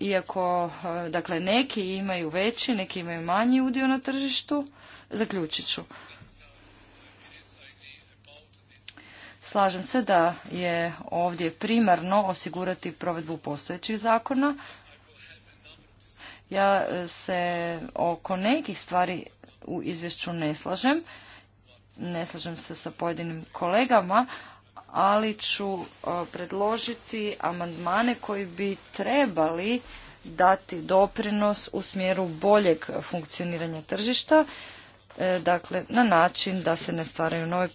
Iako, eh, dakle, neki imaju veći, neki imaju manji udio na tržištu, zaključit ću. Slažem se da je ovdje primarno osigurati provedbu postojećih zakona. Ja eh, se oko nekih stvari u izvješću ne slažem. Ne slažem se sa pojedinim kolegama, ali ću e, predložiti amandmane koji bi trebali dati doprinos u smjeru boljeg funkcioniranja tržišta, e, dakle na način da se ne stvaraju nove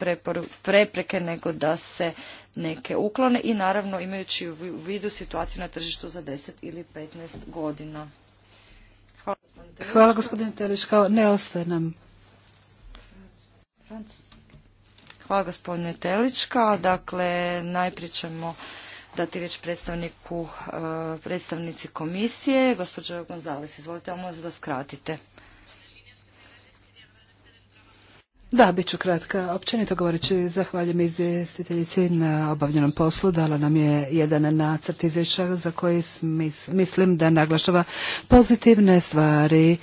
prepreke nego da se neke uklone i naravno imajući u vidu situaciju na tržištu za 10 ili 15 godina. Hvala, gospodine Teliška. Ne ostaje nam. Hvala gospodine Telička. Dakle, najprije ćemo dati riječ predstavniku, eh, predstavnici komisije. Gospođo Gonzales, izvolite, ali možda da skratite. Da, bit ću kratka. Općenito govoreći, zahvaljujem izvjestiteljici na obavljenom poslu. Dala nam je jedan nacrt izvješća za koji mislim da naglašava pozitivne stvari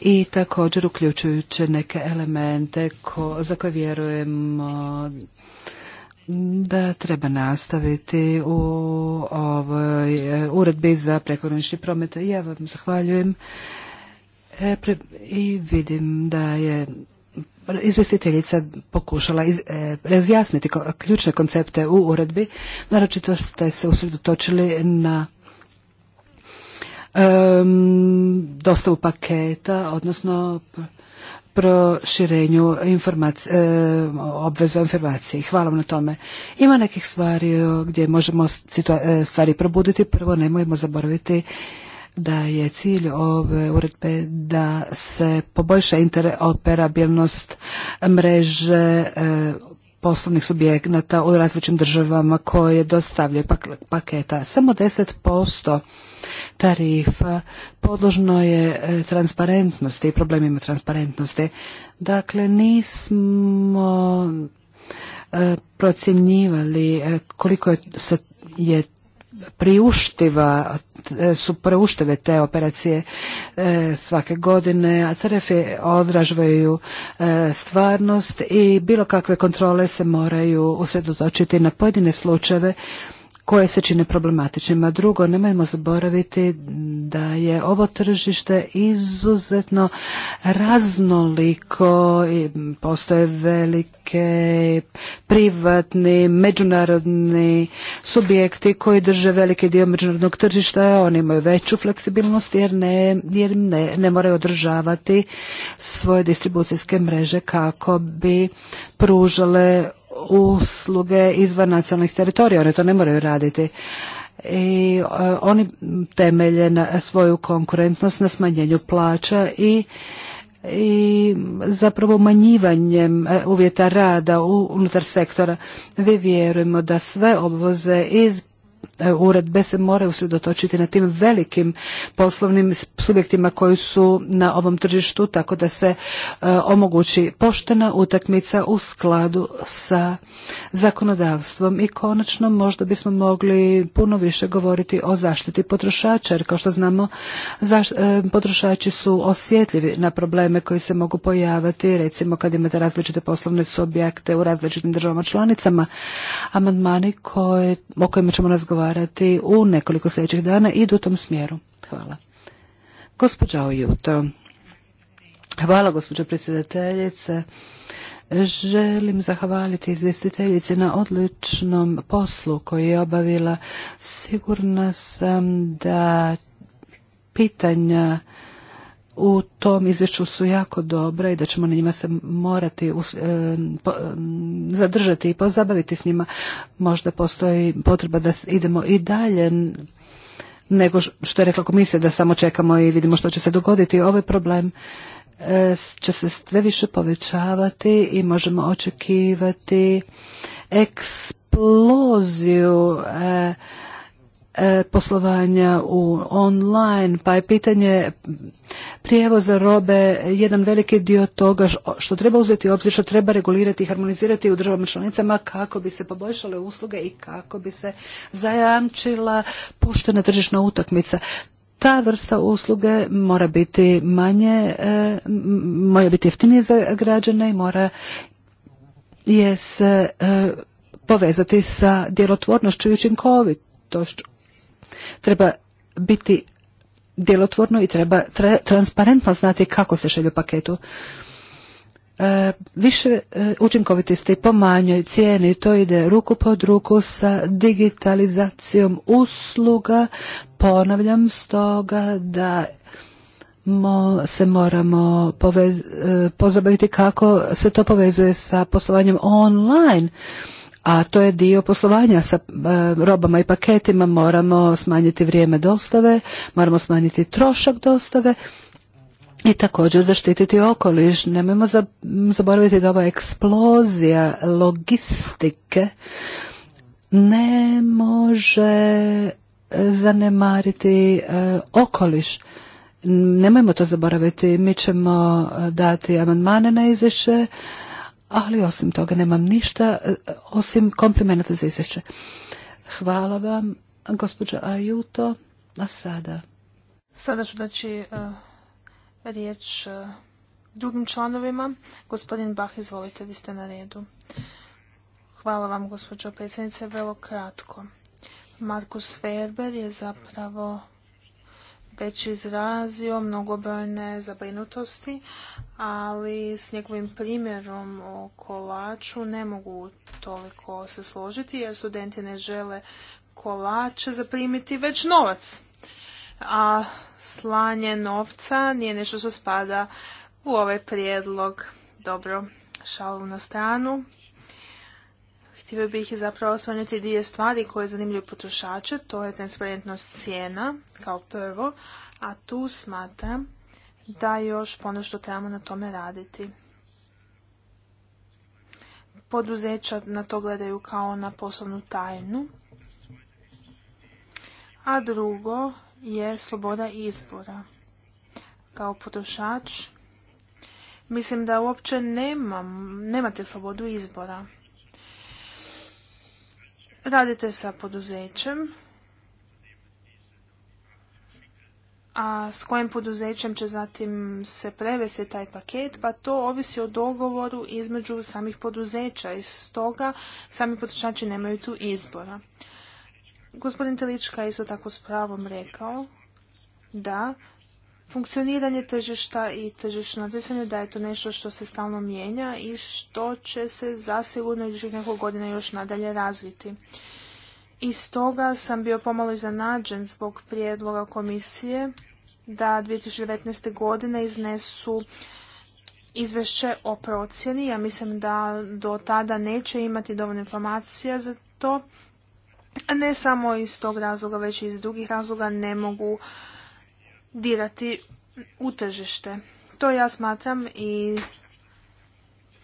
i također uključujući neke elemente za koje vjerujemo da treba nastaviti u ovoj e, uredbi za prekogranični promet. Ja vam zahvaljujem e, i vidim da je izvjestiteljica pokušala e, razjasniti ključne koncepte u uredbi. Naročito ste se usredotočili na dostavu paketa, odnosno proširenju e, obveza informaciji. Hvala vam na tome. Ima nekih stvari e, gdje možemo stvari probuditi. Prvo, nemojmo zaboraviti da je cilj ove uredbe da se poboljša interoperabilnost mreže e, poslovnih subjekata u različitim državama koje dostavljaju paketa. Samo 10% tarifa podložno je e, transparentnosti i problemima transparentnosti. Dakle, nismo e, procjenjivali koliko je priuštiva, e, su preuštive te operacije e, svake godine, a trefi odražvaju e, stvarnost i bilo kakve kontrole se moraju usredotočiti na pojedine slučajeve koje se čine problematičnima. Drugo, nemojmo zaboraviti da je ovo tržište izuzetno raznoliko, i postoje velike privatni, međunarodni subjekti koji drže veliki dio međunarodnog tržišta, oni imaju veću fleksibilnost jer ne, jer ne, ne moraju održavati svoje distribucijske mreže kako bi pružale usluge izvan nacionalnih teritorija, one to ne moraju raditi i e, oni temelje na svoju konkurentnost na smanjenju plaća i i zapravo manjivanjem e, uvjeta rada unutar sektora. Vi vjerujemo da sve obvoze iz E, uredbe se moraju sredotočiti na tim velikim poslovnim subjektima koji su na ovom tržištu tako da se e, omogući poštena utakmica u skladu sa zakonodavstvom i konačno možda bismo mogli puno više govoriti o zaštiti potrošača jer kao što znamo e, potrošači su osjetljivi na probleme koji se mogu pojavati, recimo kad imate različite poslovne subjekte u različitim državama članicama amandmani koje, o kojima ćemo razgovarati razgovarati u nekoliko sljedećih dana i u tom smjeru. Hvala. Gospođa Ojuto. Hvala gospođo predsjedateljice. Želim zahvaliti izvjestiteljici na odličnom poslu koji je obavila. Sigurna sam da pitanja u tom izvješću su jako dobra i da ćemo na njima se morati e, e, zadržati i pozabaviti s njima. Možda postoji potreba da idemo i dalje nego što je rekla komisija da samo čekamo i vidimo što će se dogoditi. Ovaj problem e, će se sve više povećavati i možemo očekivati eksploziju poslovanja u online, pa je pitanje prijevoza robe jedan veliki dio toga što treba uzeti u obzir, što treba regulirati i harmonizirati u državama članicama kako bi se poboljšale usluge i kako bi se zajamčila puštena tržišna utakmica. Ta vrsta usluge mora biti manje, e, mora biti jeftinije za građane i mora je se e, povezati sa djelotvornošću i učinkovitošću Treba biti djelotvorno i treba transparentno znati kako se šelju paketu. E, više e, učinkovitosti po manjoj cijeni, to ide ruku pod ruku sa digitalizacijom usluga. Ponavljam stoga da mo, se moramo e, pozabaviti kako se to povezuje sa poslovanjem online a to je dio poslovanja sa e, robama i paketima. Moramo smanjiti vrijeme dostave, moramo smanjiti trošak dostave i također zaštititi okoliš. Nemojmo zaboraviti da ova eksplozija logistike ne može zanemariti e, okoliš. Nemojmo to zaboraviti. Mi ćemo dati amandmane na izvješće ali osim toga nemam ništa e, osim komplimenata za izvješće. Hvala vam, gospođa Ajuto. A sada? Sada ću daći e, riječ e, drugim članovima. Gospodin Bach, izvolite, vi ste na redu. Hvala vam, gospođo predsjednice, vrlo kratko. Markus Ferber je zapravo već izrazio mnogobrojne zabrinutosti, ali s njegovim primjerom o kolaču ne mogu toliko se složiti jer studenti ne žele kolače zaprimiti, već novac. A slanje novca nije nešto što spada u ovaj prijedlog. Dobro, šalu na stranu. Htio bih zapravo osvrnuti dvije stvari koje zanimljuju potrošače. To je transparentnost cijena kao prvo, a tu smatram da još ponošto trebamo na tome raditi. Poduzeća na to gledaju kao na poslovnu tajnu. A drugo je sloboda izbora. Kao potrošač mislim da uopće nemate slobodu izbora radite sa poduzećem, a s kojim poduzećem će zatim se prevesti taj paket, pa to ovisi o dogovoru između samih poduzeća i stoga sami potrošači nemaju tu izbora. Gospodin Telička je isto tako s pravom rekao da funkcioniranje tržišta i tržišno natjecanje, da je to nešto što se stalno mijenja i što će se zasigurno još nekoliko godina još nadalje razviti. I stoga sam bio pomalo iznenađen zbog prijedloga komisije da 2019. godine iznesu izvješće o procjeni. Ja mislim da do tada neće imati dovoljno informacija za to. Ne samo iz tog razloga, već i iz drugih razloga ne mogu dirati u tržište. To ja smatram i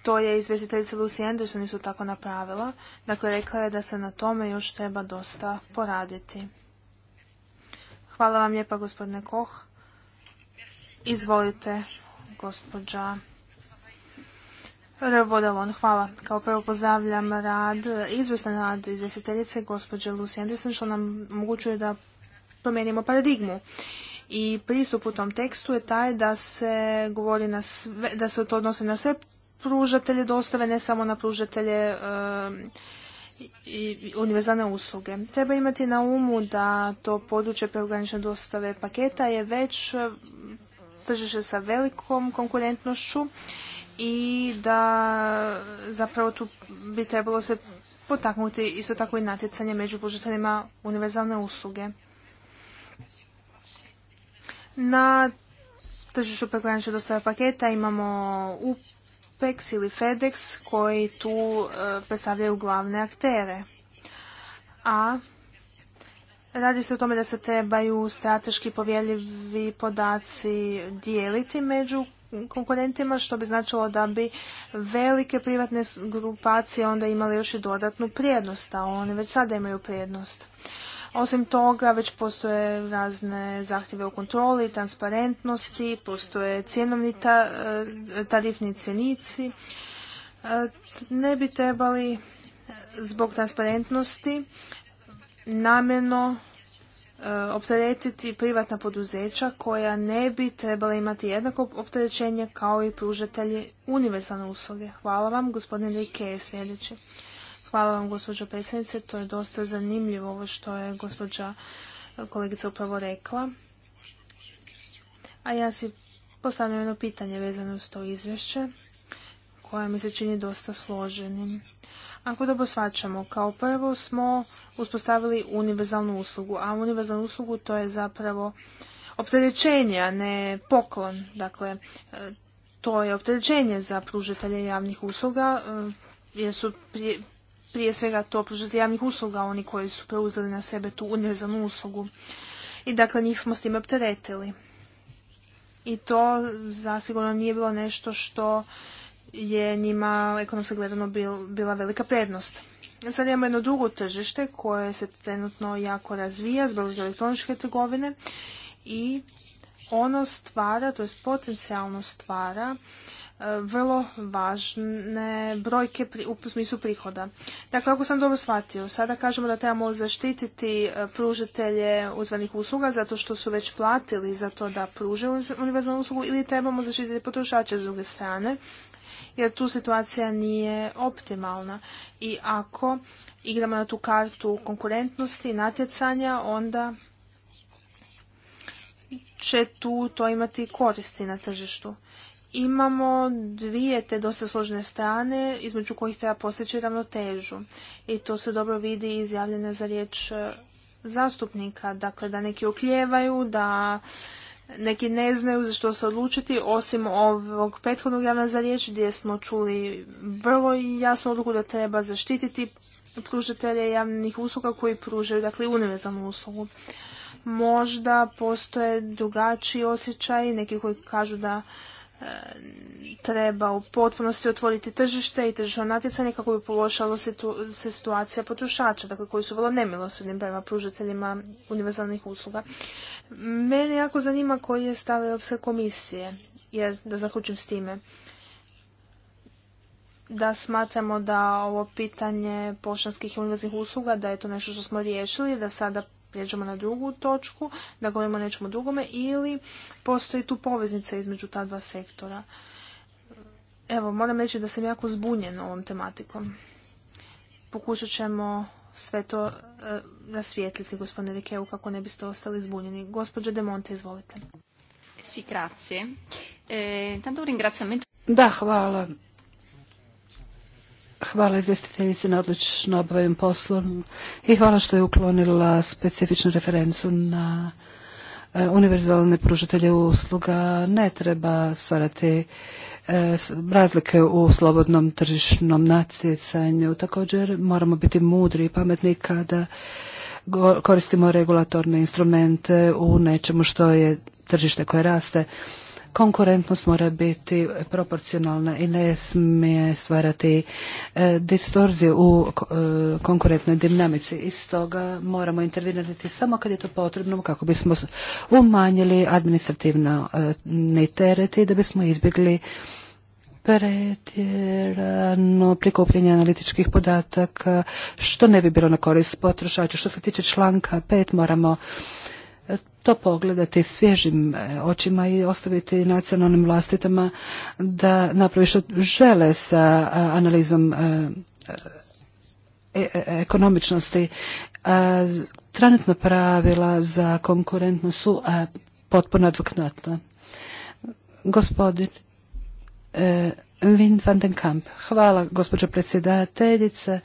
to je izvjestiteljica Lucy Anderson isto tako napravila. Dakle, rekla je da se na tome još treba dosta poraditi. Hvala vam lijepa, gospodine Koh. Izvolite, gospođa Revodalon. Hvala. Kao prvo pozdravljam rad, izvrsne rad izvjestiteljice, gospođe Lucy Anderson, što nam omogućuje da promijenimo paradigmu i pristup u tom tekstu je taj da se govori na sve, da se to odnosi na sve pružatelje dostave, ne samo na pružatelje um, i univerzalne usluge. Treba imati na umu da to područje preogranične dostave paketa je već um, tržište sa velikom konkurentnošću i da zapravo tu bi trebalo se potaknuti isto tako i natjecanje među pružateljima univerzalne usluge. Na tržištu prekogranične dostave paketa imamo UPEX ili FedEx koji tu e, predstavljaju glavne aktere. A Radi se o tome da se trebaju strateški povjeljivi podaci dijeliti među konkurentima, što bi značilo da bi velike privatne grupacije onda imale još i dodatnu prijednost, a oni već sada imaju prijednost. Osim toga, već postoje razne zahtjeve o kontroli, transparentnosti, postoje cjenovni e, tarifni cenici. E, ne bi trebali zbog transparentnosti namjerno e, opteretiti privatna poduzeća koja ne bi trebala imati jednako opterećenje kao i pružatelji univerzalne usluge. Hvala vam, gospodine Rike, sljedeći. Hvala vam gospođo predsjednice, to je dosta zanimljivo ovo što je gospođa eh, kolegica upravo rekla. A ja si postavljam jedno pitanje vezano uz to izvješće koje mi se čini dosta složenim. Ako dobro posvaćamo, kao prvo smo uspostavili univerzalnu uslugu, a univerzalnu uslugu to je zapravo opterećenje, a ne poklon. Dakle, eh, to je opterećenje za pružatelje javnih usluga, eh, jer su prije svega to pružati javnih usluga, oni koji su preuzeli na sebe tu univerzalnu uslugu. I dakle njih smo s time opteretili. I to zasigurno nije bilo nešto što je njima ekonomski gledano bila velika prednost. Sad imamo jedno drugo tržište koje se trenutno jako razvija zbog elektroničke trgovine i ono stvara, to jest potencijalno stvara E, vrlo važne brojke u smislu prihoda. Dakle, ako sam dobro shvatio, sada kažemo da trebamo zaštititi e, pružatelje uzvanih usluga zato što su već platili za to da pruže univerzalnu uslugu ili trebamo zaštititi potrošače s druge strane jer tu situacija nije optimalna. I ako igramo na tu kartu konkurentnosti i natjecanja, onda će tu to imati koristi na tržištu imamo dvije te dosta složene strane između kojih treba postići ravnotežu. I to se dobro vidi iz javljene za riječ e, zastupnika. Dakle, da neki okljevaju, da neki ne znaju za što se odlučiti, osim ovog prethodnog javna za riječ gdje smo čuli vrlo jasnu odluku da treba zaštititi pružatelje javnih usluga koji pružaju dakle, univerzalnu uslugu. Možda postoje drugačiji osjećaj, neki koji kažu da treba u potpunosti otvoriti tržište i tržišno natjecanje kako bi pološalo se situacija potrošača, dakle koji su vrlo nemilosrdni prema pružateljima univerzalnih usluga. Mene jako zanima koji je stav Europske komisije, jer da zaključim s time, da smatramo da ovo pitanje poštanskih i univerzalnih usluga, da je to nešto što smo riješili, da sada prijeđemo na drugu točku, da govorimo o nečemu drugome ili postoji tu poveznica između ta dva sektora. Evo, moram reći da sam jako zbunjen ovom tematikom. Pokušat ćemo sve to e, gospodine Rikeu, kako ne biste ostali zbunjeni. Gospođo De Monte, izvolite. Eh, da, hvala. Hvala izvjestiteljici na odlično obavljenom poslu i hvala što je uklonila specifičnu referencu na e, univerzalne pružatelje usluga. Ne treba stvarati e, razlike u slobodnom tržišnom natjecanju. Također moramo biti mudri i pametni kada koristimo regulatorne instrumente u nečemu što je tržište koje raste konkurentnost mora biti proporcionalna i ne smije stvarati e, distorzije u e, konkurentnoj dinamici. I stoga moramo intervenirati samo kad je to potrebno kako bismo umanjili administrativno e, teret i da bismo izbjegli pretjerano prikupljanje analitičkih podataka, što ne bi bilo na korist potrošača. Što se tiče članka 5, moramo to pogledati svježim e, očima i ostaviti nacionalnim vlastitama da napravi što žele sa analizom e, e, ekonomičnosti. trenutna pravila za konkurentnost su a, potpuno advokatna. Gospodin Wim van den Kamp. Hvala, gospođo predsjedateljice.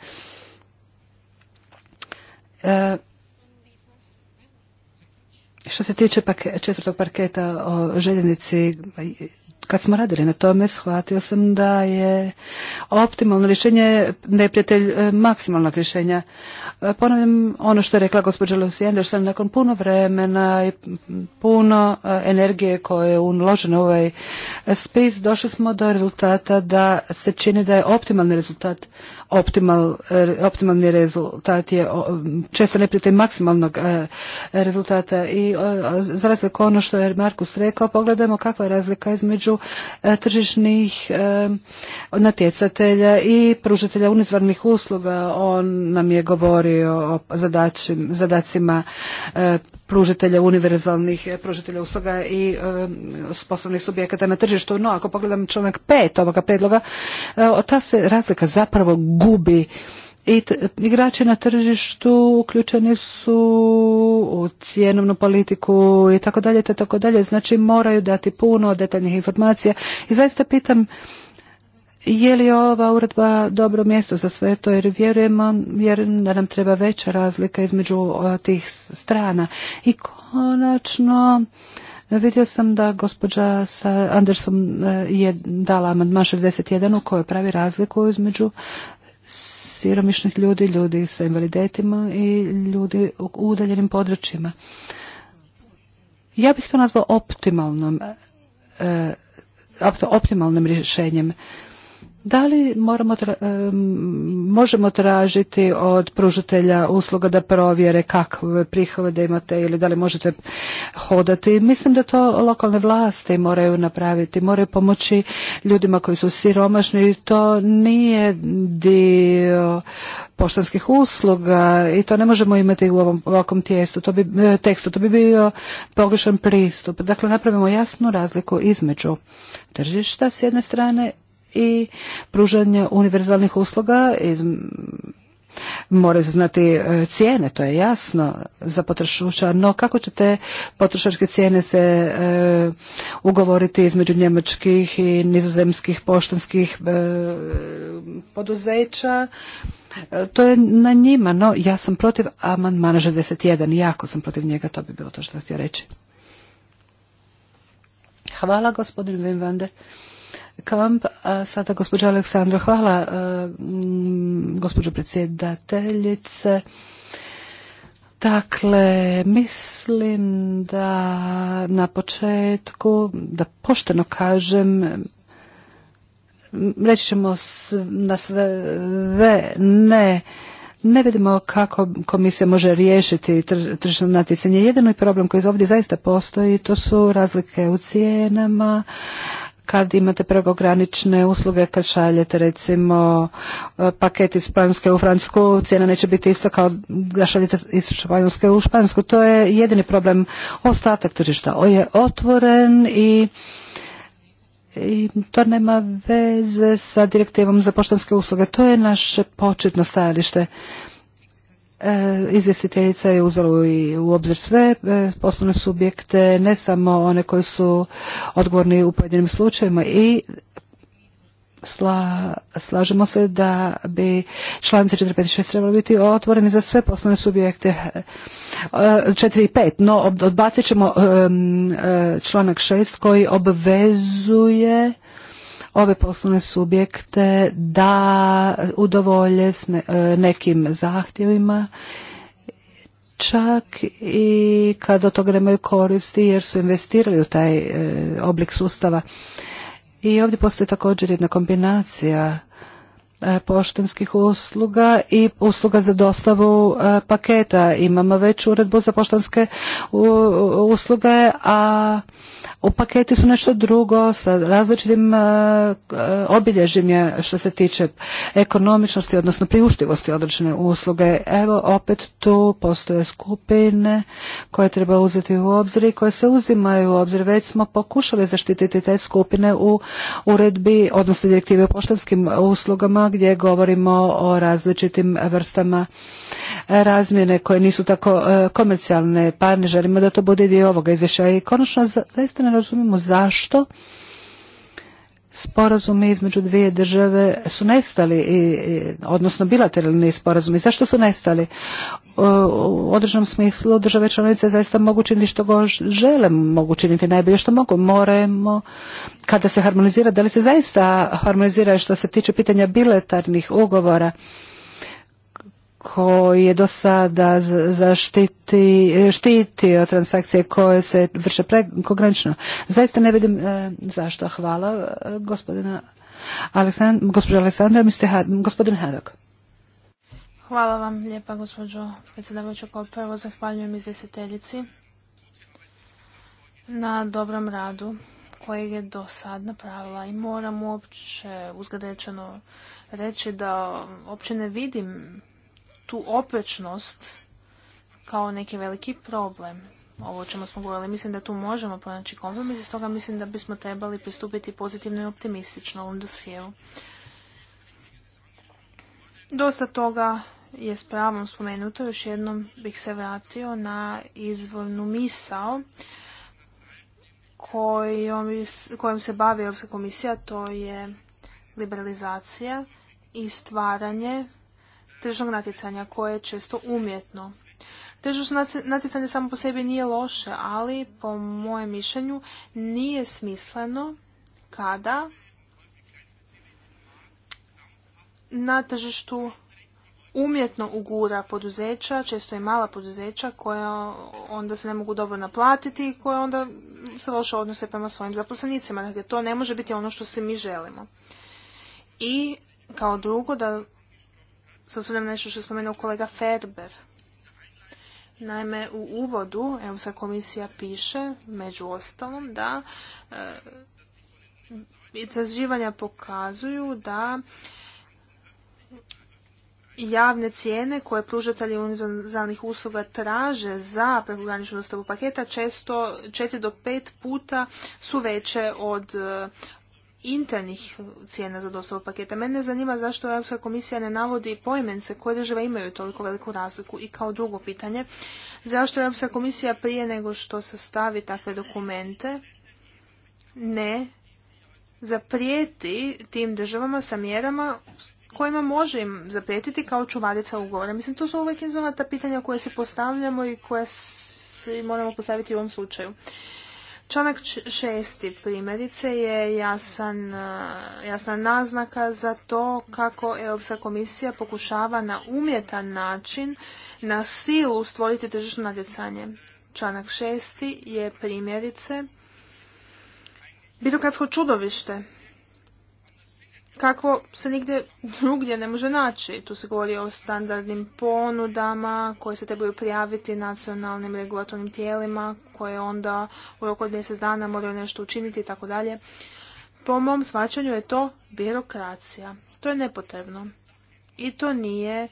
Što se tiče četvrtog parketa o željenici, kad smo radili na tome, shvatio sam da je optimalno rješenje neprijatelj e, maksimalnog rješenja. E, ponavljam ono što je rekla gospođa Lucy Anderson, nakon puno vremena i puno e, energije koje je uloženo u ovaj spis, došli smo do rezultata da se čini da je optimalni rezultat optimal, er, optimalni rezultat je često ne maksimalnog e, rezultata i e, za razliku ono što je Markus rekao, pogledajmo kakva je razlika između e, tržišnih natjecatelja i pružatelja unizvarnih usluga. On nam je govorio o zadacima pružitelja univerzalnih e, pružitelja usluga i e, sposobnih subjekata na tržištu. No, ako pogledam članak 5 ovoga predloga, e, ta se razlika zapravo gubi i igrači na tržištu uključeni su u cjenovnu politiku i tako dalje, tako dalje. Znači moraju dati puno detaljnih informacija i zaista pitam je li ova uredba dobro mjesto za sve to jer vjerujemo vjerujem da nam treba veća razlika između tih strana i konačno Vidio sam da gospođa sa Andersom e, je dala amandman 61 u kojoj pravi razliku između siromišnih ljudi, ljudi sa invalidetima i ljudi u udaljenim područjima. Ja bih to nazvao optimalnom e, optimalnim rješenjem. Da li moramo možemo tražiti od pružatelja usluga da provjere kakve prihode imate ili da li možete hodati? Mislim da to lokalne vlasti moraju napraviti, moraju pomoći ljudima koji su siromašni i to nije dio poštanskih usluga i to ne možemo imati u ovom ovakvom tijestu, to bi, e, tekstu. To bi bio pogrešan pristup. Dakle, napravimo jasnu razliku između tržišta s jedne strane i pružanje univerzalnih usluga iz moraju se znati e, cijene, to je jasno za potrošača, no kako će te potrošačke cijene se e, ugovoriti između njemačkih i nizozemskih poštanskih e, poduzeća? E, to je na njima, no ja sam protiv amandmana 61, jako sam protiv njega, to bi bilo to što htio reći. Hvala gospodinu Kamp, a sada gospođa Aleksandra. Hvala e, gospođo predsjedateljice. Dakle, mislim da na početku, da pošteno kažem, reći ćemo na sve ve, ne, ne vidimo kako komisija može riješiti tržišno natjecanje. Jedan problem koji ovdje zaista postoji, to su razlike u cijenama, kad imate prekogranične usluge, kad šaljete recimo e, paket iz Španjolske u Francusku, cijena neće biti ista kao da šaljete iz Španjolske u Španjolsku. To je jedini problem. Ostatak tržišta On je otvoren i i to nema veze sa direktivom za poštanske usluge. To je naše početno stajalište. E, izvjestiteljica je uzela u obzir sve e, poslovne subjekte, ne samo one koji su odgovorni u pojedinim slučajima i slažemo se da bi članice 4, 5 i 6 trebali biti otvoreni za sve poslovne subjekte 4 e, i 5, no odbacit ćemo članak 6 koji obvezuje ove poslovne subjekte da udovolje s e, nekim zahtjevima čak i kad od toga nemaju koristi jer su investirali u taj e, oblik sustava. I ovdje postoji također jedna kombinacija E, poštanskih usluga i usluga za dostavu e, paketa. Imamo već uredbu za poštanske usluge, a u paketi su nešto drugo sa različitim e, obilježjima što se tiče ekonomičnosti, odnosno priuštivosti određene usluge. Evo opet tu postoje skupine koje treba uzeti u obzir i koje se uzimaju u obzir. Već smo pokušali zaštititi te skupine u uredbi, odnosno direktive o poštanskim uslugama gdje govorimo o različitim vrstama razmjene koje nisu tako e, komercijalne, pa ne želimo da to bude dio ovoga izvješća. I konačno zaista ne razumijemo zašto sporazumi između dvije države su nestali, odnosno bilateralni sporazumi. Zašto su nestali? U određenom smislu države članice zaista mogu činiti što go žele, mogu činiti najbolje što mogu. Moremo, kada se harmonizira, da li se zaista harmonizira što se tiče pitanja bilateralnih ugovora? koji je do sada zaštiti, štitio transakcije koje se vrše prekogranično. Zaista ne vidim e, zašto. Hvala e, gospodina Aleksandra, gospođa Aleksandra, gospodin Hadok. Hvala vam lijepa gospođo predsjedavajuća. Kao evo zahvaljujem izvjestiteljici na dobrom radu kojeg je do sad napravila i moram uopće uzgadečeno reći da uopće ne vidim tu oprečnost kao neki veliki problem. Ovo o čemu smo govorili, mislim da tu možemo pronaći kompromis i stoga mislim da bismo trebali pristupiti pozitivno i optimistično ovom dosijevu. Dosta toga je s pravom spomenuto, još jednom bih se vratio na izvornu misao kojom se bavi Europska komisija, to je liberalizacija i stvaranje tržnog natjecanja koje je često umjetno. Tržišno natjecanje samo po sebi nije loše, ali po mojem mišljenju nije smisleno kada na tržištu umjetno ugura poduzeća, često i mala poduzeća koja onda se ne mogu dobro naplatiti i koja onda se loše odnose prema svojim zaposlenicima. Dakle, to ne može biti ono što se mi želimo. I kao drugo, da s na nešto što je spomenuo kolega Ferber. Naime, u uvodu Europska komisija piše, među ostalom, da e, istraživanja pokazuju da javne cijene koje pružatelji univerzalnih usluga traže za prekograničnu dostavu paketa često četiri do pet puta su veće od e, internih cijena za dostavu paketa. Mene zanima zašto Europska komisija ne navodi pojmence koje države imaju toliko veliku razliku. I kao drugo pitanje, zašto Europska komisija prije nego što se stavi takve dokumente ne zaprijeti tim državama sa mjerama kojima može im zaprijetiti kao čuvarica ugovora. Mislim, to su uvijek izvona pitanja koje se postavljamo i koja si moramo postaviti u ovom slučaju. Članak šesti primjerice je jasan, e, jasna naznaka za to kako Europska komisija pokušava na umjetan način na silu stvoriti tržišno natjecanje. Članak šesti je primjerice birokratsko čudovište kako se nigdje drugdje ne može naći. Tu se govori o standardnim ponudama koje se trebaju prijaviti nacionalnim regulatornim tijelima koje onda u roku od mjesec dana moraju nešto učiniti i tako dalje. Po mom svačanju je to birokracija. To je nepotrebno i to nije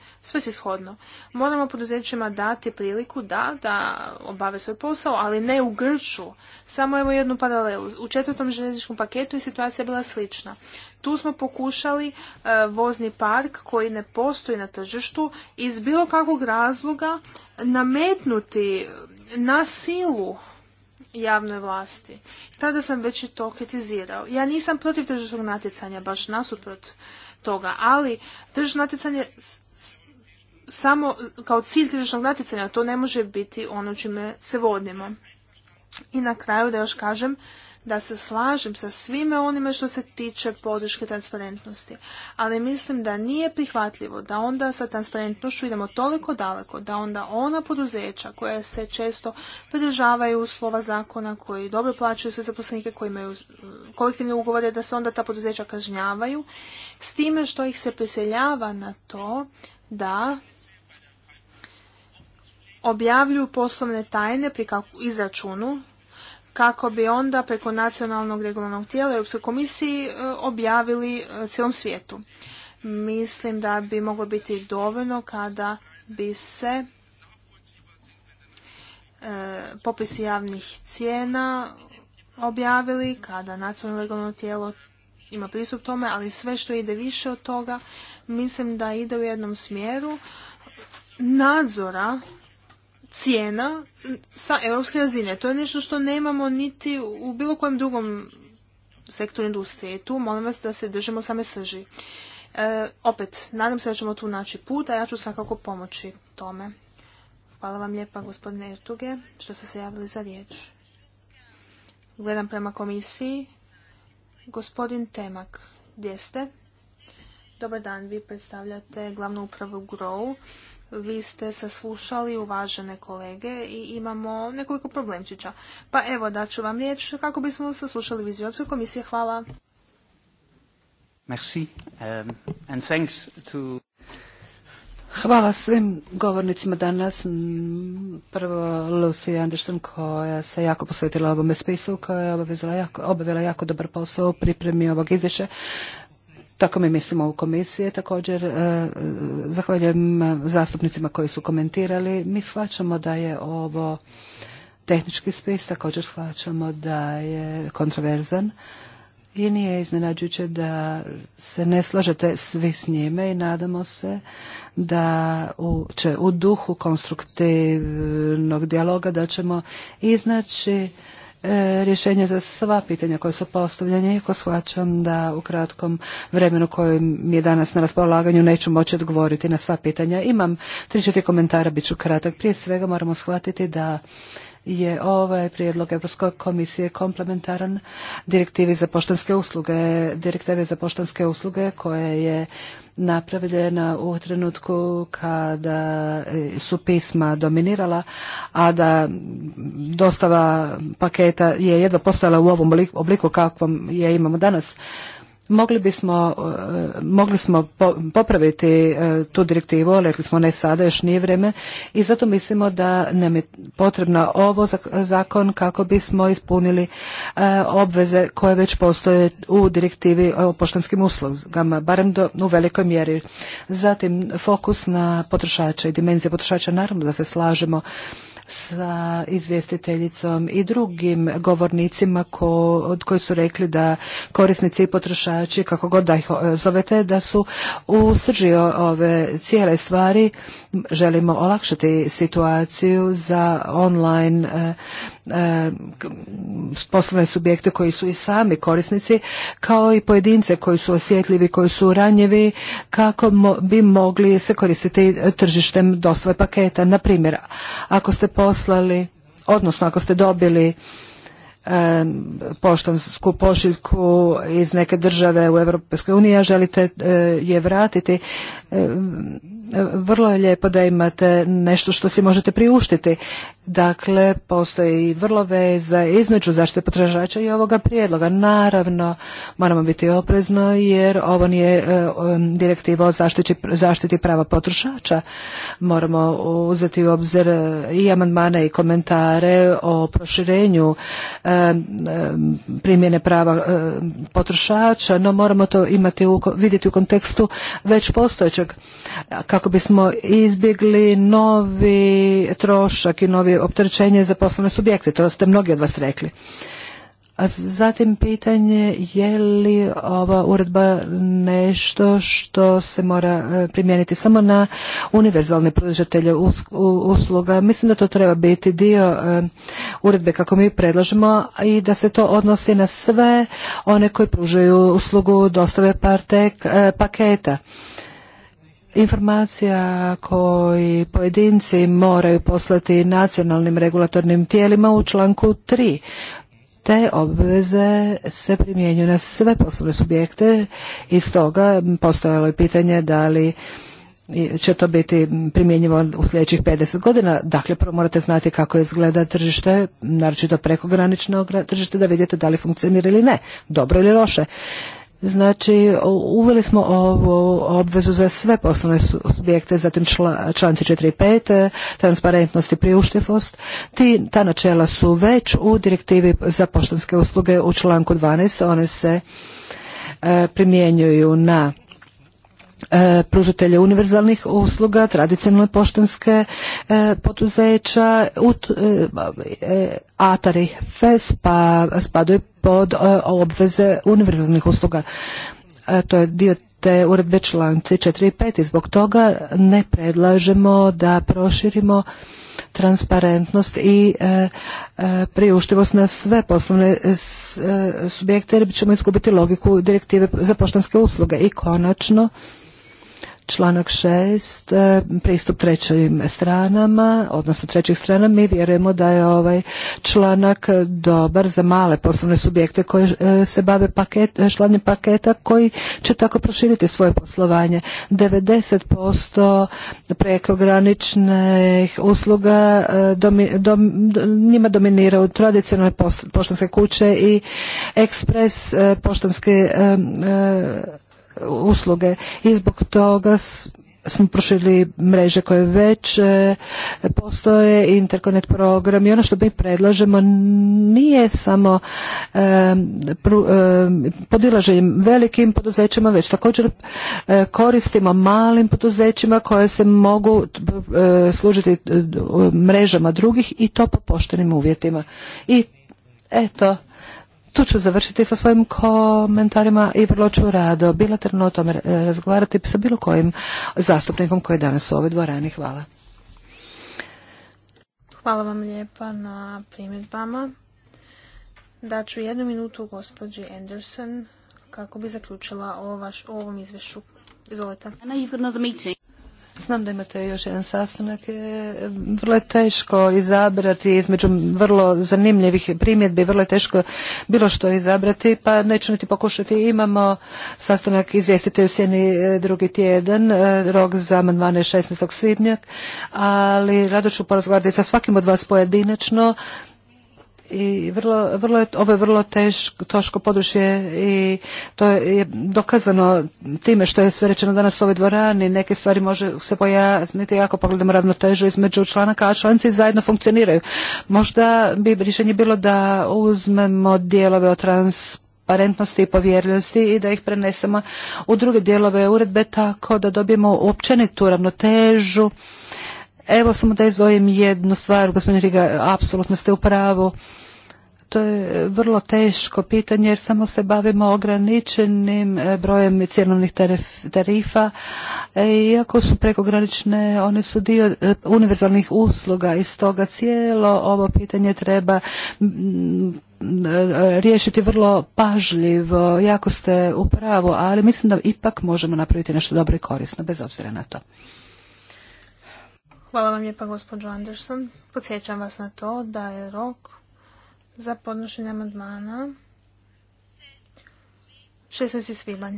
shodno. Moramo poduzećima dati priliku da, da obave svoj posao, ali ne u grču. Samo evo jednu paralelu. U četvrtom željezničkom paketu je situacija bila slična. Tu smo pokušali e, vozni park koji ne postoji na tržištu iz bilo kakvog razloga nametnuti na silu javnoj vlasti. Tada sam već i to kritizirao. Ja nisam protiv tržišnog natjecanja, baš nasuprot toga, ali tržišno natjecanje samo kao cilj tržišnog natjecanja, to ne može biti ono čime se vodimo. I na kraju da još kažem da se slažem sa svime onime što se tiče podrške transparentnosti, ali mislim da nije prihvatljivo da onda sa transparentnošću idemo toliko daleko da onda ona poduzeća koja se često pridržavaju slova zakona, koji dobro plaćaju sve zaposlenike, koji imaju uh, kolektivne ugovore, da se onda ta poduzeća kažnjavaju, s time što ih se priseljava na to da objavljuju poslovne tajne pri izračunu kako bi onda preko nacionalnog regularnog tijela Europskoj komisiji e, objavili e, cijelom svijetu. Mislim da bi moglo biti dovoljno kada bi se e, popisi javnih cijena objavili, kada nacionalno regularno tijelo ima pristup tome, ali sve što ide više od toga, mislim da ide u jednom smjeru nadzora cijena sa europske razine. To je nešto što nemamo niti u bilo kojem drugom sektoru industrije. Tu molim vas da se držimo same srži. E, opet, nadam se da ćemo tu naći put, a ja ću svakako pomoći tome. Hvala vam lijepa gospodine Ertuge što ste se javili za riječ. Gledam prema komisiji. Gospodin Temak, gdje ste? Dobar dan, vi predstavljate glavnu upravu GROW vi ste saslušali uvažene kolege i imamo nekoliko problemčića. Pa evo, ću vam riječ kako bismo saslušali viziju Europske komisije. Hvala. Merci. Um, and thanks to... Hvala svim govornicima danas. Mm, Prvo Lucy Anderson koja se jako posvetila ovome spisu, koja je obavila jako, obavila jako dobar posao u pripremi ovog izvješća. Tako mi mislimo u komisiji. Također e, e, zahvaljujem zastupnicima koji su komentirali. Mi shvaćamo da je ovo tehnički spis, također shvaćamo da je kontroverzan i nije iznenađujuće da se ne slažete svi s njime i nadamo se da će u duhu konstruktivnog dijaloga da ćemo iznaći E, rješenje za sva pitanja koja su i iako shvaćam da u kratkom vremenu koje mi je danas na raspolaganju neću moći odgovoriti na sva pitanja. Imam tri četiri komentara, bit ću kratak. Prije svega moramo shvatiti da je ovaj prijedlog Europske komisije komplementaran direktivi za poštanske usluge, direktive za poštanske usluge koje je napravljena u trenutku kada su pisma dominirala, a da dostava paketa je jedva postala u ovom obliku kakvom je imamo danas. Mogli bismo, e, mogli smo popraviti e, tu direktivu, rekli smo ne sada, još nije vrijeme i zato mislimo da nam je potrebno ovo zakon kako bismo ispunili e, obveze koje već postoje u direktivi o poštanskim uslugama, barem u velikoj mjeri. Zatim fokus na potrošače i dimenzije potrošača, naravno da se slažemo sa izvjestiteljicom i drugim govornicima ko, od koji su rekli da korisnici i potrošači, kako god da ih e, zovete, da su u srži ove cijele stvari. Želimo olakšati situaciju za online e, e, poslovne subjekte koji su i sami korisnici, kao i pojedince koji su osjetljivi, koji su ranjivi, kako bi mogli se koristiti tržištem dostave paketa. Na primjer, ako ste poslali, odnosno ako ste dobili poštansku pošiljku iz neke države u Europskoj uniji, a želite e, je vratiti, vrlo je lijepo da imate nešto što si možete priuštiti. Dakle, postoji vrlo veza između zaštite potražača i ovoga prijedloga. Naravno, moramo biti oprezno jer ovo nije e, direktiva o zaštiti, prava potrošača. Moramo uzeti u obzir i amandmane i komentare o proširenju e, primjene prava potrošača, no moramo to imati u, vidjeti u kontekstu već postojećeg kako bismo izbjegli novi trošak i novi opterećenje za poslovne subjekte. To ste mnogi od vas rekli. A zatim pitanje je li ova uredba nešto što se mora e, primijeniti samo na univerzalne pružatelje usluga. Mislim da to treba biti dio e, uredbe kako mi predlažemo i da se to odnosi na sve one koji pružaju uslugu dostave partek, e, paketa informacija koji pojedinci moraju poslati nacionalnim regulatornim tijelima u članku 3 te obveze se primjenjuju na sve poslovne subjekte i stoga postojalo je pitanje da li će to biti primjenjivo u sljedećih 50 godina. Dakle, prvo morate znati kako izgleda tržište, naročito prekogranično tržište, da vidite da li funkcionira ili ne, dobro ili loše. Znači, uveli smo ovu obvezu za sve poslovne subjekte, zatim članci 4 i 5, e, transparentnost i priuštivost. ta načela su već u direktivi za poštanske usluge u članku 12. One se e, primjenjuju na E, pružatelje univerzalnih usluga, tradicionalne poštanske e, poduzeća, e, Atari FES pa spadaju pod obveze univerzalnih usluga. To je dio te uredbe članci 4 i 5 i zbog toga ne predlažemo da proširimo transparentnost i e, priuštivost na sve poslovne subjekte jer ćemo izgubiti logiku direktive za poštanske usluge i konačno Članak 6, e, pristup trećim stranama, odnosno trećih strana, mi vjerujemo da je ovaj članak dobar za male poslovne subjekte koji e, se bave paket, e, paketa koji će tako proširiti svoje poslovanje. 90% prekograničnih usluga njima dominira njima dominiraju tradicionalne poštanske kuće i ekspres poštanske usluge i zbog toga smo proširili mreže koje već e, postoje, Internet program i ono što mi predlažemo nije samo e, e, podilaženjem velikim poduzećima, već također koristimo malim poduzećima koje se mogu služiti mrežama drugih i to po poštenim uvjetima. I eto, tu ću završiti sa svojim komentarima i vrlo ću rado bilaterno o tome razgovarati sa bilo kojim zastupnikom koji je danas u ovoj dvorani. Hvala. Hvala vam lijepa na primjedbama. Daću jednu minutu gospođi Anderson kako bi zaključila o, vaš, o ovom izvješću. Izvolite. Znam da imate još jedan sastanak. E, vrlo je teško izabrati između vrlo zanimljivih primjedbi, vrlo je teško bilo što izabrati, pa neću niti pokušati. Imamo sastanak izvjestite u sjeni e, drugi tjedan, e, rok za amandmane 16. svibnja, ali rado ću porazgovarati sa svakim od vas pojedinačno i vrlo, vrlo je, ovo je vrlo teško, toško područje i to je dokazano time što je sve rečeno danas u ovoj dvorani. Neke stvari može se pojasniti ako pogledamo ravnotežu između članaka, a članci zajedno funkcioniraju. Možda bi rješenje bilo da uzmemo dijelove o transparentnosti i povjerljivosti i da ih prenesemo u druge dijelove uredbe tako da dobijemo općenitu ravnotežu Evo samo da izdvojim jednu stvar, gospodin Riga, apsolutno ste u pravu. To je vrlo teško pitanje jer samo se bavimo ograničenim e, brojem cjenovnih tarifa. E, iako su prekogranične, one su dio e, univerzalnih usluga i stoga cijelo ovo pitanje treba riješiti vrlo pažljivo. Jako ste u pravu, ali mislim da ipak možemo napraviti nešto dobro i korisno bez obzira na to. Hvala vam lijepa gospođo Anderson. Podsjećam vas na to da je rok za podnošenje amandmana 16. svibanj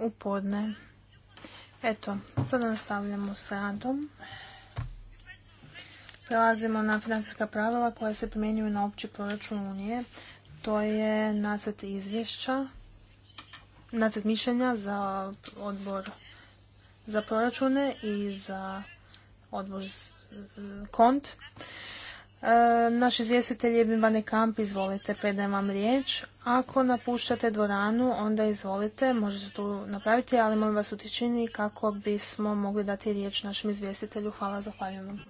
u podne. Eto, sada nastavljamo s radom. Prelazimo na financijska pravila koja se primjenjuju na opći proračun Unije. To je nacrt izvješća, nacrt mišljenja za odbor za proračune i za odbor eh, KONT. Eh, naš izvjestitelj je Bimane Kamp, izvolite, predajem vam riječ. Ako napuštate dvoranu, onda izvolite, možete to napraviti, ali molim vas u kako bismo mogli dati riječ našem izvjestitelju. Hvala, zahvaljujem vam.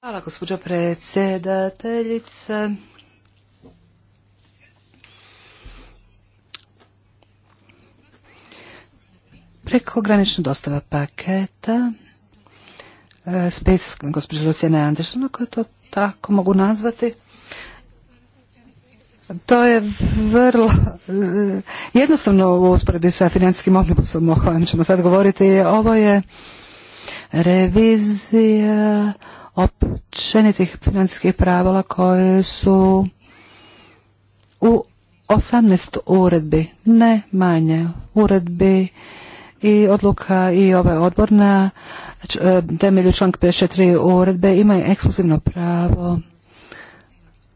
Hvala, gospođa predsjedateljice. Prekogranična dostava paketa spis gospođe Lucijane Andersona, koje to tako mogu nazvati. To je vrlo jednostavno u usporedbi sa financijskim omnibusom o kojem ćemo sad govoriti. Ovo je revizija općenitih financijskih pravila koje su u 18 uredbi, ne manje uredbi i odluka i ove ovaj odbor Znači, e, temelju članka 54 uredbe imaju ekskluzivno pravo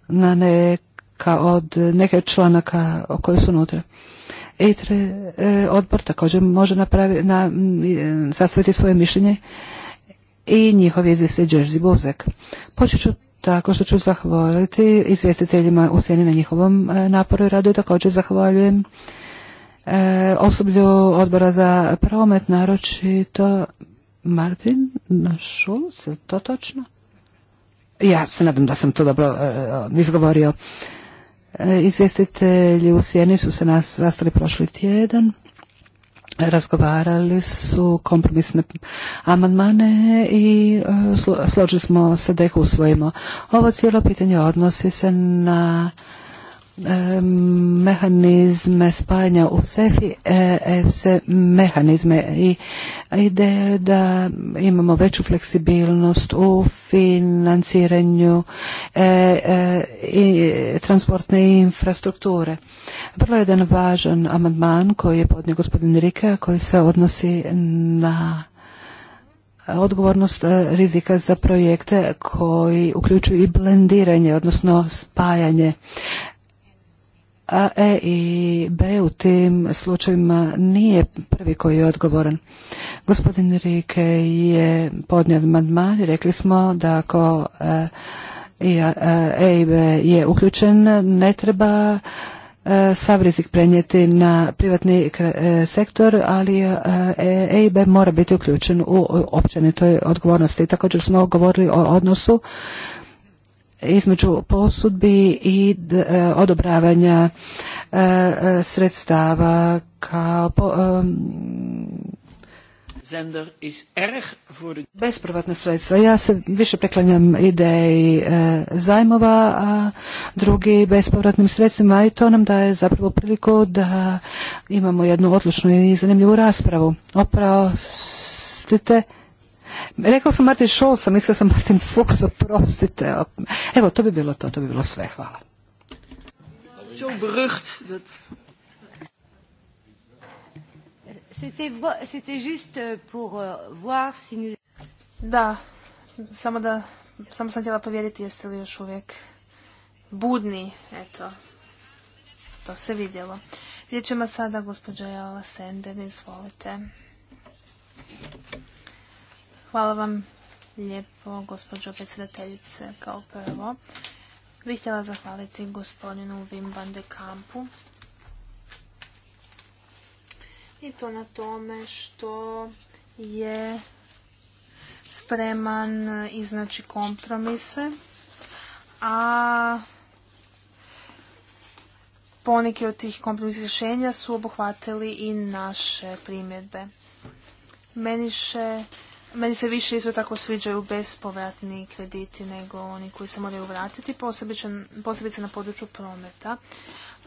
na neka od neke od članaka koji su unutra. EITRE e, odbor također može napravi, e, sastaviti svoje mišljenje i njihov izvjestitelj Jerzy Buzek. Počet ću tako što ću zahvaliti izvjestiteljima u sjeni na njihovom naporu i radu i također zahvaljujem osoblju odbora za promet, naročito Martin Šulc, je to točno? Ja se nadam da sam to dobro e, izgovorio. E, izvjestitelji u Sjeni su se nas zastali prošli tjedan. Razgovarali su kompromisne amandmane i e, složili smo se da ih usvojimo. Ovo cijelo pitanje odnosi se na mehanizme spajanja u SEFI, se mehanizme i ideje da imamo veću fleksibilnost u financiranju e, e, i transportne infrastrukture. Vrlo jedan važan amandman koji je podnio gospodin Rika koji se odnosi na odgovornost e, rizika za projekte koji uključuju i blendiranje, odnosno spajanje a EIB u tim slučajima nije prvi koji je odgovoran. Gospodin Rike je podnio amandman i rekli smo da ako EIB e, e je uključen, ne treba e, sav rizik prenijeti na privatni sektor, ali EIB mora biti uključen u općenitoj odgovornosti. Također smo govorili o odnosu između posudbi i e, odobravanja e, e, sredstava kao sredstva. Ja se više preklanjam ideji zajmova, a drugi bespovratnim sredstvima i to nam daje zapravo priliku da imamo jednu odlučnu i zanimljivu raspravu. Oprostite, Rekao sam Martin Šolca, mislio sam Martin Fuchs, oprostite. Evo, to bi bilo to, to bi bilo sve. Hvala. Da, samo da, samo sam htjela povjeriti jeste li još uvijek budni, eto. To se vidjelo. Riječ ima sada gospođa Jala Senden, izvolite. Hvala vam lijepo, gospođo predsjedateljice, kao prvo. Bih htjela zahvaliti gospodinu Wim van de Kampu. I to na tome što je spreman iznaći kompromise, a poneki od tih kompromis rješenja su obuhvatili i naše primjedbe. Meniše meni se više isto tako sviđaju bespovratni krediti nego oni koji se moraju vratiti, posebice na području prometa.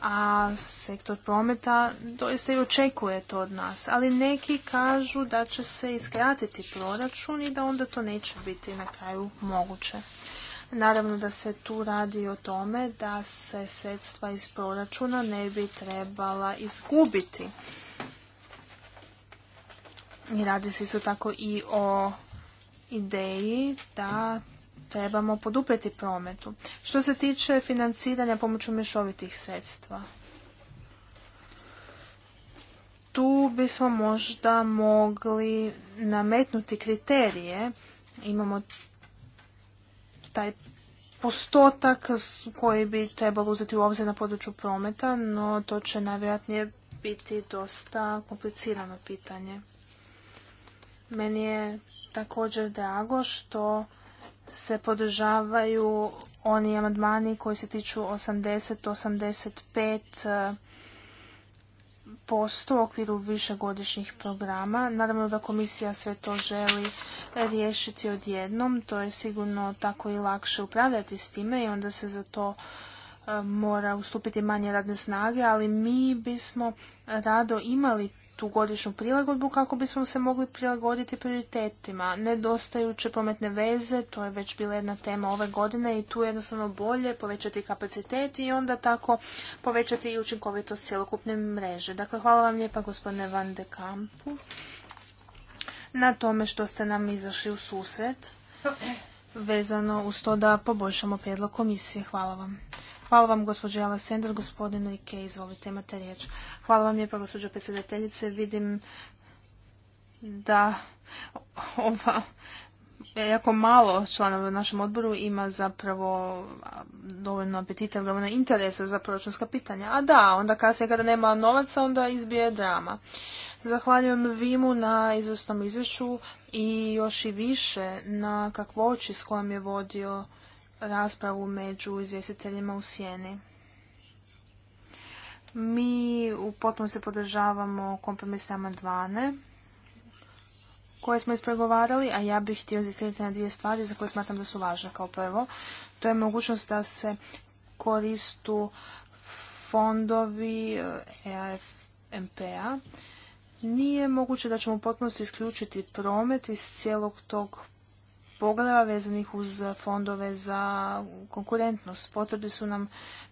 A sektor prometa doista i očekuje to od nas. Ali neki kažu da će se iskratiti proračun i da onda to neće biti na kraju moguće. Naravno da se tu radi o tome da se sredstva iz proračuna ne bi trebala izgubiti Radi se isto tako i o ideji da trebamo poduprijeti prometu. Što se tiče financiranja pomoću mješovitih sredstva, tu bismo možda mogli nametnuti kriterije. Imamo taj postotak koji bi trebalo uzeti u obzir na području prometa, no to će najvjerojatnije biti dosta komplicirano pitanje. Meni je također drago što se podržavaju oni amandmani koji se tiču 80-85% e, u okviru višegodišnjih programa. Naravno da komisija sve to želi riješiti odjednom, to je sigurno tako i lakše upravljati s time i onda se za to e, mora ustupiti manje radne snage, ali mi bismo rado imali tu godišnju prilagodbu kako bismo se mogli prilagoditi prioritetima. Nedostajuće prometne veze, to je već bila jedna tema ove godine i tu je jednostavno bolje povećati kapacitet i onda tako povećati i učinkovitost cjelokupne mreže. Dakle, hvala vam lijepa gospodine Van de Kampu na tome što ste nam izašli u susret vezano uz to da poboljšamo prijedlog komisije. Hvala vam. Hvala vam, gospođo Alessandra, gospodine izvolite, imate riječ. Hvala vam lijepa, gospođo predsjedateljice. Vidim da ova jako malo članova u našem odboru ima zapravo dovoljno apetita, dovoljno interesa za proračunska pitanja. A da, onda kasnije kada nema novaca, onda izbije drama. Zahvaljujem Vimu na izvrsnom izvješću i još i više na kakvoći s kojom je vodio raspravu među izvjestiteljima u sjeni. Mi u potpunosti podržavamo kompromisne amandmane koje smo ispregovarali, a ja bih htio insistirati na dvije stvari za koje smatram da su važne. Kao prvo, to je mogućnost da se koristu fondovi efmp eh, e a Nije moguće da ćemo u potpunosti isključiti promet iz cijelog tog poglava vezanih uz fondove za konkurentnost. Potrebni su nam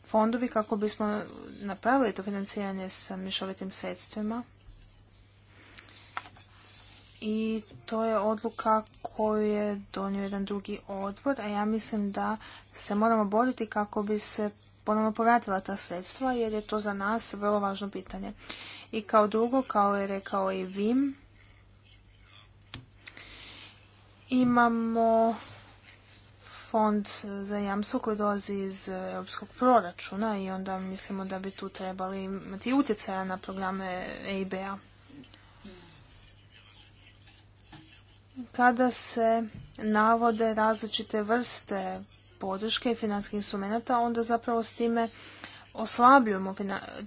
fondovi kako bismo napravili to financiranje sa mješovitim sredstvima. I to je odluka koju je donio jedan drugi odbor, a ja mislim da se moramo boriti kako bi se ponovno povratila ta sredstva, jer je to za nas vrlo važno pitanje. I kao drugo, kao je rekao i Vim, Imamo fond za jamstvo koji dolazi iz europskog proračuna i onda mislimo da bi tu trebali imati utjecaja na programe EIB-a. Kada se navode različite vrste podrške i financijskih instrumenta, onda zapravo s time oslabljujemo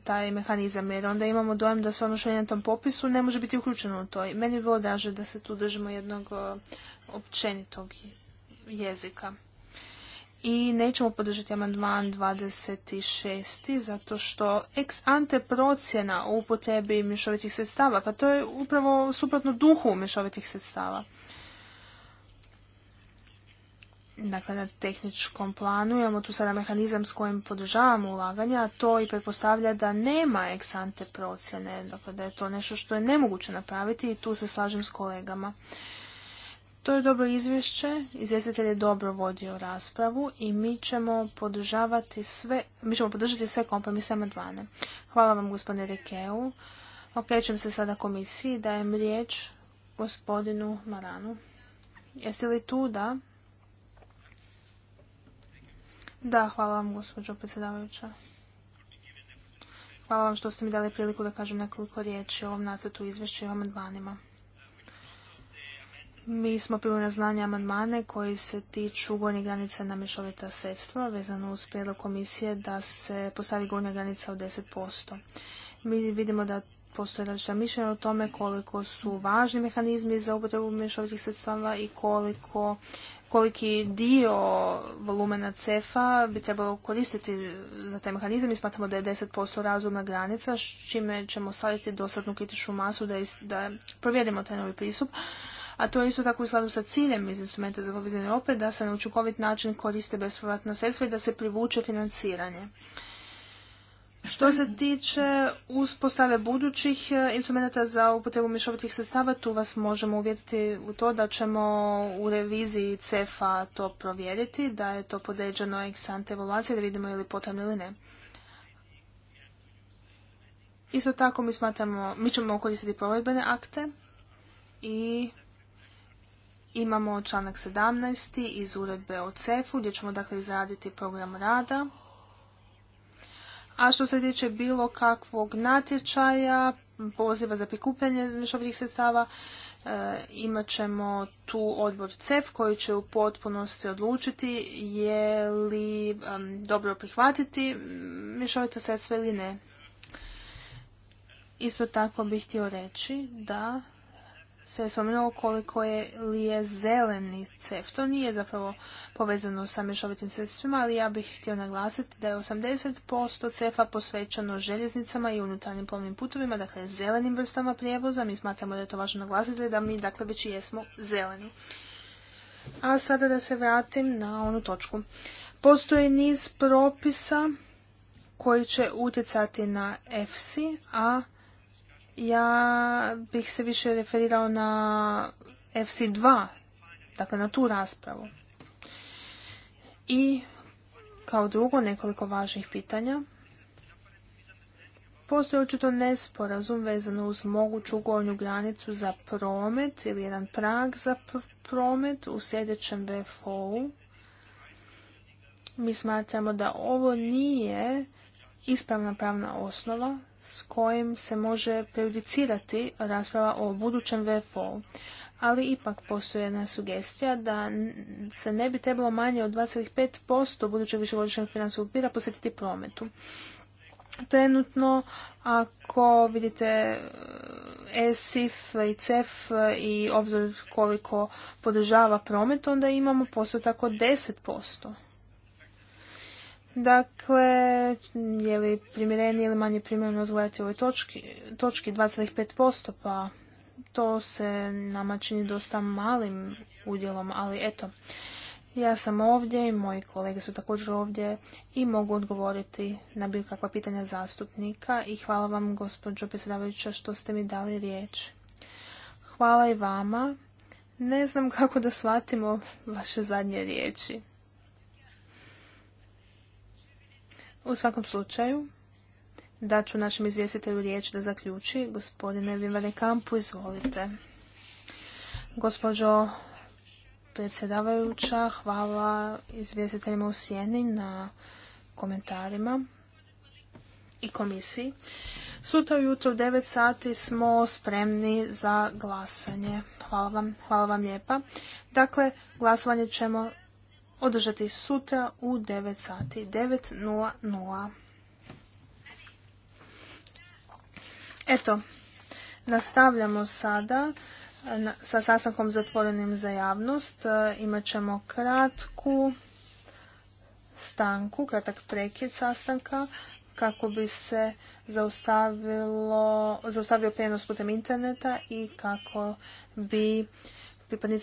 taj mehanizam, jer onda imamo dojam da se ono što je na tom popisu ne može biti uključeno u to. I meni bi bilo draže da se tu držimo jednog općenitog jezika. I nećemo podržati amandman 26. zato što ex ante procjena o upotrebi mješovitih sredstava, pa to je upravo suprotno duhu mješovitih sredstava. Dakle, na tehničkom planu imamo tu sada mehanizam s kojim podržavamo ulaganja, a to i pretpostavlja da nema ex ante procjene, dakle da je to nešto što je nemoguće napraviti i tu se slažem s kolegama. To je dobro izvješće, izvjestitelj je dobro vodio raspravu i mi ćemo podržavati sve, mi ćemo podržati sve kompromise amandmane. Hvala vam gospodine Rekeu. Okrećem se sada komisiji, dajem riječ gospodinu Maranu. Jeste li tu? Da. Da, hvala vam gospođo predsjedavajuća. Hvala vam što ste mi dali priliku da kažem nekoliko riječi o ovom nacrtu izvješća i o amandmanima. Mi smo prvo na znanje amandmane koji se tiču gornje granice na mješovita sredstva vezano uz prijedlog komisije da se postavi gornja granica od 10%. Mi vidimo da postoje različita mišljenja o tome koliko su važni mehanizmi za upotrebu mješovitih sredstava i koliko koliki dio volumena cefa bi trebalo koristiti za te mehanizme. i smatramo da je 10% razumna granica, s čime ćemo staviti dosadnu kritičnu masu da, da provjerimo taj novi pristup a to je isto tako u skladu sa ciljem iz instrumenta za povezanje opet da se na učinkovit način koriste bespovratna sredstva i da se privuče financiranje. Što se tiče uspostave budućih e, instrumenta za upotrebu mješovitih sredstava, tu vas možemo uvjetiti u to da ćemo u reviziji CEFA to provjeriti, da je to podređeno ex ante evaluacije, da vidimo je li potrebno ili ne. Isto tako mi smatramo, mi ćemo koristiti provedbene akte i Imamo članak 17. iz uredbe o CEF-u gdje ćemo dakle izraditi program rada. A što se tiče bilo kakvog natječaja, poziva za prikupljanje mišovnih sredstava, e, imat ćemo tu odbor CEF koji će u potpunosti odlučiti je li dobro prihvatiti mješovita sredstva ili ne. Isto tako bih htio reći da se spomenulo koliko je li je zeleni cef. To nije zapravo povezano sa mješovitim sredstvima, ali ja bih htio naglasiti da je 80% cefa posvećeno željeznicama i unutarnjim plovnim putovima, dakle zelenim vrstama prijevoza. Mi smatramo da je to važno naglasiti, da mi dakle već jesmo zeleni. A sada da se vratim na onu točku. Postoji niz propisa koji će utjecati na EFSI, a ja bih se više referirao na FC2, dakle na tu raspravu. I kao drugo nekoliko važnih pitanja. Postoji očito nesporazum vezano uz moguću gornju granicu za promet ili jedan prag za promet u sljedećem bfo Mi smatramo da ovo nije ispravna pravna osnova s kojim se može prejudicirati rasprava o budućem VFO-u. Ali ipak postoji jedna sugestija da se ne bi trebalo manje od 25% budućeg višegodišnjeg financijskog okvira posjetiti prometu. Trenutno, ako vidite ESIF i CEF e i obzor koliko podržava promet, onda imamo postotak od 10%. Dakle, je li primjerenije ili manje primjerno ozgledati o ovoj točki, točki 2,5%, pa to se nama čini dosta malim udjelom, ali eto, ja sam ovdje i moji kolege su također ovdje i mogu odgovoriti na bilo kakva pitanja zastupnika i hvala vam gospođo predsjedavajuća što ste mi dali riječ. Hvala i vama. Ne znam kako da shvatimo vaše zadnje riječi. U svakom slučaju, dat ću našem izvjestitelju riječ da zaključi. Gospodine Vivane izvolite. Gospođo predsjedavajuća, hvala izvjestiteljima u Sjeni na komentarima i komisiji. Sutra ujutro u 9 sati smo spremni za glasanje. Hvala vam, hvala vam lijepa. Dakle, glasovanje ćemo održati sutra u 9 sati, 9.00. Eto, nastavljamo sada eh, sa sastankom zatvorenim za javnost. Eh, imat ćemo kratku stanku, kratak prekid sastanka kako bi se zaustavilo, zaustavio prijenos putem interneta i kako bi pripadnici